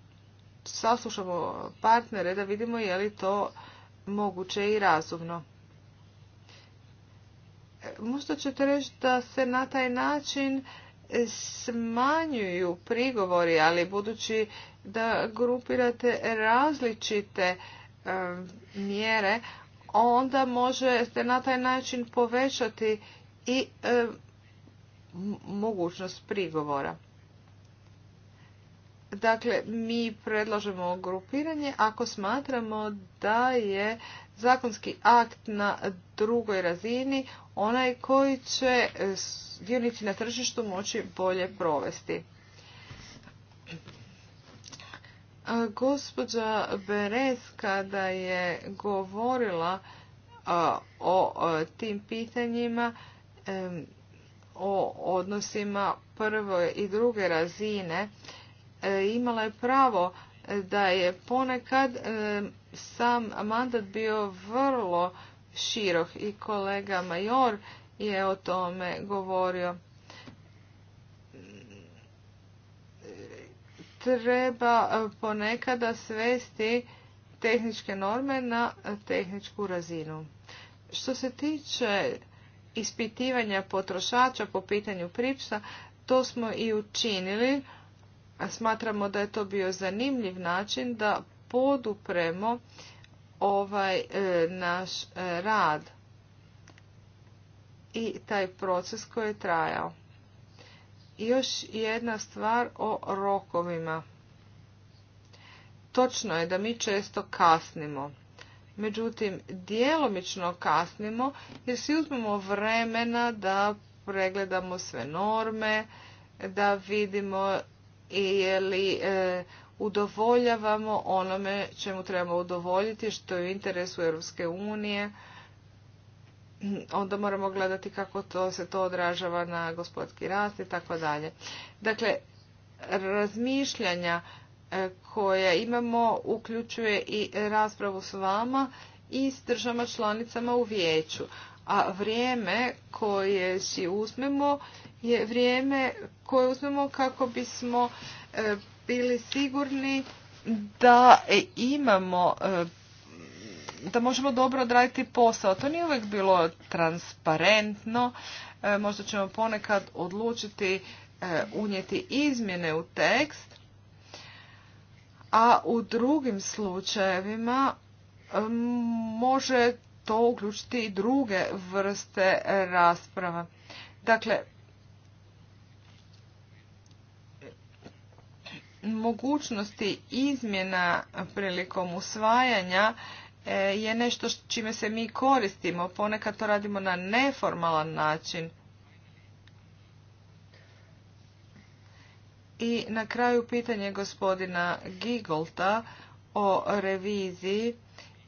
saslušamo partnere da vidimo je li to moguće i razumno. E, možda ćete reći da se na taj način smanjuju prigovori, ali budući da grupirate različite e, mjere, onda možete na taj način povećati i mogućnost prigovora. Dakle, mi predlažemo grupiranje ako smatramo da je zakonski akt na drugoj razini onaj koji će dionici na tržištu moći bolje provesti. Gospođa Berez kada je govorila o tim pitanjima, o odnosima prve i druge razine e, imala je pravo da je ponekad e, sam mandat bio vrlo širok i kolega Major je o tome govorio. Treba ponekada svesti tehničke norme na tehničku razinu. Što se tiče ispitivanja potrošača po pitanju pripsa, to smo i učinili. a Smatramo da je to bio zanimljiv način da podupremo ovaj e, naš e, rad i taj proces koji je trajao. I još jedna stvar o rokovima. Točno je da mi često kasnimo. Međutim, djelomično kasnimo jer si uzmemo vremena da pregledamo sve norme, da vidimo je li e, udovoljavamo onome čemu trebamo udovoljiti, što je u interesu Europske unije. Onda moramo gledati kako to se to odražava na gospodski rast i tako dalje. Dakle, razmišljanja koje imamo uključuje i raspravu s vama i s državama članicama u vijeću. A vrijeme koje si uzmemo je vrijeme koje uzmemo kako bismo e, bili sigurni da imamo e, da možemo dobro odraditi posao. To nije uvijek bilo transparentno. E, možda ćemo ponekad odlučiti unijeti izmjene u tekst a u drugim slučajevima može to uključiti i druge vrste rasprava. Dakle, mogućnosti izmjena prilikom usvajanja eh, je nešto čime se mi koristimo. Ponekad to radimo na neformalan način. I na kraju pitanje gospodina Gigolta o reviziji.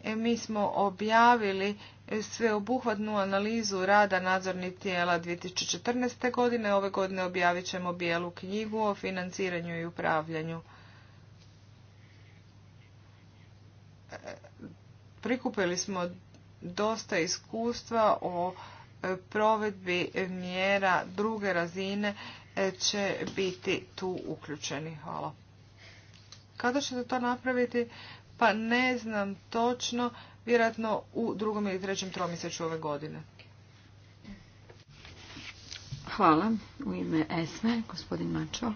E, mi smo objavili sveobuhvatnu analizu rada nadzornih tijela 2014. godine. Ove godine objavit ćemo bijelu knjigu o financiranju i upravljanju. Prikupili smo dosta iskustva o provedbi mjera druge razine E, će biti tu uključeni. Hvala. Kada ćete to napraviti? Pa ne znam točno, vjerojatno u drugom ili trećem tromjeseću ove godine. Hvala. U ime Esme, gospodin Mačo.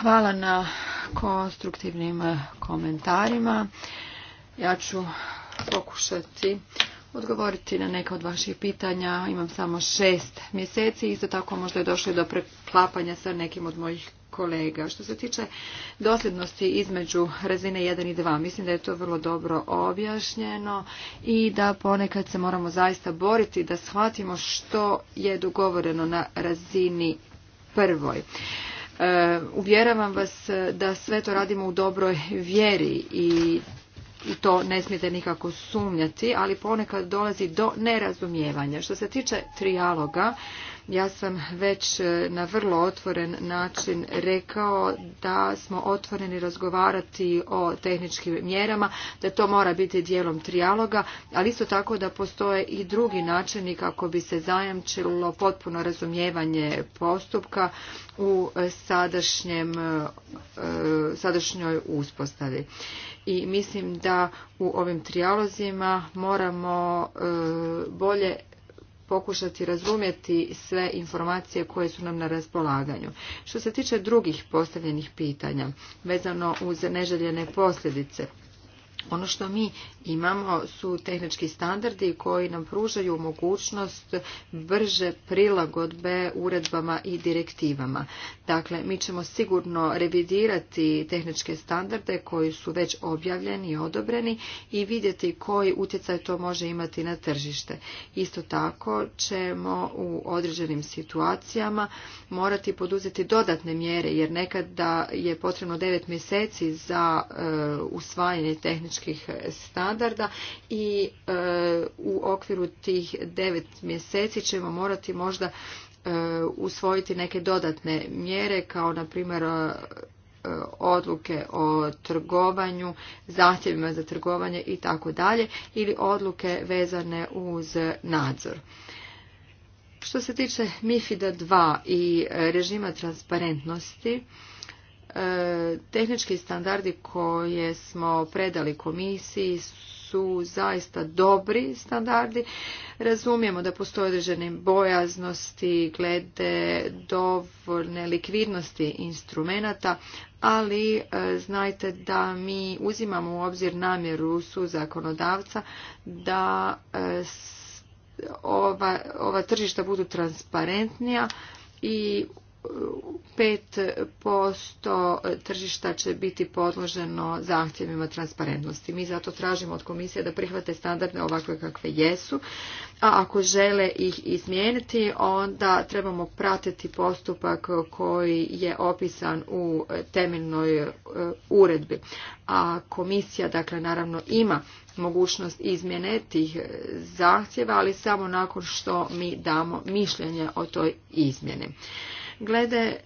Hvala na konstruktivnim komentarima. Ja ću pokušati odgovoriti na neka od vaših pitanja. Imam samo šest mjeseci. Isto tako možda je došlo do preklapanja sa nekim od mojih kolega. Što se tiče dosljednosti između razine 1 i 2, mislim da je to vrlo dobro objašnjeno i da ponekad se moramo zaista boriti da shvatimo što je dogovoreno na razini prvoj. E, uvjeravam vas da sve to radimo u dobroj vjeri i i to ne smijete nikako sumnjati, ali ponekad dolazi do nerazumijevanja. Što se tiče trijaloga, ja sam već e, na vrlo otvoren način rekao da smo otvoreni razgovarati o tehničkim mjerama, da to mora biti dijelom trijaloga, ali isto tako da postoje i drugi načini kako bi se zajamčilo potpuno razumijevanje postupka u e, sadašnjem, e, sadašnjoj uspostavi. I mislim da u ovim trijalozima moramo bolje pokušati razumjeti sve informacije koje su nam na raspolaganju. Što se tiče drugih postavljenih pitanja vezano uz neželjene posljedice, ono što mi imamo su tehnički standardi koji nam pružaju mogućnost brže prilagodbe uredbama i direktivama. Dakle, mi ćemo sigurno revidirati tehničke standarde koji su već objavljeni i odobreni i vidjeti koji utjecaj to može imati na tržište. Isto tako ćemo u određenim situacijama morati poduzeti dodatne mjere jer nekada je potrebno 9 mjeseci za e, usvajanje tehničkih E, standarda i e, u okviru tih devet mjeseci ćemo morati možda e, usvojiti neke dodatne mjere kao na primjer odluke o trgovanju, zahtjevima za trgovanje i tako dalje ili odluke vezane uz nadzor. Što se tiče MIFIDA 2 i režima transparentnosti, Tehnički standardi koje smo predali komisiji su zaista dobri standardi. Razumijemo da postoje određene bojaznosti glede dovoljne likvidnosti instrumenata, ali e, znajte da mi uzimamo u obzir namjeru su zakonodavca da e, ova, ova tržišta budu transparentnija i 5% tržišta će biti podloženo zahtjevima transparentnosti. Mi zato tražimo od komisije da prihvate standarde ovakve kakve jesu, a ako žele ih izmijeniti, onda trebamo pratiti postupak koji je opisan u temeljnoj e, uredbi. A komisija, dakle, naravno ima mogućnost izmjene tih zahtjeva, ali samo nakon što mi damo mišljenje o toj izmjeni. Glede e,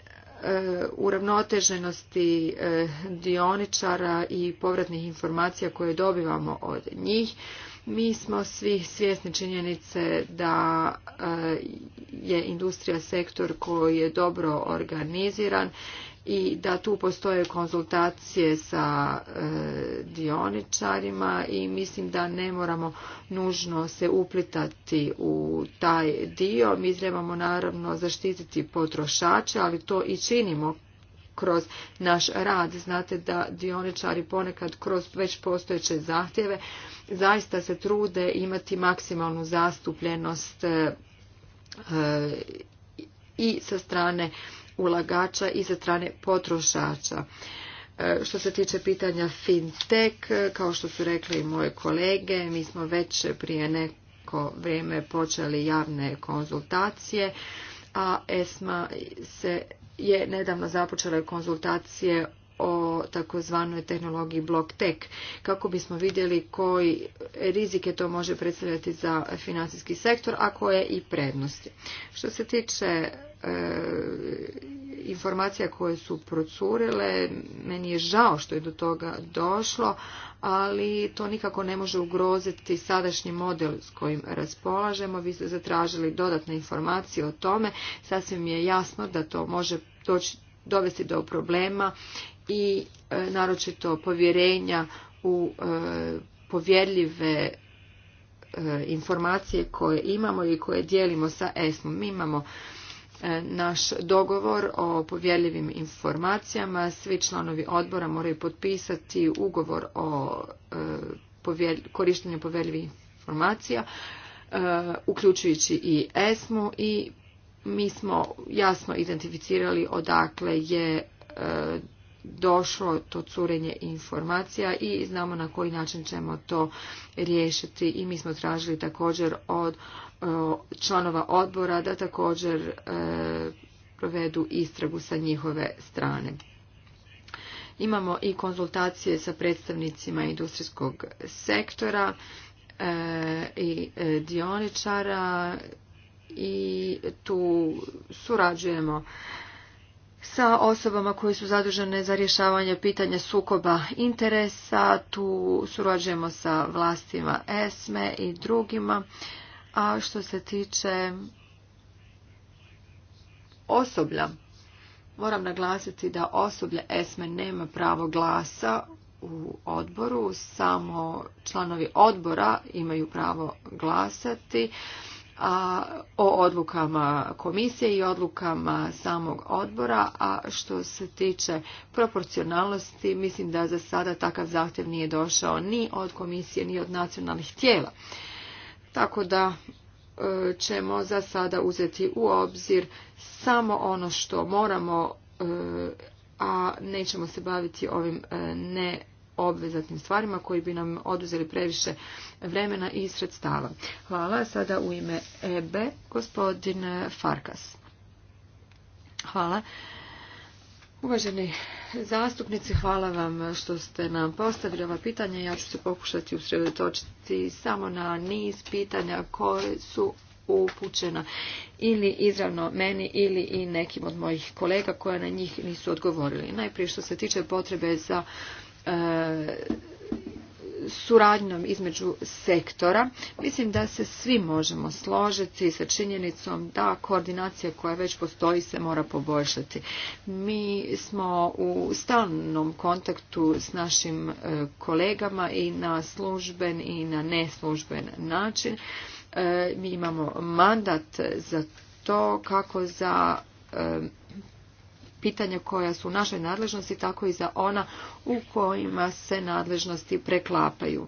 uravnoteženosti e, dioničara i povratnih informacija koje dobivamo od njih, mi smo svi svjesni činjenice da e, je industrija sektor koji je dobro organiziran i da tu postoje konzultacije sa e, dioničarima i mislim da ne moramo nužno se uplitati u taj dio. Mi trebamo naravno zaštititi potrošače, ali to i činimo kroz naš rad. Znate da dioničari ponekad kroz već postojeće zahtjeve zaista se trude imati maksimalnu zastupljenost e, i sa strane ulagača i sa strane potrošača. E, što se tiče pitanja fintech, e, kao što su rekli i moje kolege, mi smo već prije neko vrijeme počeli javne konzultacije, a ESMA se je nedavno započela konzultacije o takozvanoj tehnologiji BlockTech kako bismo vidjeli koji rizike to može predstavljati za financijski sektor, a koje i prednosti. Što se tiče e, informacija koje su procurile, meni je žao što je do toga došlo, ali to nikako ne može ugroziti sadašnji model s kojim raspolažemo. Vi ste zatražili dodatne informacije o tome. Sasvim je jasno da to može doći dovesti do problema i e, naročito povjerenja u e, povjerljive e, informacije koje imamo i koje dijelimo sa ESMO. Mi imamo naš dogovor o povjerljivim informacijama. Svi članovi odbora moraju potpisati ugovor o korištenju povjerljivih informacija, uključujući i ESMU i mi smo jasno identificirali odakle je došlo to curenje informacija i znamo na koji način ćemo to riješiti i mi smo tražili također od e, članova odbora da također e, provedu istragu sa njihove strane. Imamo i konzultacije sa predstavnicima industrijskog sektora e, i dioničara i tu surađujemo sa osobama koje su zadužene za rješavanje pitanja sukoba interesa. Tu surađujemo sa vlastima ESME i drugima. A što se tiče osoblja, moram naglasiti da osoblje ESME nema pravo glasa u odboru, samo članovi odbora imaju pravo glasati a, o odlukama komisije i odlukama samog odbora, a što se tiče proporcionalnosti, mislim da za sada takav zahtjev nije došao ni od komisije, ni od nacionalnih tijela. Tako da e, ćemo za sada uzeti u obzir samo ono što moramo, e, a nećemo se baviti ovim e, ne obvezatnim stvarima koji bi nam oduzeli previše vremena i sredstava. Hvala. Sada u ime EBE gospodin Farkas. Hvala. Uvaženi zastupnici, hvala vam što ste nam postavili ova pitanja. Ja ću se pokušati usredotočiti samo na niz pitanja koje su upućena ili izravno meni ili i nekim od mojih kolega koja na njih nisu odgovorili. Najprije što se tiče potrebe za suradnjom između sektora mislim da se svi možemo složiti sa činjenicom da koordinacija koja već postoji se mora poboljšati mi smo u stalnom kontaktu s našim e, kolegama i na služben i na neslužben način e, mi imamo mandat za to kako za e, pitanja koja su u našoj nadležnosti, tako i za ona u kojima se nadležnosti preklapaju.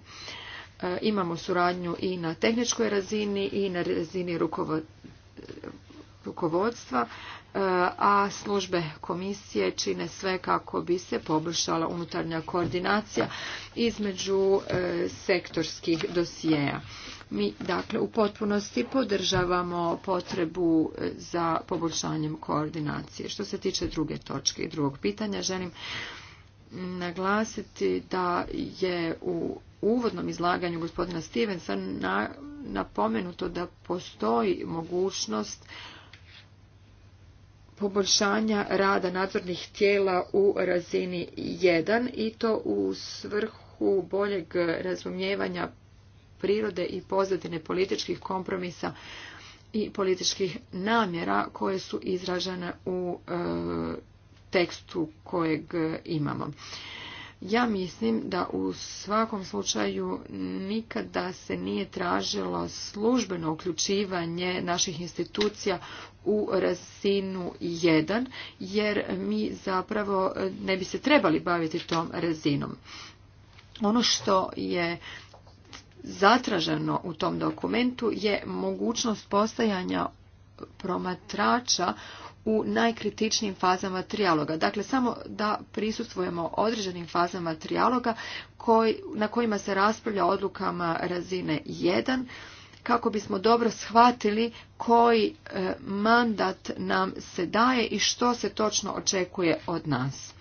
E, imamo suradnju i na tehničkoj razini i na razini rukovodstva, e, a službe komisije čine sve kako bi se poboljšala unutarnja koordinacija između e, sektorskih dosijeja. Mi dakle u potpunosti podržavamo potrebu e, za poboljšanjem koordinacije. Što se tiče druge točke i drugog pitanja, želim naglasiti da je u uvodnom izlaganju gospodina Stevensa napomenuto da postoji mogućnost poboljšanja rada nadzornih tijela u razini 1 i to u svrhu boljeg razumijevanja prirode i pozadine političkih kompromisa i političkih namjera koje su izražene u e, tekstu kojeg imamo. Ja mislim da u svakom slučaju nikada se nije tražilo službeno uključivanje naših institucija u razinu 1, jer mi zapravo ne bi se trebali baviti tom razinom. Ono što je zatraženo u tom dokumentu je mogućnost postajanja promatrača u najkritičnijim fazama trijaloga. Dakle, samo da prisustvujemo određenim fazama trijaloga na kojima se raspravlja odlukama razine 1 kako bismo dobro shvatili koji e, mandat nam se daje i što se točno očekuje od nas.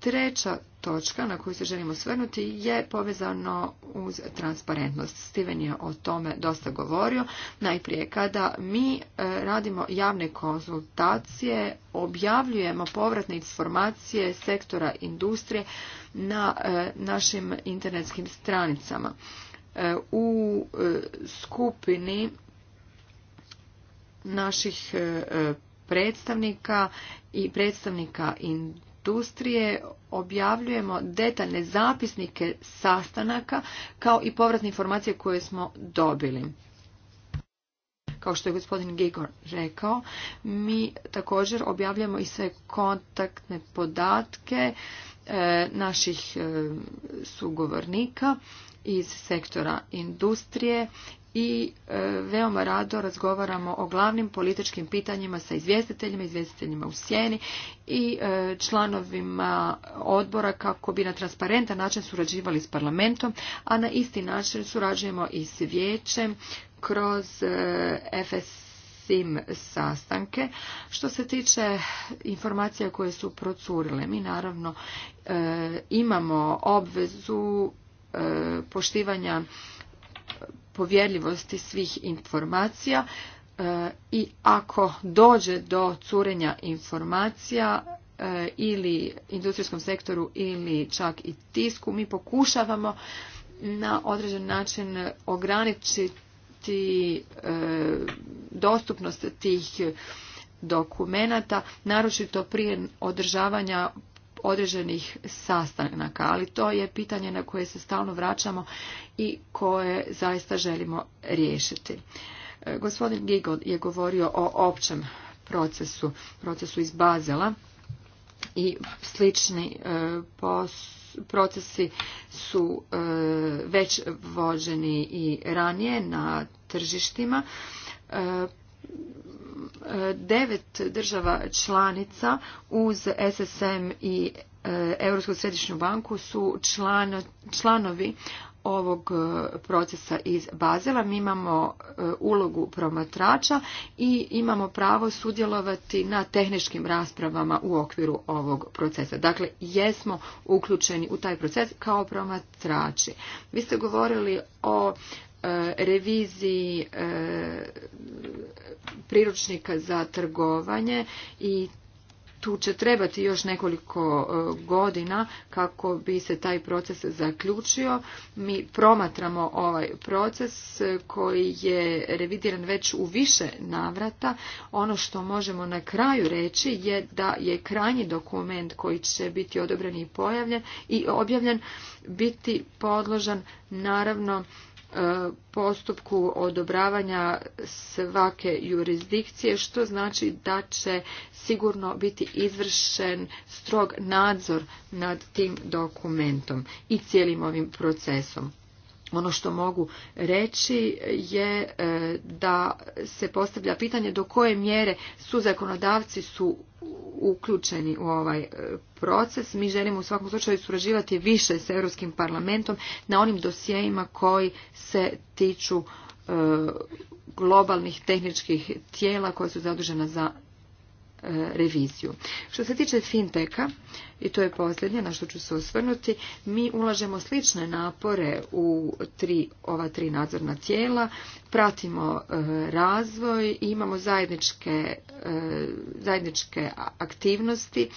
Treća točka na koju se želimo svrnuti je povezano uz transparentnost. Steven je o tome dosta govorio. Najprije, kada mi e, radimo javne konzultacije, objavljujemo povratne informacije sektora industrije na e, našim internetskim stranicama. E, u skupini naših predstavnika i predstavnika industrije industrije objavljujemo detaljne zapisnike sastanaka kao i povratne informacije koje smo dobili. Kao što je gospodin Gigor rekao, mi također objavljamo i sve kontaktne podatke e, naših e, sugovornika iz sektora industrije i e, veoma rado razgovaramo o glavnim političkim pitanjima sa izvjestiteljima, izvjestiteljima u sjeni i e, članovima odbora kako bi na transparentan način surađivali s parlamentom, a na isti način surađujemo i s vijećem kroz e, FS sastanke. Što se tiče informacija koje su procurile, mi naravno imamo obvezu E, poštivanja povjerljivosti svih informacija e, i ako dođe do curenja informacija e, ili industrijskom sektoru ili čak i tisku, mi pokušavamo na određen način ograničiti dostupnost tih dokumenata, naročito prije održavanja određenih sastanaka, ali to je pitanje na koje se stalno vraćamo i koje zaista želimo riješiti. E, gospodin Gigod je govorio o općem procesu, procesu iz Bazela i slični e, procesi su e, već vođeni i ranije na tržištima devet država članica uz SSM i e, Europsku središnju banku su članovi ovog e, procesa iz Bazela. Mi imamo e, ulogu promatrača i imamo pravo sudjelovati na tehničkim raspravama u okviru ovog procesa. Dakle, jesmo uključeni u taj proces kao promatrači. Vi ste govorili o E, reviziji e, priručnika za trgovanje i tu će trebati još nekoliko e, godina kako bi se taj proces zaključio. Mi promatramo ovaj proces koji je revidiran već u više navrata. Ono što možemo na kraju reći je da je krajnji dokument koji će biti odobren i pojavljen i objavljen biti podložan naravno postupku odobravanja svake jurisdikcije, što znači da će sigurno biti izvršen strog nadzor nad tim dokumentom i cijelim ovim procesom ono što mogu reći je e, da se postavlja pitanje do koje mjere su zakonodavci su uključeni u ovaj e, proces. Mi želimo u svakom slučaju surađivati više s Europskim parlamentom na onim dosjejima koji se tiču e, globalnih tehničkih tijela koja su zadužena za E, reviziju. Što se tiče finteka, i to je posljednje na što ću se osvrnuti, mi ulažemo slične napore u tri, ova tri nadzorna tijela, pratimo e, razvoj i imamo zajedničke, e, zajedničke aktivnosti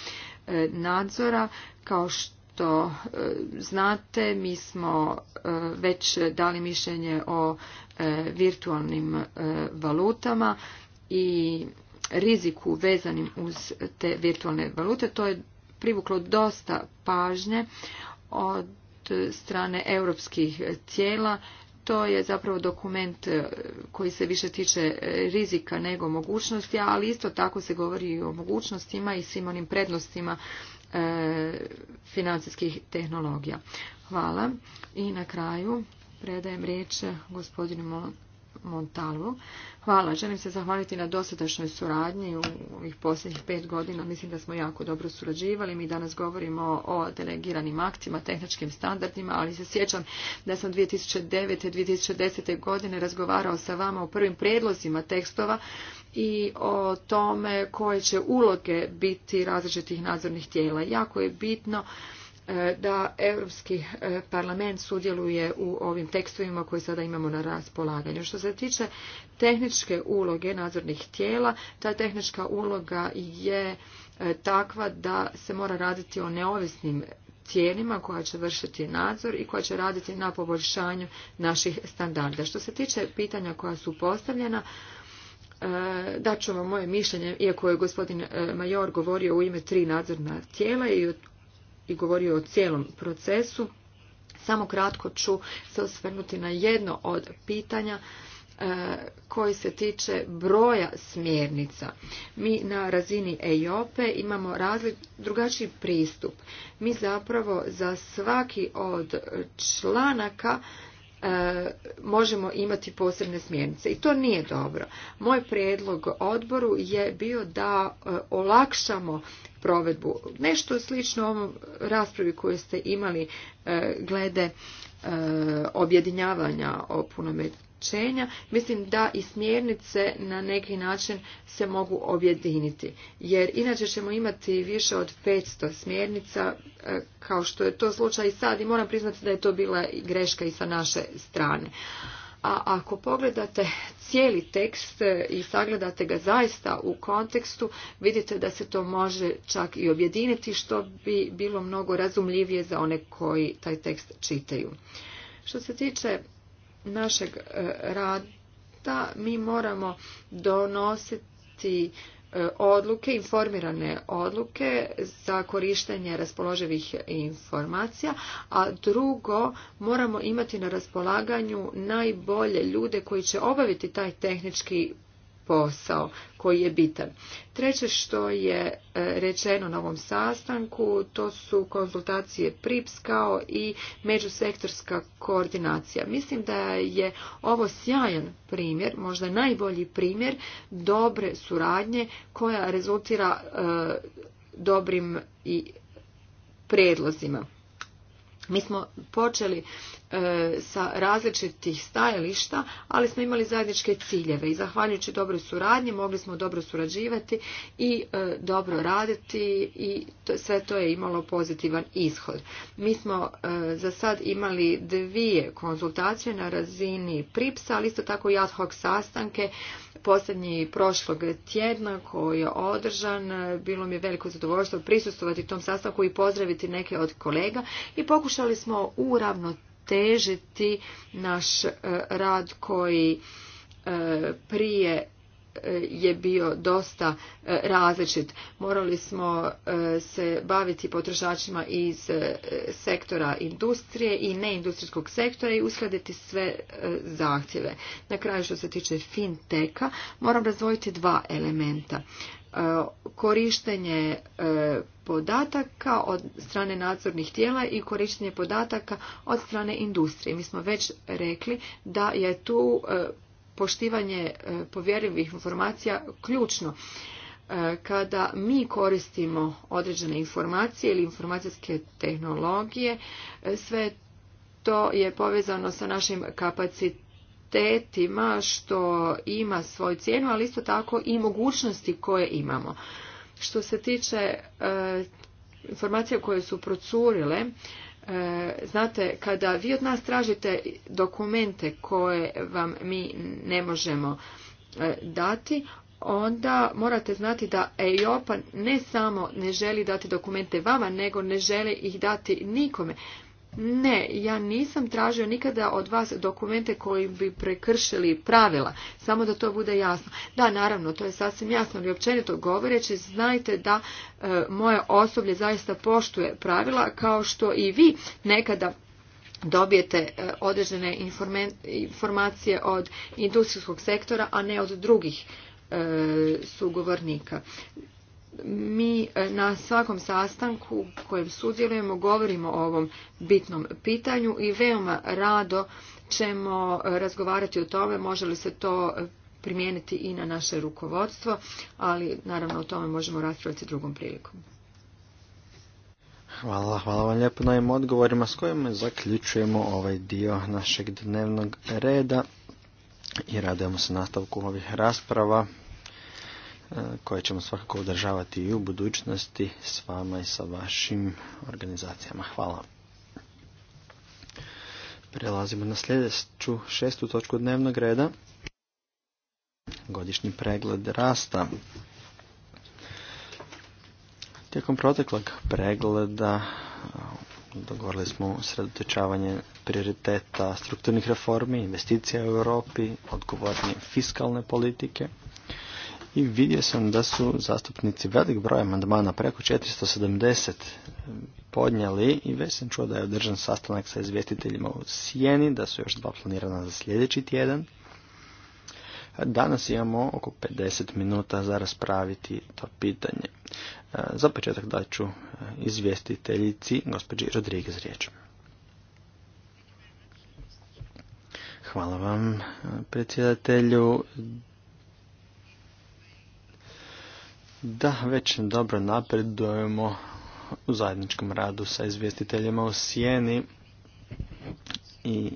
nadzora kao što to znate, mi smo već dali mišljenje o virtualnim valutama i riziku vezanim uz te virtualne valute. To je privuklo dosta pažnje od strane europskih cijela. To je zapravo dokument e, koji se više tiče e, rizika nego mogućnosti, ali isto tako se govori i o mogućnostima i svim onim prednostima e, financijskih tehnologija. Hvala. I na kraju predajem riječ gospodinu Montalvo. Hvala. Želim se zahvaliti na dosadašnjoj suradnji u ovih posljednjih pet godina. Mislim da smo jako dobro surađivali. Mi danas govorimo o delegiranim aktima, tehničkim standardima, ali se sjećam da sam 2009. i 2010. godine razgovarao sa vama o prvim prijedlozima tekstova i o tome koje će uloge biti različitih nadzornih tijela. Jako je bitno E, da Europski e, parlament sudjeluje u ovim tekstovima koje sada imamo na raspolaganju. Što se tiče tehničke uloge nadzornih tijela, ta tehnička uloga je e, takva da se mora raditi o neovisnim tijelima koja će vršiti nadzor i koja će raditi na poboljšanju naših standarda. Što se tiče pitanja koja su postavljena, dat ću vam moje mišljenje, iako je gospodin Major govorio u ime tri nadzorna tijela i i govorio o cijelom procesu. Samo kratko ću se osvrnuti na jedno od pitanja e, koji se tiče broja smjernica. Mi na razini EIOPE imamo drugačiji pristup. Mi zapravo za svaki od članaka možemo imati posebne smjernice i to nije dobro. Moj prijedlog odboru je bio da e, olakšamo provedbu. Nešto slično ovom raspravi koju ste imali e, glede e, objedinjavanja o ograničenja, mislim da i smjernice na neki način se mogu objediniti. Jer inače ćemo imati više od 500 smjernica, e, kao što je to slučaj i sad i moram priznati da je to bila greška i sa naše strane. A ako pogledate cijeli tekst e, i sagledate ga zaista u kontekstu, vidite da se to može čak i objediniti, što bi bilo mnogo razumljivije za one koji taj tekst čitaju. Što se tiče našeg e, rada mi moramo donositi e, odluke, informirane odluke za korištenje raspoloživih informacija, a drugo moramo imati na raspolaganju najbolje ljude koji će obaviti taj tehnički posao koji je bitan. Treće što je e, rečeno na ovom sastanku, to su konzultacije PRIPS kao i međusektorska koordinacija. Mislim da je ovo sjajan primjer, možda najbolji primjer dobre suradnje koja rezultira e, dobrim i predlozima. Mi smo počeli E, sa različitih stajališta, ali smo imali zajedničke ciljeve i zahvaljujući dobroj suradnji mogli smo dobro surađivati i e, dobro raditi i sve to je imalo pozitivan ishod. Mi smo e, za sad imali dvije konzultacije na razini PRIPS-a, ali isto tako i ad hoc sastanke posljednji prošlog tjedna koji je održan. Bilo mi je veliko zadovoljstvo prisustovati tom sastanku i pozdraviti neke od kolega i pokušali smo uravno otežiti naš e, rad koji e, prije e, je bio dosta različit. Morali smo se baviti potrošačima iz sektora industrije i neindustrijskog sektora i uskladiti sve zahtjeve. Na kraju što se tiče finteka, moram razvojiti dva elementa. E, korištenje e, podataka od strane nadzornih tijela i korištenje podataka od strane industrije. Mi smo već rekli da je tu e, poštivanje povjerljivih informacija ključno. Kada mi koristimo određene informacije ili informacijske tehnologije, sve to je povezano sa našim kapacitetom ima što ima svoju cijenu, ali isto tako i mogućnosti koje imamo. Što se tiče e, informacija koje su procurile, e, znate, kada vi od nas tražite dokumente koje vam mi ne možemo e, dati, onda morate znati da EIOPA ne samo ne želi dati dokumente vama, nego ne želi ih dati nikome. Ne, ja nisam tražio nikada od vas dokumente koji bi prekršili pravila, samo da to bude jasno. Da, naravno, to je sasvim jasno, ali općenito govoreći, znajte da e, moje osoblje zaista poštuje pravila, kao što i vi nekada dobijete e, određene informacije od industrijskog sektora, a ne od drugih e, sugovornika mi e, na svakom sastanku u kojem sudjelujemo govorimo o ovom bitnom pitanju i veoma rado ćemo e, razgovarati o tome može li se to primijeniti i na naše rukovodstvo, ali naravno o tome možemo raspraviti drugom prilikom. Hvala, hvala vam lijepo na ovim odgovorima s kojima zaključujemo ovaj dio našeg dnevnog reda i radujemo se nastavku ovih rasprava koje ćemo svakako održavati i u budućnosti s vama i sa vašim organizacijama. Hvala. Prelazimo na sljedeću šestu točku dnevnog reda. Godišnji pregled rasta. Tijekom proteklog pregleda dogovorili smo sredotečavanje prioriteta strukturnih reformi, investicija u Europi, odgovornje fiskalne politike – i vidio sam da su zastupnici velik broj amandmana, preko 470 eh, podnijeli i već sam čuo da je održan sastanak sa izvjestiteljima u Sijeni, da su još dva planirana za sljedeći tjedan. Danas imamo oko 50 minuta za raspraviti to pitanje. Eh, za početak daću eh, izvjestiteljici gospođi Rodriguez riječ. Hvala vam predsjedatelju. Da, već dobro napredujemo u zajedničkom radu sa izvjestiteljima u Sijeni i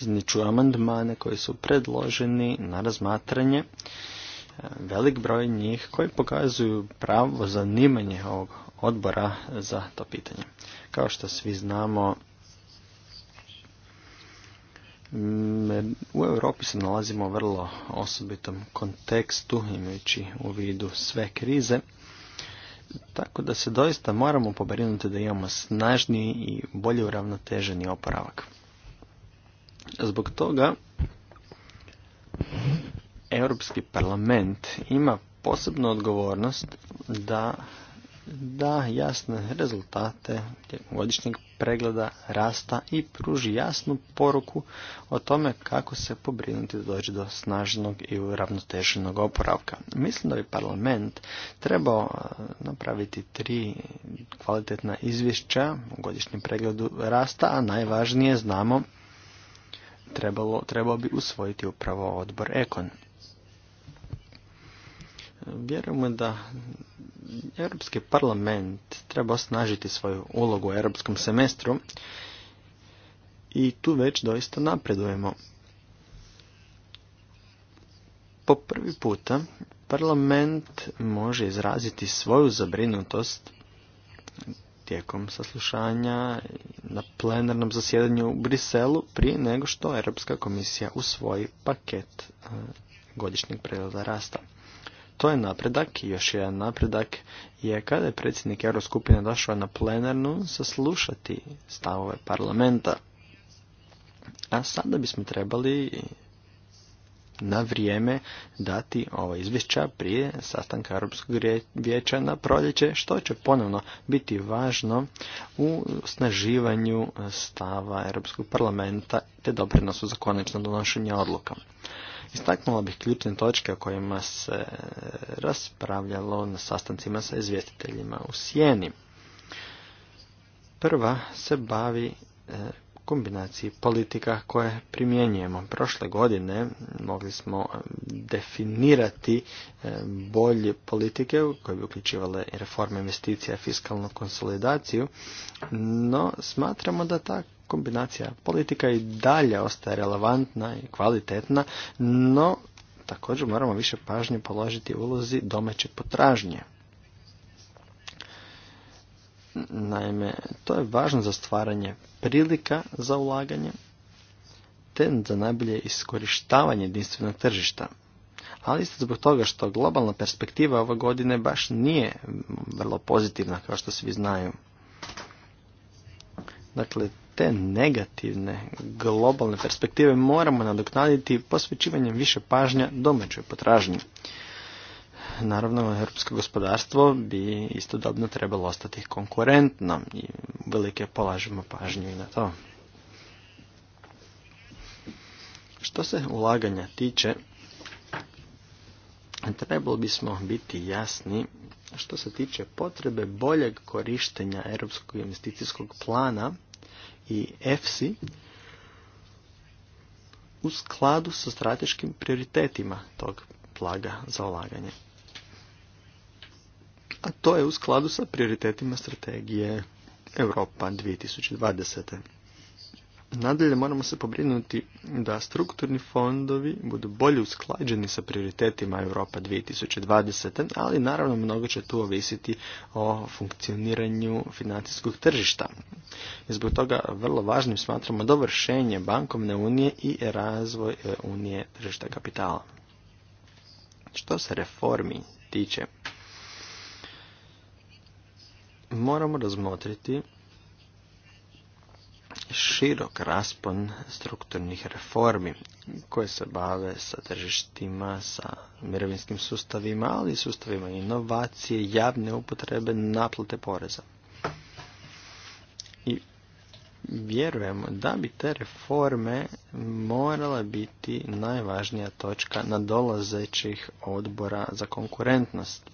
izniču amandmane koji su predloženi na razmatranje. E, velik broj njih koji pokazuju pravo zanimanje ovog odbora za to pitanje. Kao što svi znamo, u Europi se nalazimo u vrlo osobitom kontekstu, imajući u vidu sve krize, tako da se doista moramo pobrinuti da imamo snažniji i bolje uravnoteženi oporavak. Zbog toga Europski parlament ima posebnu odgovornost da da jasne rezultate godišnjeg pregleda rasta i pruži jasnu poruku o tome kako se pobrinuti da dođe do snažnog i uravnoteženog oporavka. Mislim da bi parlament trebao e, napraviti tri kvalitetna izvješća u godišnjem pregledu rasta, a najvažnije znamo trebao bi usvojiti upravo odbor Ekon. Vjerujemo da Europski parlament treba osnažiti svoju ulogu u europskom semestru i tu već doista napredujemo. Po prvi puta parlament može izraziti svoju zabrinutost tijekom saslušanja na plenarnom zasjedanju u Briselu prije nego što Europska komisija usvoji paket e, godišnjeg pregleda rasta. To je napredak još jedan napredak je kada je predsjednik Euroskupine došao na plenarnu saslušati stavove parlamenta. A sada bismo trebali na vrijeme dati ova izvješća prije sastanka Europskog vijeća na proljeće, što će ponovno biti važno u snaživanju stava Europskog parlamenta te doprinosu za konačno donošenje odluka. Istaknula bih ključne točke o kojima se raspravljalo na sastancima sa izvjestiteljima u Sjeni. Prva se bavi e, kombinaciji politika koje primjenjujemo. Prošle godine mogli smo eh, definirati eh, bolje politike koje bi uključivale reforme investicija, fiskalnu konsolidaciju, no smatramo da ta kombinacija politika i dalje ostaje relevantna i kvalitetna, no također moramo više pažnje položiti ulozi domaće potražnje. Naime, to je važno za stvaranje prilika za ulaganje te za najbolje iskorištavanje jedinstvenog tržišta. Ali isto zbog toga što globalna perspektiva ove godine baš nije vrlo pozitivna kao što svi znaju. Dakle, te negativne globalne perspektive moramo nadoknaditi posvećivanjem više pažnja domaćoj potražnji naravno europsko gospodarstvo bi istodobno trebalo ostati konkurentno i velike polažemo pažnju i na to. Što se ulaganja tiče, trebalo bismo biti jasni što se tiče potrebe boljeg korištenja Europskog investicijskog plana i EFSI u skladu sa strateškim prioritetima tog plaga za ulaganje a to je u skladu sa prioritetima strategije Europa 2020. Nadalje moramo se pobrinuti da strukturni fondovi budu bolje usklađeni sa prioritetima Europa 2020, ali naravno mnogo će tu ovisiti o funkcioniranju financijskog tržišta. I zbog toga vrlo važnim smatramo dovršenje bankovne unije i razvoj e, unije tržišta kapitala. Što se reformi tiče, moramo razmotriti širok raspon strukturnih reformi koje se bave sa tržištima, sa mirovinskim sustavima, ali i sustavima inovacije, javne upotrebe, naplate poreza. I vjerujemo da bi te reforme morala biti najvažnija točka nadolazećih odbora za konkurentnost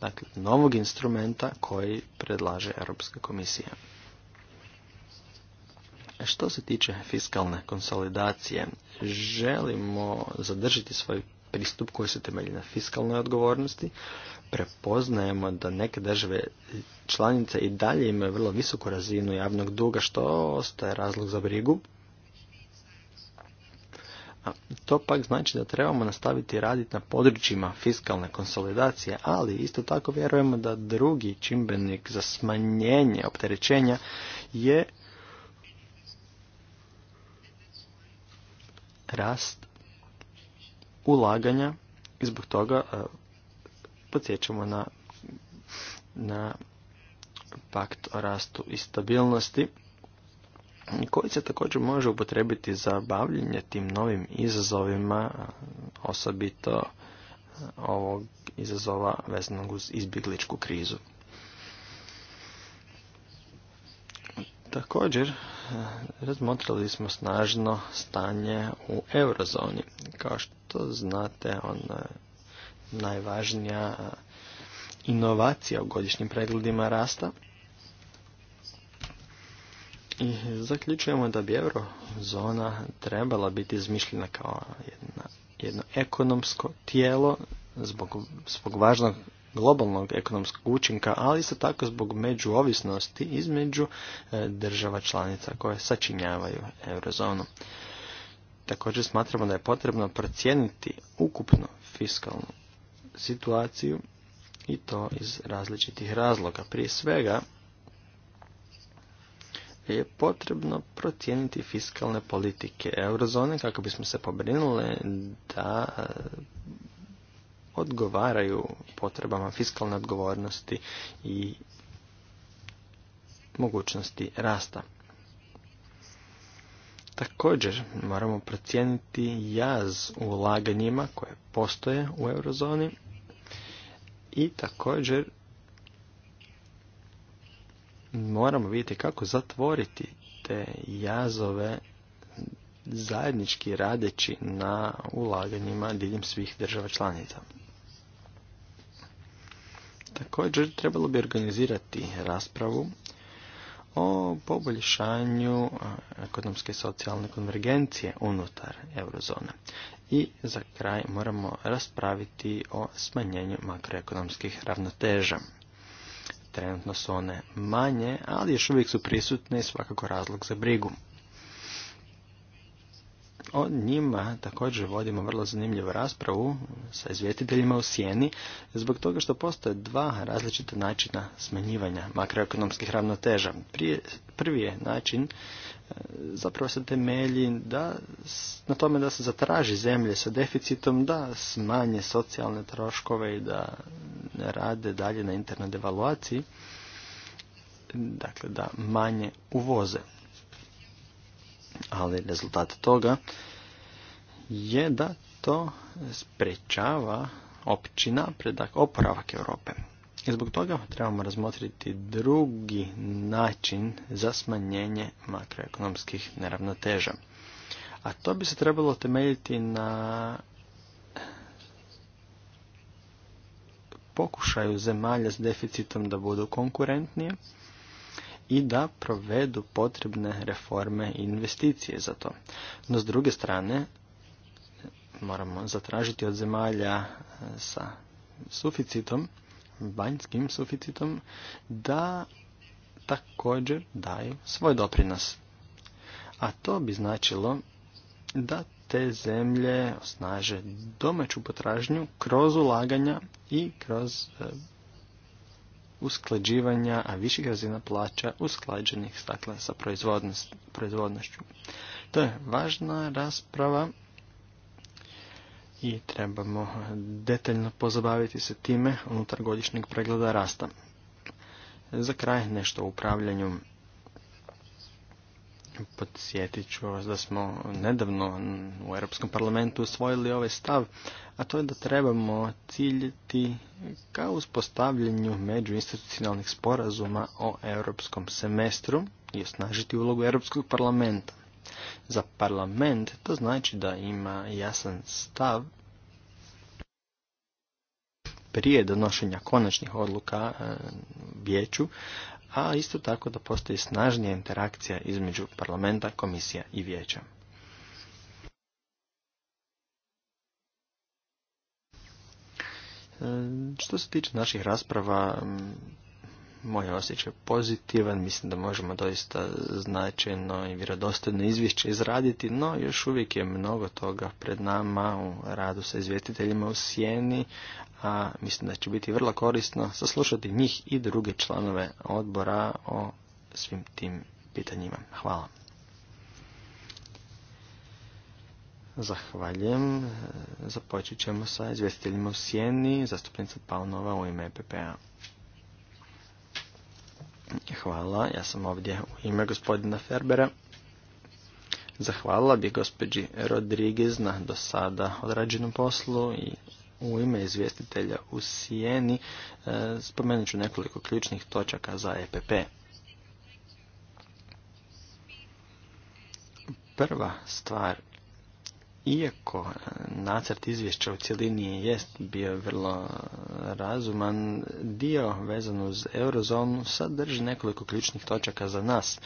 dakle, novog instrumenta koji predlaže Europska komisija. E, što se tiče fiskalne konsolidacije, želimo zadržiti svoj pristup koji se temelji na fiskalnoj odgovornosti. Prepoznajemo da neke države članice i dalje imaju vrlo visoku razinu javnog duga, što ostaje razlog za brigu to pak znači da trebamo nastaviti raditi na područjima fiskalne konsolidacije, ali isto tako vjerujemo da drugi čimbenik za smanjenje opterećenja je rast ulaganja i zbog toga e, podsjećamo na, na pakt o rastu i stabilnosti koji se također može upotrebiti za bavljenje tim novim izazovima, osobito ovog izazova vezanog uz izbjegličku krizu. Također, razmotrili smo snažno stanje u eurozoni. Kao što znate, ona najvažnija inovacija u godišnjim pregledima rasta – i mhm, zaključujemo da bi eurozona trebala biti izmišljena kao jedna, jedno ekonomsko tijelo zbog, zbog važnog globalnog ekonomskog učinka, ali isto tako zbog međuovisnosti između e, država članica koje sačinjavaju eurozonu. Također smatramo da je potrebno procijeniti ukupno fiskalnu situaciju i to iz različitih razloga. Prije svega je potrebno procijeniti fiskalne politike eurozone kako bismo se pobrinuli da eh, odgovaraju potrebama fiskalne odgovornosti i mogućnosti rasta. Također moramo procijeniti jaz u ulaganjima koje postoje u eurozoni i također moramo vidjeti kako zatvoriti te jazove zajednički radeći na ulaganjima diljem svih država članica. Također trebalo bi organizirati raspravu o poboljšanju ekonomske i socijalne konvergencije unutar eurozone. I za kraj moramo raspraviti o smanjenju makroekonomskih ravnoteža trenutno su one manje, ali još uvijek su prisutne i svakako razlog za brigu. O njima također vodimo vrlo zanimljivu raspravu sa izvjetiteljima u sjeni, zbog toga što postoje dva različita načina smanjivanja makroekonomskih ravnoteža. prvi je način zapravo se temelji da, na tome da se zatraži zemlje sa deficitom, da smanje socijalne troškove i da ne rade dalje na internet devaluaciji, dakle da manje uvoze. Ali rezultat toga je da to sprečava opći napredak, oporavak Europe. I zbog toga trebamo razmotriti drugi način za smanjenje makroekonomskih neravnoteža. A to bi se trebalo temeljiti na pokušaju zemalja s deficitom da budu konkurentnije i da provedu potrebne reforme i investicije za to. No s druge strane moramo zatražiti od zemalja sa suficitom vanjskim suficitom da također daju svoj doprinos. A to bi značilo da te zemlje osnaže domaću potražnju kroz ulaganja i kroz e, usklađivanja, a viših razina plaća usklađenih stakle sa proizvodnošću. To je važna rasprava i trebamo detaljno pozabaviti se time unutar godišnjeg pregleda rasta. Za kraj nešto o upravljanju. Podsjetit ću vas da smo nedavno u Europskom parlamentu usvojili ovaj stav, a to je da trebamo ciljiti ka uspostavljanju međuinstitucionalnih sporazuma o europskom semestru i osnažiti ulogu Europskog parlamenta. Za parlament to znači da ima jasan stav prije donošenja konačnih odluka e, vijeću, a isto tako da postoji snažnija interakcija između parlamenta, komisija i vijeća. E, što se tiče naših rasprava, moj osjećaj pozitivan, mislim da možemo doista značajno i vjerodostojno izvješće izraditi, no još uvijek je mnogo toga pred nama u radu sa izvjetiteljima u Sjeni, a mislim da će biti vrlo korisno saslušati njih i druge članove odbora o svim tim pitanjima. Hvala. Zahvaljujem. Započet ćemo sa izvjestiteljima u Sjeni, zastupnica Paunova u ime EPP-a. Hvala, ja sam ovdje u ime gospodina Ferbera. Zahvala bi gospođi Rodriguez na do sada odrađenom poslu i u ime izvjestitelja u Sijeni e, spomenut ću nekoliko ključnih točaka za EPP. Prva stvar iako nacrt izvješća u cjelini jest bio vrlo razuman, dio vezan uz eurozonu sadrži nekoliko ključnih točaka za nas.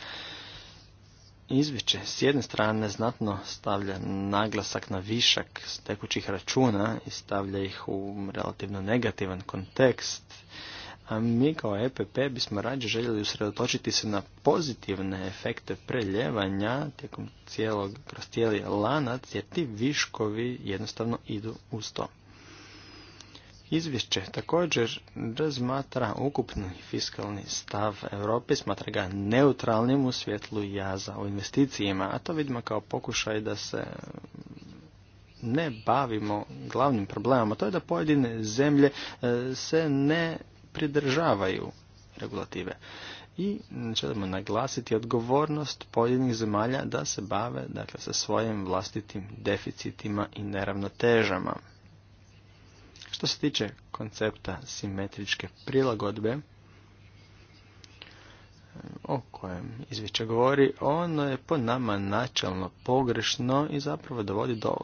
Izvješće s jedne strane znatno stavlja naglasak na višak tekućih računa i stavlja ih u relativno negativan kontekst a mi kao EPP bismo rađe željeli usredotočiti se na pozitivne efekte preljevanja tijekom cijelog, kroz cijeli lanac, jer ti viškovi jednostavno idu uz to. Izvješće također razmatra ukupni fiskalni stav Europe, smatra ga neutralnim u svjetlu jaza u investicijima, a to vidimo kao pokušaj da se ne bavimo glavnim problemom, a to je da pojedine zemlje e, se ne pridržavaju regulative. I želimo naglasiti odgovornost pojedinih zemalja da se bave dakle, sa svojim vlastitim deficitima i neravnotežama. Što se tiče koncepta simetričke prilagodbe, o kojem izvješće govori, ono je po nama načelno pogrešno i zapravo dovodi do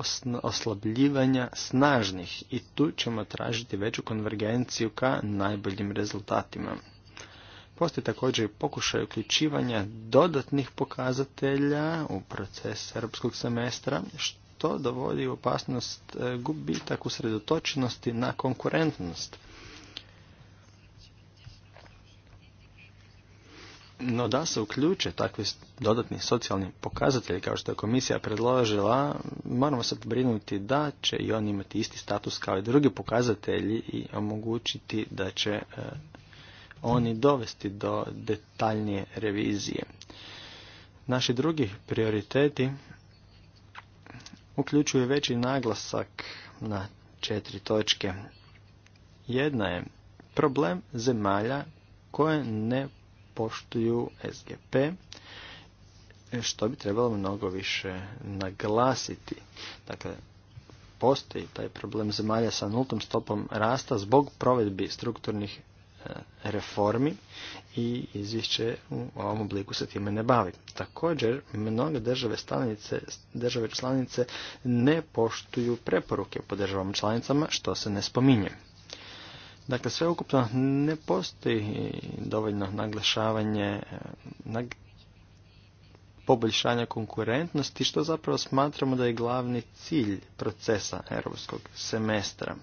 oslabljivanja snažnih i tu ćemo tražiti veću konvergenciju ka najboljim rezultatima. Postoji također pokušaj uključivanja dodatnih pokazatelja u proces europskog semestra, što dovodi u opasnost e, gubitak usredotočenosti na konkurentnost No da se uključe takvi dodatni socijalni pokazatelji kao što je komisija predložila, moramo se pobrinuti da će i oni imati isti status kao i drugi pokazatelji i omogućiti da će e, oni dovesti do detaljnije revizije. Naši drugi prioriteti uključuju veći naglasak na četiri točke. Jedna je problem zemalja koje ne poštuju SGP, što bi trebalo mnogo više naglasiti. Dakle, postoji taj problem zemalja sa nultom stopom rasta zbog provedbi strukturnih e, reformi i izvješće u ovom obliku se time ne bavi. Također, mnoge države, stanice, države članice ne poštuju preporuke po državama članicama, što se ne spominje. Dakle, sve ukupno ne postoji dovoljno naglašavanje e, na poboljšanja konkurentnosti, što zapravo smatramo da je glavni cilj procesa europskog semestra.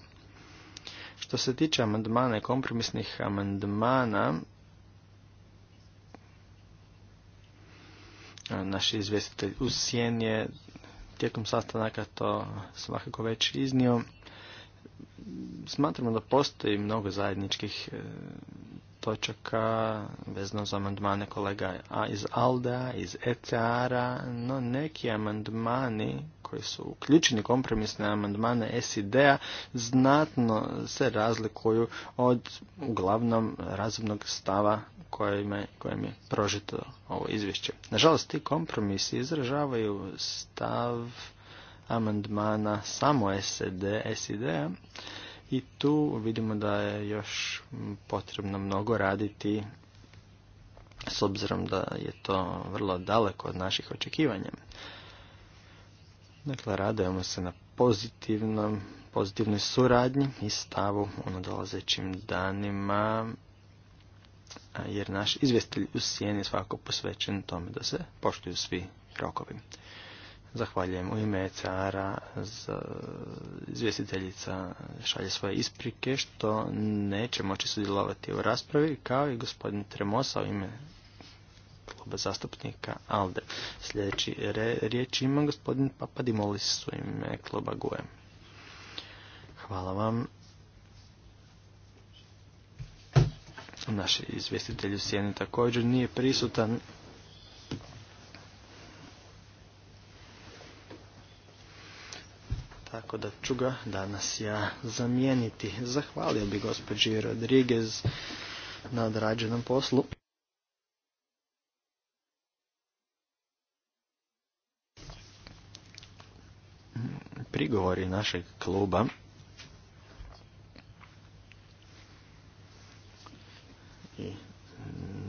Što se tiče amandmana i kompromisnih amandmana, e, naš izvjestitelj u je tijekom sastanaka to svakako već iznio smatramo da postoji mnogo zajedničkih e, točaka vezano za amandmane kolega A iz Alda, iz ECR-a, no neki amandmani koji su uključeni kompromisne amandmane SID-a znatno se razlikuju od uglavnom razumnog stava kojem je prožito ovo izvješće. Nažalost, ti kompromisi izražavaju stav amandmana samo SED, sid i tu vidimo da je još potrebno mnogo raditi s obzirom da je to vrlo daleko od naših očekivanja. Dakle, radujemo se na pozitivnom, pozitivnoj suradnji i stavu u nadolazećim danima, jer naš izvjestelj u sjeni je svako posvećen tome da se poštuju svi rokovi. Zahvaljujem u ime cara izvjestiteljica šalje svoje isprike što neće moći sudjelovati u raspravi kao i gospodin Tremosa u ime kluba zastupnika ALDE. Sljedeći riječ ima gospodin Papadimolis u ime kluba GUE. Hvala vam. Naši izvjestitelj u sjeni također nije prisutan tako da ću ga danas ja zamijeniti. Zahvalio bi gospođi Rodriguez na odrađenom poslu. Prigovori našeg kluba i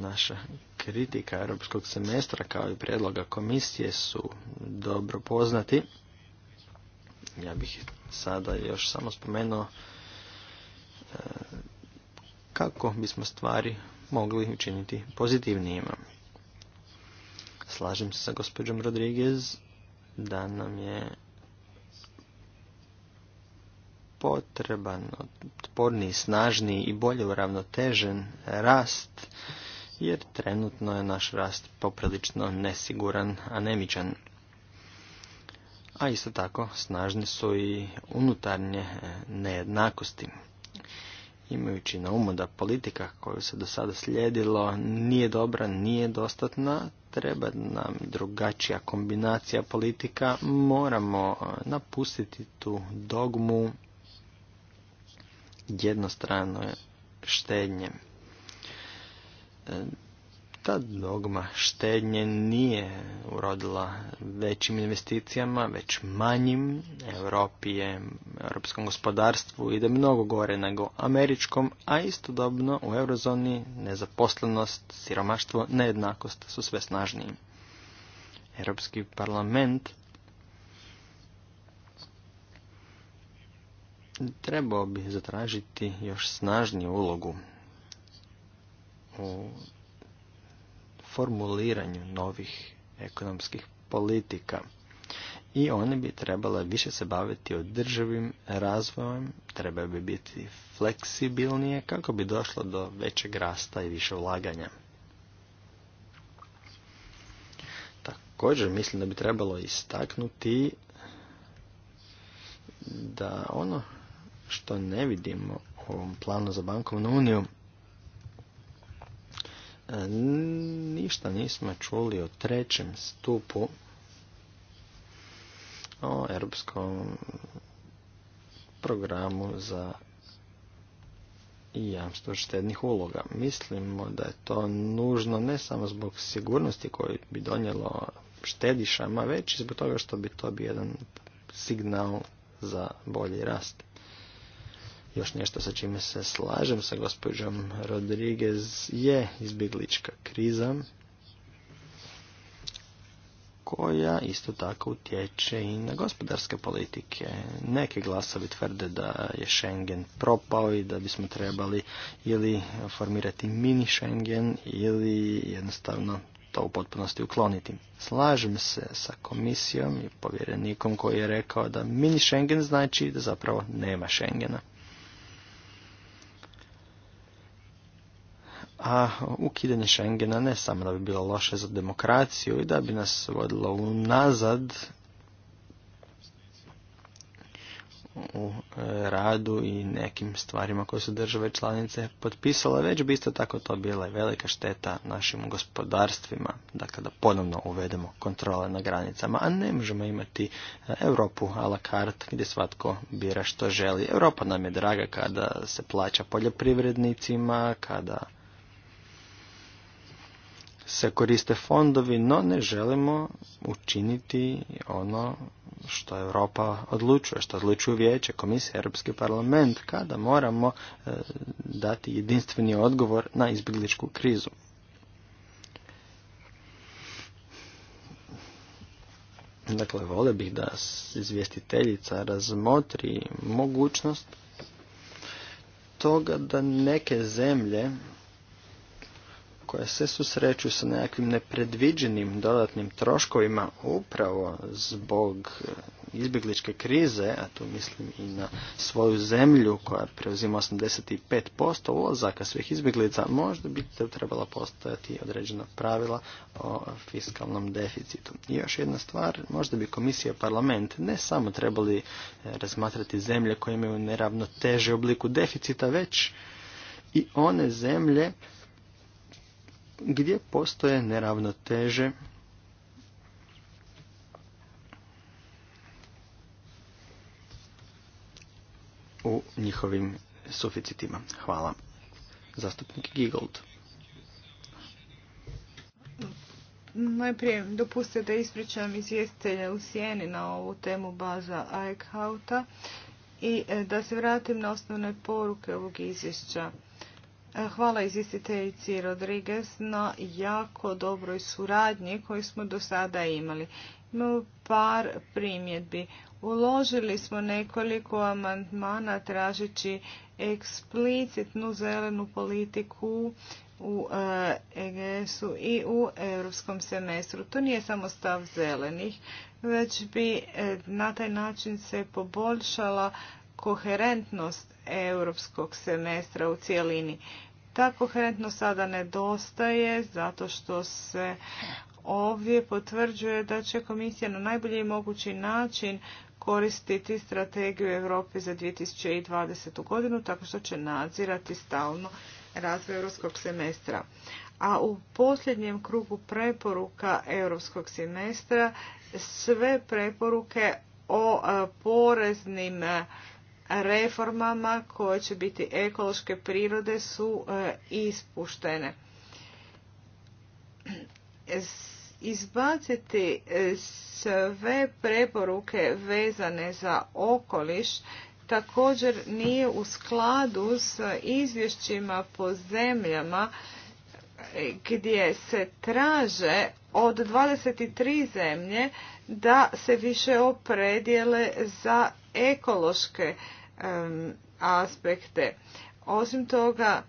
naša kritika europskog semestra kao i predloga komisije su dobro poznati. Ja bih sada još samo spomenuo e, kako bismo stvari mogli učiniti pozitivnijima. Slažem se sa gospođom Rodriguez da nam je potreban, otporniji, snažniji i bolje uravnotežen rast, jer trenutno je naš rast poprilično nesiguran, anemičan a isto tako snažne su i unutarnje e, nejednakosti. Imajući na umu da politika koju se do sada slijedilo nije dobra, nije dostatna, treba nam drugačija kombinacija politika, moramo e, napustiti tu dogmu jednostrano štednje. E, ta dogma štednje nije urodila većim investicijama, već manjim Europi je, europskom gospodarstvu ide mnogo gore nego američkom, a istodobno u eurozoni nezaposlenost, siromaštvo, nejednakost su sve snažniji. Europski parlament trebao bi zatražiti još snažniju ulogu u formuliranju novih ekonomskih politika. I one bi trebale više se baviti održivim razvojem, treba bi biti fleksibilnije kako bi došlo do većeg rasta i više ulaganja. Također mislim da bi trebalo istaknuti da ono što ne vidimo u ovom planu za bankovnu uniju E, ništa nismo čuli o trećem stupu o europskom programu za i jamstvo štednih uloga. Mislimo da je to nužno ne samo zbog sigurnosti koju bi donijelo štedišama, već i zbog toga što bi to bio jedan signal za bolji rast. Još nešto sa čime se slažem sa gospođom Rodriguez je izbjeglička kriza koja isto tako utječe i na gospodarske politike. Neke glasovi tvrde da je Schengen propao i da bismo trebali ili formirati mini Schengen ili jednostavno to u potpunosti ukloniti. Slažem se sa komisijom i povjerenikom koji je rekao da mini Schengen znači da zapravo nema Schengena. a ukidanje Schengena ne samo da bi bilo loše za demokraciju i da bi nas vodilo nazad u e, radu i nekim stvarima koje su države članice potpisale, već bi isto tako to bila velika šteta našim gospodarstvima, dakle da ponovno uvedemo kontrole na granicama, a ne možemo imati e, Europu a la carte gdje svatko bira što želi. Europa nam je draga kada se plaća poljoprivrednicima, kada se koriste fondovi, no ne želimo učiniti ono što Europa odlučuje, što odlučuju vijeće, komisija, Europski parlament, kada moramo e, dati jedinstveni odgovor na izbjegličku krizu. Dakle, vole bih da izvjestiteljica razmotri mogućnost toga da neke zemlje koje se susreću sa nekakvim nepredviđenim dodatnim troškovima upravo zbog eh, izbjegličke krize, a tu mislim i na svoju zemlju koja preuzima 85% ulazaka svih izbjeglica, možda bi trebala postojati određena pravila o fiskalnom deficitu. I još jedna stvar, možda bi komisija parlament ne samo trebali eh, razmatrati zemlje koje imaju neravnoteže obliku deficita, već i one zemlje gdje postoje neravnoteže u njihovim suficitima. Hvala. Zastupnik Gigold. Najprije dopustite da ispričam izvjestitelja u sjeni na ovu temu baza Eichhauta i e, da se vratim na osnovne poruke ovog izvješća. Hvala izvjestiteljici Rodriguez na jako dobroj suradnji koju smo do sada imali. Imamo par primjedbi. Uložili smo nekoliko amandmana tražeći eksplicitnu zelenu politiku u EGS-u e i u europskom semestru. To nije samo stav zelenih, već bi e, na taj način se poboljšala koherentnost europskog semestra u cijelini. Ta koherentnost sada nedostaje zato što se ovdje potvrđuje da će komisija na najbolji mogući način koristiti strategiju Europe za 2020. godinu tako što će nadzirati stalno razvoj europskog semestra. A u posljednjem krugu preporuka europskog semestra sve preporuke o e, poreznim reformama koje će biti ekološke prirode su e, ispuštene. Izbaciti e, sve preporuke vezane za okoliš također nije u skladu s izvješćima po zemljama e, gdje se traže od 23 zemlje da se više opredijele za ekološke aspekte. Osim toga,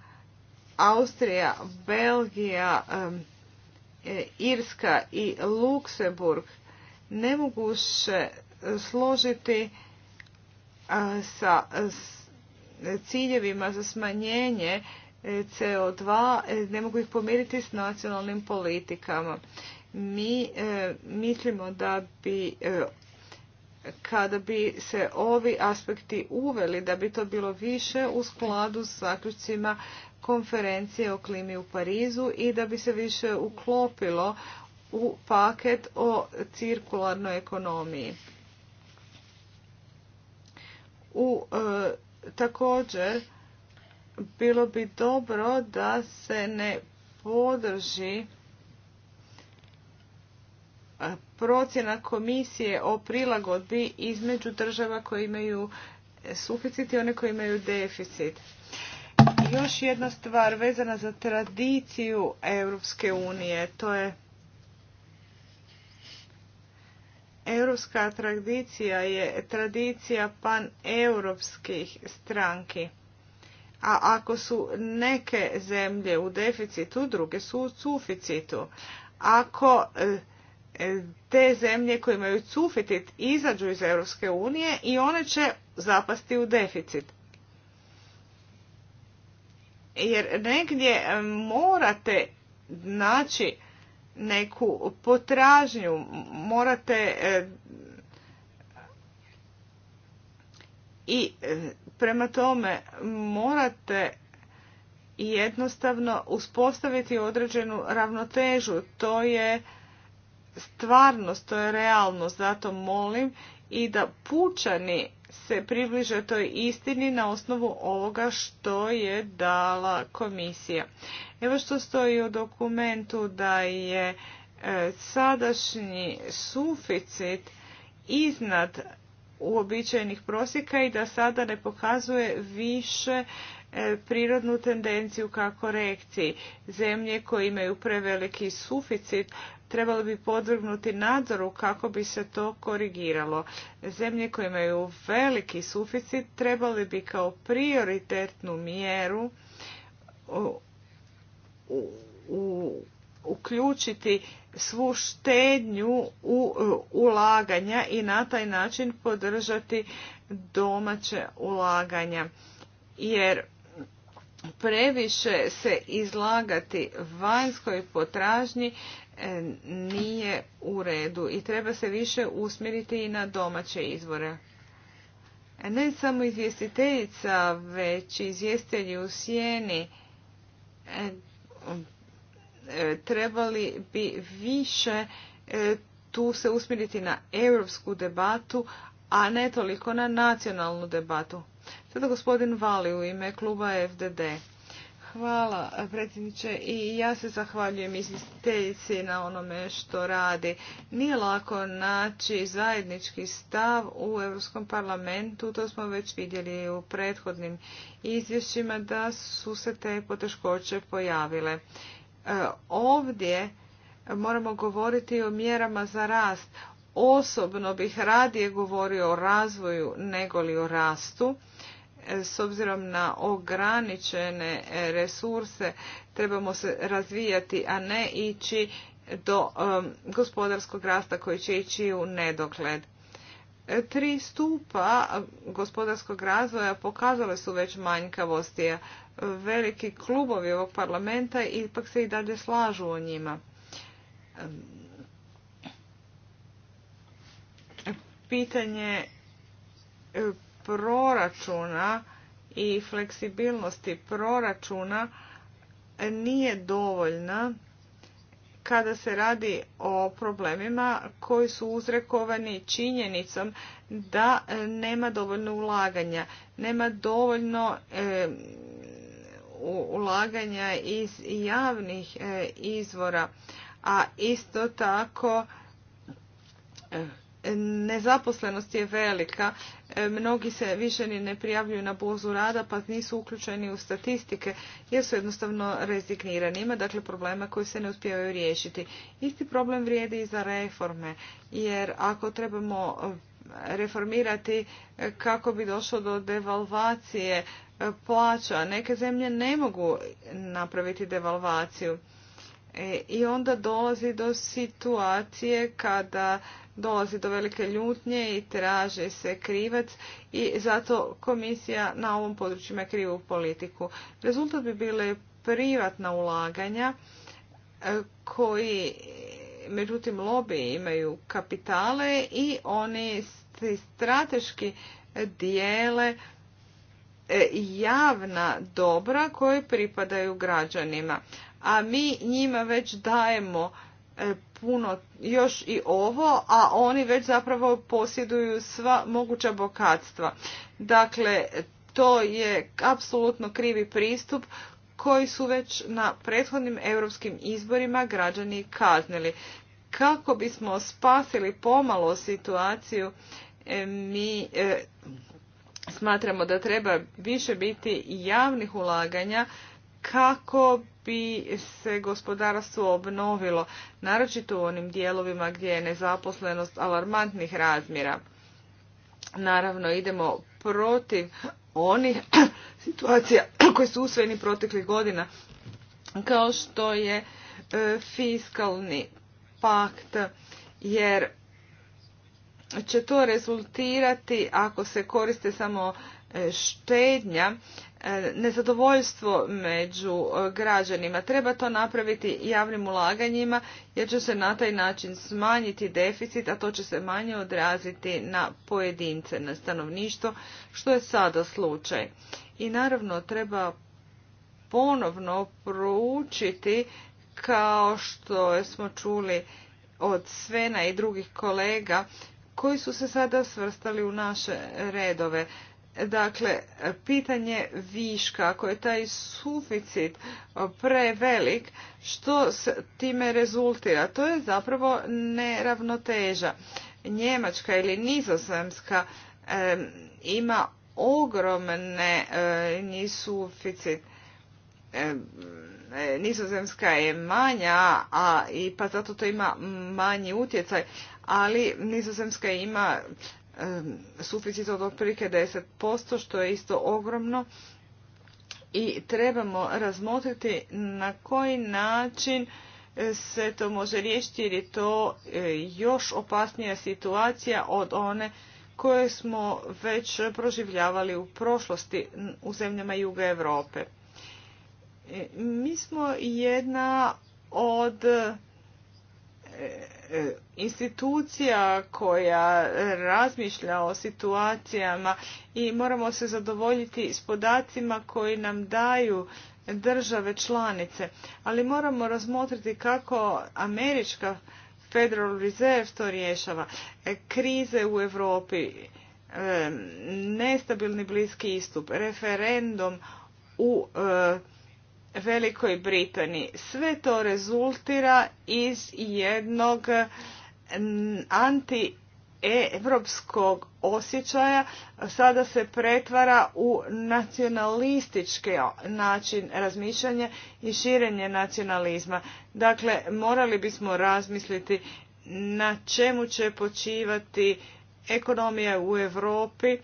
Austrija, Belgija, e, Irska i Luksemburg ne mogu se složiti sa ciljevima za smanjenje e, CO2, e, ne mogu ih pomiriti s nacionalnim politikama. Mi mislimo da bi kada bi se ovi aspekti uveli, da bi to bilo više u skladu s zaključcima konferencije o klimi u Parizu i da bi se više uklopilo u paket o cirkularnoj ekonomiji. U e, također bilo bi dobro da se ne podrži procjena komisije o prilagodbi između država koje imaju suficit i one koje imaju deficit. Još jedna stvar vezana za tradiciju Europske unije, to je Europska tradicija je tradicija paneuropskih stranki. A ako su neke zemlje u deficitu, druge su u suficitu. Ako e, te zemlje koje imaju suficit izađu iz Europske unije i one će zapasti u deficit. Jer negdje e, morate naći neku potražnju, morate e, i e, prema tome morate jednostavno uspostaviti određenu ravnotežu. To je stvarnost, to je realnost, zato molim i da pučani se približe toj istini na osnovu ovoga što je dala komisija. Evo što stoji u dokumentu da je e, sadašnji suficit iznad uobičajenih prosjeka i da sada ne pokazuje više e, prirodnu tendenciju ka korekciji. Zemlje koje imaju preveliki suficit trebali bi podvrgnuti nadzoru kako bi se to korigiralo. Zemlje koje imaju veliki suficit trebali bi kao prioritetnu mjeru u, uključiti svu štednju u ulaganja i na taj način podržati domaće ulaganja. Jer previše se izlagati vanjskoj potražnji E, nije u redu i treba se više usmjeriti i na domaće izvore. E, ne samo izvjestiteljica, već i izvjestitelji u sjeni e, trebali bi više tu se usmjeriti na europsku debatu, a ne toliko na nacionalnu debatu. Sada gospodin Vali u ime kluba FDD. Hvala predsjedniče i ja se zahvaljujem izvjestiteljici na onome što radi. Nije lako naći zajednički stav u Europskom parlamentu, to smo već vidjeli u prethodnim izvješćima da su se te poteškoće pojavile. E, ovdje moramo govoriti o mjerama za rast. Osobno bih radije govorio o razvoju nego li o rastu s obzirom na ograničene e, resurse trebamo se razvijati, a ne ići do gospodarskog rasta koji će ići u nedogled. E, tri stupa gospodarskog razvoja pokazale su već manjkavosti. E, veliki klubovi ovog parlamenta ipak se i dalje slažu o njima. Pitanje proračuna i fleksibilnosti proračuna nije dovoljna kada se radi o problemima koji su uzrekovani činjenicom da nema dovoljno ulaganja, nema dovoljno e, ulaganja iz javnih e, izvora, a isto tako e, nezaposlenost je velika, e, mnogi se više ni ne prijavljuju na bozu rada pa nisu uključeni u statistike jer su jednostavno rezignirani. Ima dakle problema koji se ne uspijevaju riješiti. Isti problem vrijedi i za reforme jer ako trebamo e, reformirati e, kako bi došlo do devalvacije plaća, neke zemlje ne mogu napraviti devalvaciju. E, I onda dolazi do situacije kada dolazi do velike ljutnje i traže se krivac i zato komisija na ovom području ima krivu politiku. Rezultat bi bile privatna ulaganja e, koji međutim lobi imaju kapitale i oni strateški dijele e, javna dobra koje pripadaju građanima a mi njima već dajemo e, puno još i ovo, a oni već zapravo posjeduju sva moguća bokatstva. Dakle, to je apsolutno krivi pristup koji su već na prethodnim europskim izborima građani kaznili. Kako bismo spasili pomalo situaciju, e, mi e, smatramo da treba više biti javnih ulaganja kako bi se gospodarstvo obnovilo, naročito u onim dijelovima gdje je nezaposlenost alarmantnih razmjera. Naravno, idemo protiv onih situacija koje su usvojeni proteklih godina, kao što je e, fiskalni pakt, jer će to rezultirati ako se koriste samo e, štednja E, nezadovoljstvo među e, građanima. Treba to napraviti javnim ulaganjima jer će se na taj način smanjiti deficit, a to će se manje odraziti na pojedince, na stanovništvo, što je sada slučaj. I naravno treba ponovno proučiti kao što smo čuli od Svena i drugih kolega koji su se sada svrstali u naše redove. Dakle, pitanje viška, ako je taj suficit prevelik, što s time rezultira? To je zapravo neravnoteža. Njemačka ili Nizozemska ima ogromne e, e, nizozemska je manja, a i pa zato to ima manji utjecaj, ali nizozemska ima suficit od otprilike 10%, što je isto ogromno. I trebamo razmotriti na koji način e, se to može riješiti jer je to e, još opasnija situacija od one koje smo već proživljavali u prošlosti u zemljama Juga Europe. E, mi smo jedna od E, institucija koja razmišlja o situacijama i moramo se zadovoljiti s podacima koji nam daju države članice. Ali moramo razmotriti kako američka Federal Reserve to rješava. E, krize u Europi, e, nestabilni bliski istup, referendum u Velikoj Britaniji. Sve to rezultira iz jednog anti europskog osjećaja sada se pretvara u nacionalistički način razmišljanja i širenje nacionalizma. Dakle, morali bismo razmisliti na čemu će počivati ekonomija u Europi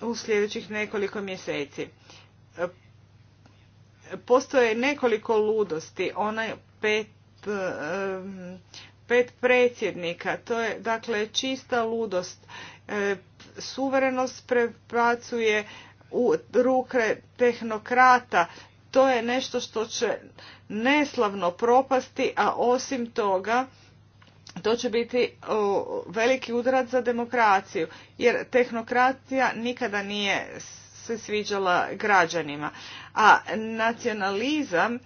u sljedećih nekoliko mjeseci postoje nekoliko ludosti. Onaj pet, pet predsjednika, to je dakle čista ludost. E, suverenost prebacuje u ruke tehnokrata. To je nešto što će neslavno propasti, a osim toga to će biti veliki udarac za demokraciju, jer tehnokracija nikada nije se sviđala građanima a nacionalizam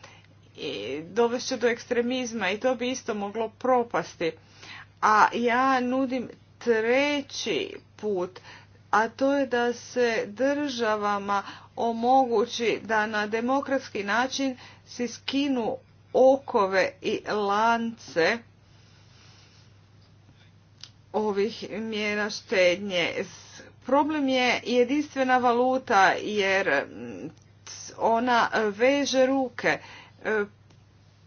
će do ekstremizma i to bi isto moglo propasti. A ja nudim treći put, a to je da se državama omogući da na demokratski način se skinu okove i lance ovih mjera štednje. Problem je jedinstvena valuta jer ona veže ruke. E,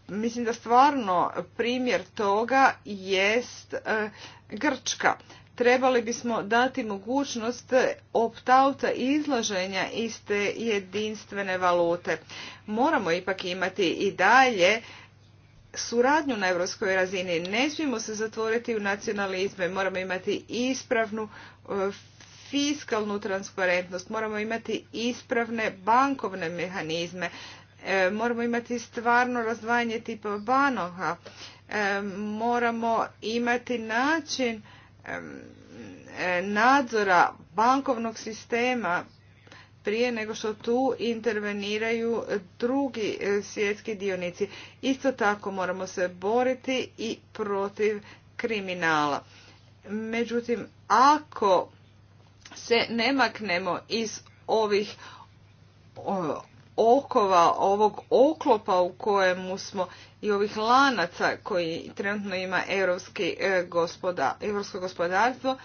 mislim da stvarno primjer toga jest e, Grčka. Trebali bismo dati mogućnost optauta outa izlaženja iste jedinstvene valute. Moramo ipak imati i dalje suradnju na europskoj razini. Ne smijemo se zatvoriti u nacionalizme, moramo imati ispravnu e, fiskalnu transparentnost, moramo imati ispravne bankovne mehanizme, e, moramo imati stvarno razdvajanje tipa banova, e, moramo imati način e, nadzora bankovnog sistema prije nego što tu interveniraju drugi svjetski dionici. Isto tako moramo se boriti i protiv kriminala. Međutim, ako se ne maknemo iz ovih okova, ovog oklopa u kojemu smo i ovih lanaca koji trenutno ima europski e, gospoda, europsko gospodarstvo,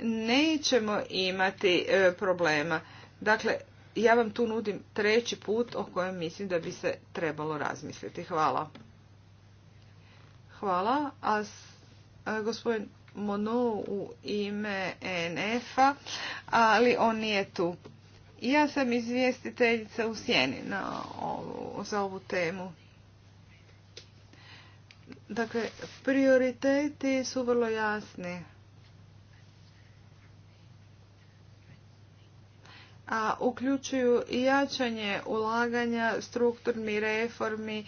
nećemo imati e, problema. Dakle, ja vam tu nudim treći put o kojem mislim da bi se trebalo razmisliti. Hvala. Hvala. a e, gospodin Monou u ime NF-a, ali on nije tu. Ja sam izvjestiteljica u Sjeni za ovu temu. Dakle, prioriteti su vrlo jasni. a uključuju i jačanje ulaganja strukturni reformi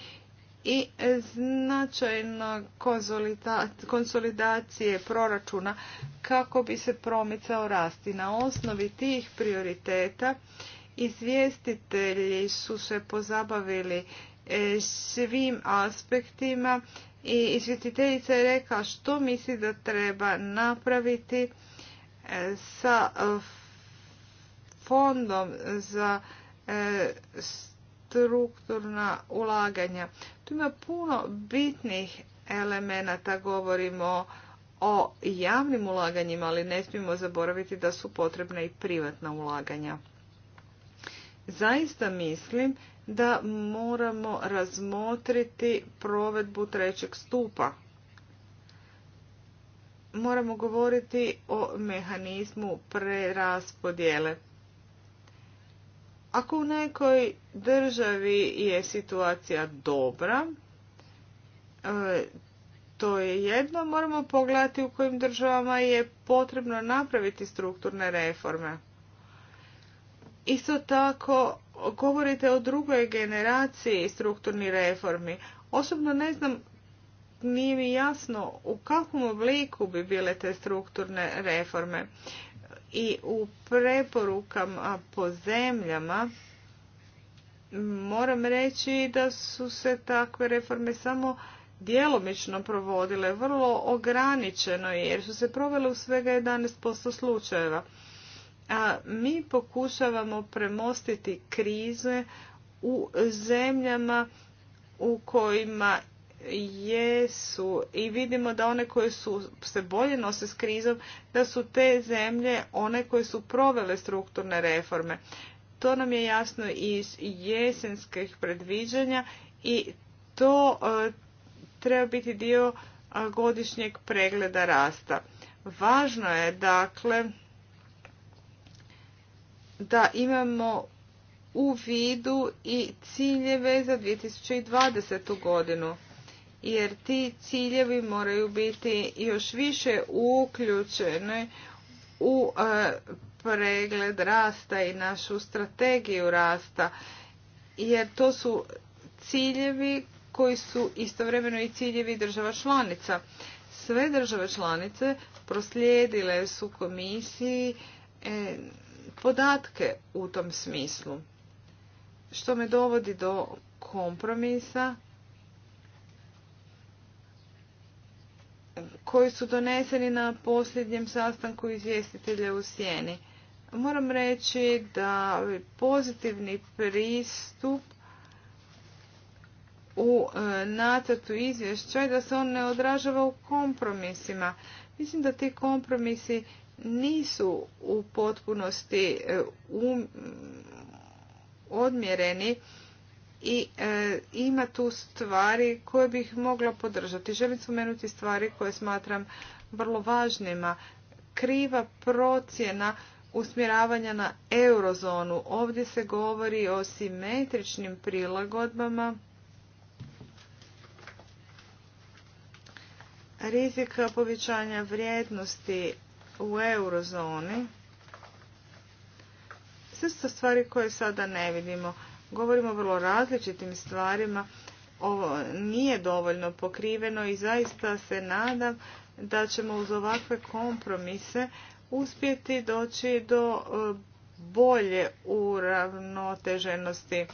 i značajna konsolidacije proračuna kako bi se promicao rasti. Na osnovi tih prioriteta izvjestitelji su se pozabavili e, svim aspektima i izvjestiteljica je rekla što misli da treba napraviti e, sa e, fondom za strukturna ulaganja. Tu ima puno bitnih elemenata, govorimo o javnim ulaganjima, ali ne smijemo zaboraviti da su potrebna i privatna ulaganja. Zaista mislim da moramo razmotriti provedbu trećeg stupa. Moramo govoriti o mehanizmu preraspodjele. Ako u nekoj državi je situacija dobra, e, to je jedno, moramo pogledati u kojim državama je potrebno napraviti strukturne reforme. Isto tako, govorite o drugoj generaciji strukturnih reformi. Osobno ne znam, nije mi jasno u kakvom obliku bi bile te strukturne reforme i u preporukama po zemljama moram reći da su se takve reforme samo djelomično provodile, vrlo ograničeno jer su se provele u svega 11% slučajeva. A mi pokušavamo premostiti krize u zemljama u kojima jesu i vidimo da one koje su se bolje nose s krizom, da su te zemlje one koje su provele strukturne reforme. To nam je jasno iz jesenskih predviđanja i to e, treba biti dio e, godišnjeg pregleda rasta. Važno je dakle da imamo u vidu i ciljeve za 2020. godinu jer ti ciljevi moraju biti još više uključeni u e, pregled rasta i našu strategiju rasta jer to su ciljevi koji su istovremeno i ciljevi država članica. Sve države članice proslijedile su komisiji e, podatke u tom smislu. Što me dovodi do kompromisa koji su doneseni na posljednjem sastanku izvjestitelja u Sjeni. Moram reći da pozitivni pristup u e, nacrtu izvješća je da se on ne odražava u kompromisima. Mislim da ti kompromisi nisu u potpunosti e, um, odmjereni i e, ima tu stvari koje bih mogla podržati. Želim spomenuti stvari koje smatram vrlo važnima. Kriva procjena usmjeravanja na eurozonu. Ovdje se govori o simetričnim prilagodbama rizika povećanja vrijednosti u eurozoni. Sve su stvari koje sada ne vidimo. Govorimo o vrlo različitim stvarima. Ovo nije dovoljno pokriveno i zaista se nadam da ćemo uz ovakve kompromise uspjeti doći do e, bolje uravnoteženosti.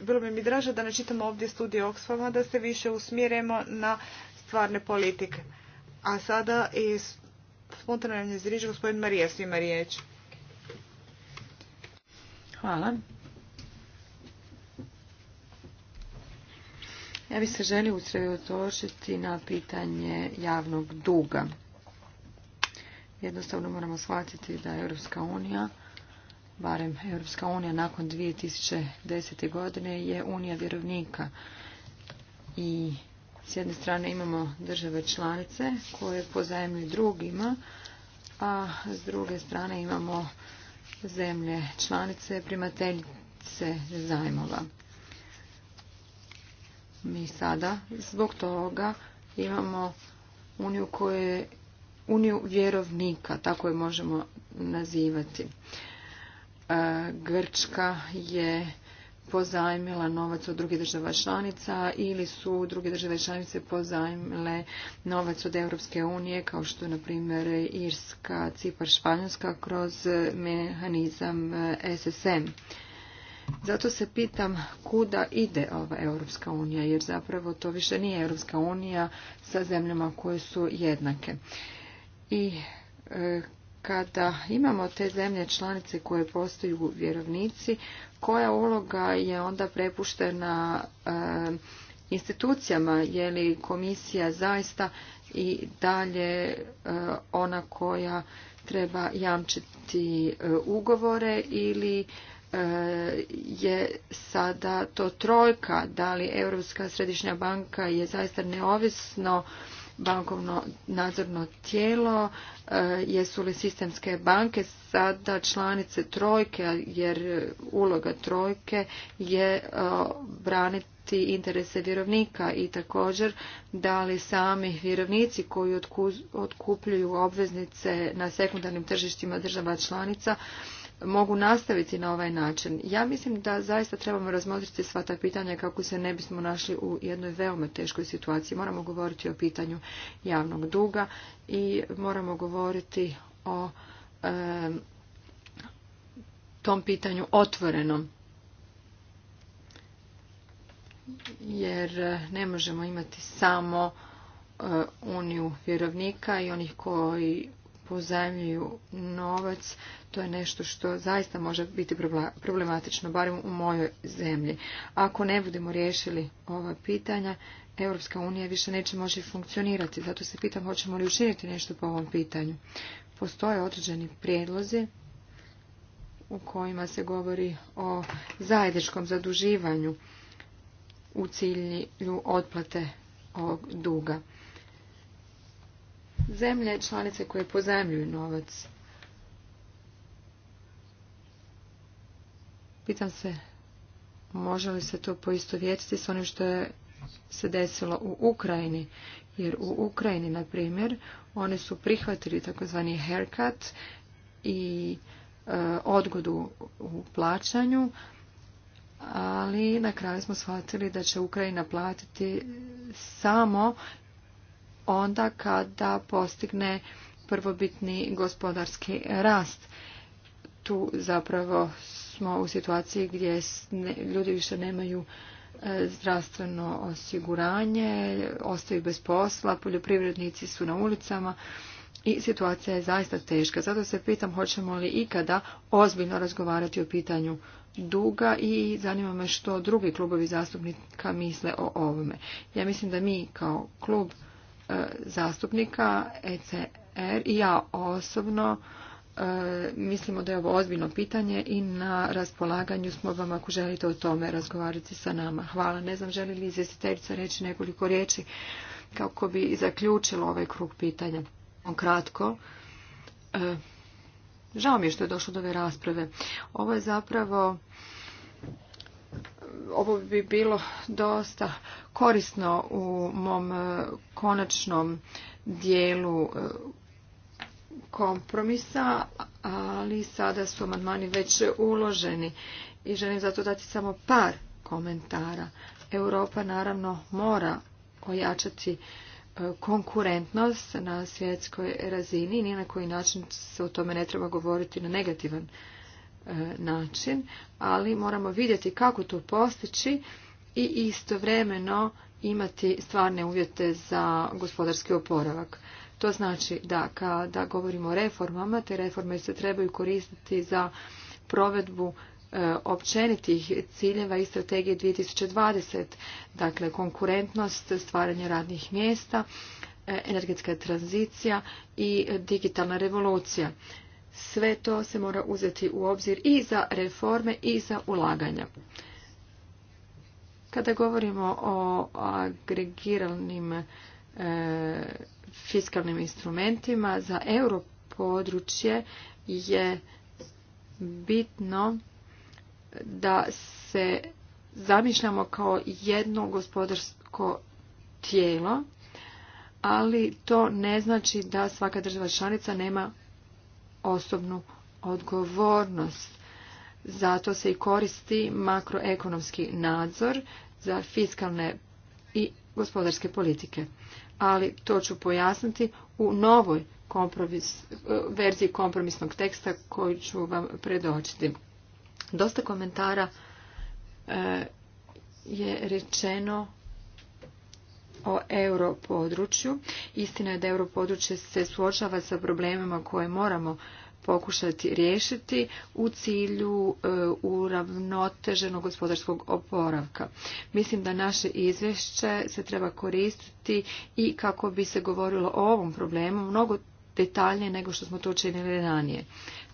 Bilo bi mi draže da ne čitamo ovdje studije Oxfama, da se više usmjerimo na stvarne politike. A sada i spontano nam je gospodin Marija svima riječ. Hvala. Ja bih se želio usredotočiti na pitanje javnog duga. Jednostavno moramo shvatiti da Europska unija, barem Europska unija nakon 2010. godine je unija vjerovnika i s jedne strane imamo države članice koje pozajemljuju drugima, a s druge strane imamo zemlje članice primateljice zajmova mi sada. Zbog toga imamo uniju koje uniju vjerovnika, tako je možemo nazivati. E, Grčka je pozajmila novac od drugih država članica ili su druge države članice pozajmile novac od Europske unije kao što je na primjer Irska, Cipar, Španjolska kroz mehanizam e, SSM. Zato se pitam kuda ide ova Europska unija, jer zapravo to više nije Europska unija sa zemljama koje su jednake. I e, kada imamo te zemlje članice koje postaju vjerovnici, koja uloga je onda prepuštena e, institucijama, je li komisija zaista i dalje e, ona koja treba jamčiti ugovore ili E, je sada to trojka, da li Europska središnja banka je zaista neovisno bankovno nadzorno tijelo, e, jesu li sistemske banke sada članice trojke, jer uloga trojke je e, braniti interese vjerovnika i također da li sami vjerovnici koji otkupljuju obveznice na sekundarnim tržištima država članica mogu nastaviti na ovaj način. Ja mislim da zaista trebamo razmotriti sva ta pitanja kako se ne bismo našli u jednoj veoma teškoj situaciji. Moramo govoriti o pitanju javnog duga i moramo govoriti o tom pitanju otvorenom. Jer eh, ne možemo imati samo eh, uniju vjerovnika i onih koji pozajmljuju novac, to je nešto što zaista može biti problematično, barem u mojoj zemlji. Ako ne budemo riješili ova pitanja, Europska unija više neće moći funkcionirati, zato se pitam hoćemo li učiniti nešto po ovom pitanju. Postoje određeni prijedlozi u kojima se govori o zajedničkom zaduživanju u cilju otplate ovog duga zemlje članice koje pozajemljuju novac. Pitam se, može li se to poistovjetiti s onim što je se desilo u Ukrajini, jer u Ukrajini, na primjer, oni su prihvatili takozvani haircut i e, odgodu u plaćanju, ali na kraju smo shvatili da će Ukrajina platiti samo onda kada postigne prvobitni gospodarski rast. Tu zapravo smo u situaciji gdje ljudi više nemaju e, zdravstveno osiguranje, ostaju bez posla, poljoprivrednici su na ulicama i situacija je zaista teška. Zato se pitam hoćemo li ikada ozbiljno razgovarati o pitanju duga i zanima me što drugi klubovi zastupnika misle o ovome. Ja mislim da mi kao klub E, zastupnika ECR i ja osobno e, mislimo da je ovo ozbiljno pitanje i na raspolaganju smo vam ako želite o tome razgovarati sa nama. Hvala. Ne znam, želi li izvjestiteljica reći nekoliko riječi kako bi zaključilo ovaj krug pitanja. On kratko. E, žao mi je što je došlo do ove rasprave. Ovo je zapravo ovo bi bilo dosta korisno u mom e, konačnom dijelu e, kompromisa, ali sada su amandmani već uloženi i želim zato dati samo par komentara. Europa naravno mora ojačati e, konkurentnost na svjetskoj razini i ni na koji način se o tome ne treba govoriti na negativan E, način, ali moramo vidjeti kako to postići i istovremeno imati stvarne uvjete za gospodarski oporavak. To znači da kada govorimo o reformama, te reforme se trebaju koristiti za provedbu e, općenitih ciljeva i strategije 2020, dakle konkurentnost, stvaranje radnih mjesta, e, energetska tranzicija i digitalna revolucija sve to se mora uzeti u obzir i za reforme i za ulaganja. Kada govorimo o agregiranim e, fiskalnim instrumentima, za europodručje područje je bitno da se zamišljamo kao jedno gospodarsko tijelo, ali to ne znači da svaka država članica nema osobnu odgovornost. Zato se i koristi makroekonomski nadzor za fiskalne i gospodarske politike. Ali to ću pojasniti u novoj kompromis, verziji kompromisnog teksta koju ću vam predočiti. Dosta komentara e, je rečeno o europodručju. Istina je da europodručje se suočava sa problemima koje moramo pokušati riješiti u cilju e, uravnoteženog gospodarskog oporavka. Mislim da naše izvješće se treba koristiti i kako bi se govorilo o ovom problemu mnogo detaljnije nego što smo to činili ranije.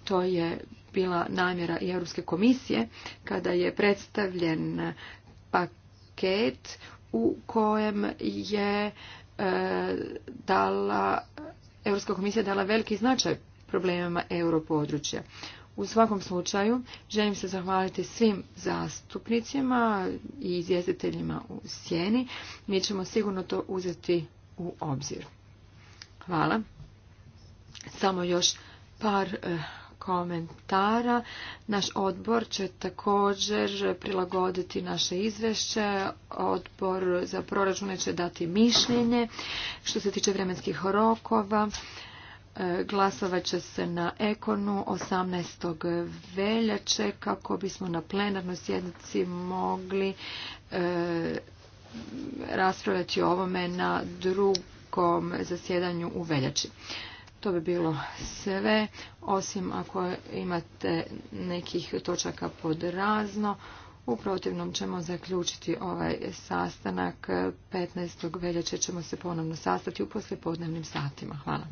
To je bila namjera i Europske komisije kada je predstavljen paket u kojem je e, dala, Europska komisija dala veliki značaj problemima europodručja. U svakom slučaju želim se zahvaliti svim zastupnicima i izvjestiteljima u sjeni. Mi ćemo sigurno to uzeti u obzir. Hvala. Samo još par e, komentara. Naš odbor će također prilagoditi naše izvješće. Odbor za proračune će dati mišljenje. Što se tiče vremenskih rokova, e, glasovat će se na Ekonu 18. veljače kako bismo na plenarnoj sjednici mogli e, raspravljati o ovome na drugom zasjedanju u veljači. To bi bilo sve, osim ako imate nekih točaka pod razno. U protivnom ćemo zaključiti ovaj sastanak. 15. veljače ćemo se ponovno sastati u poslijepodnevnim satima. Hvala.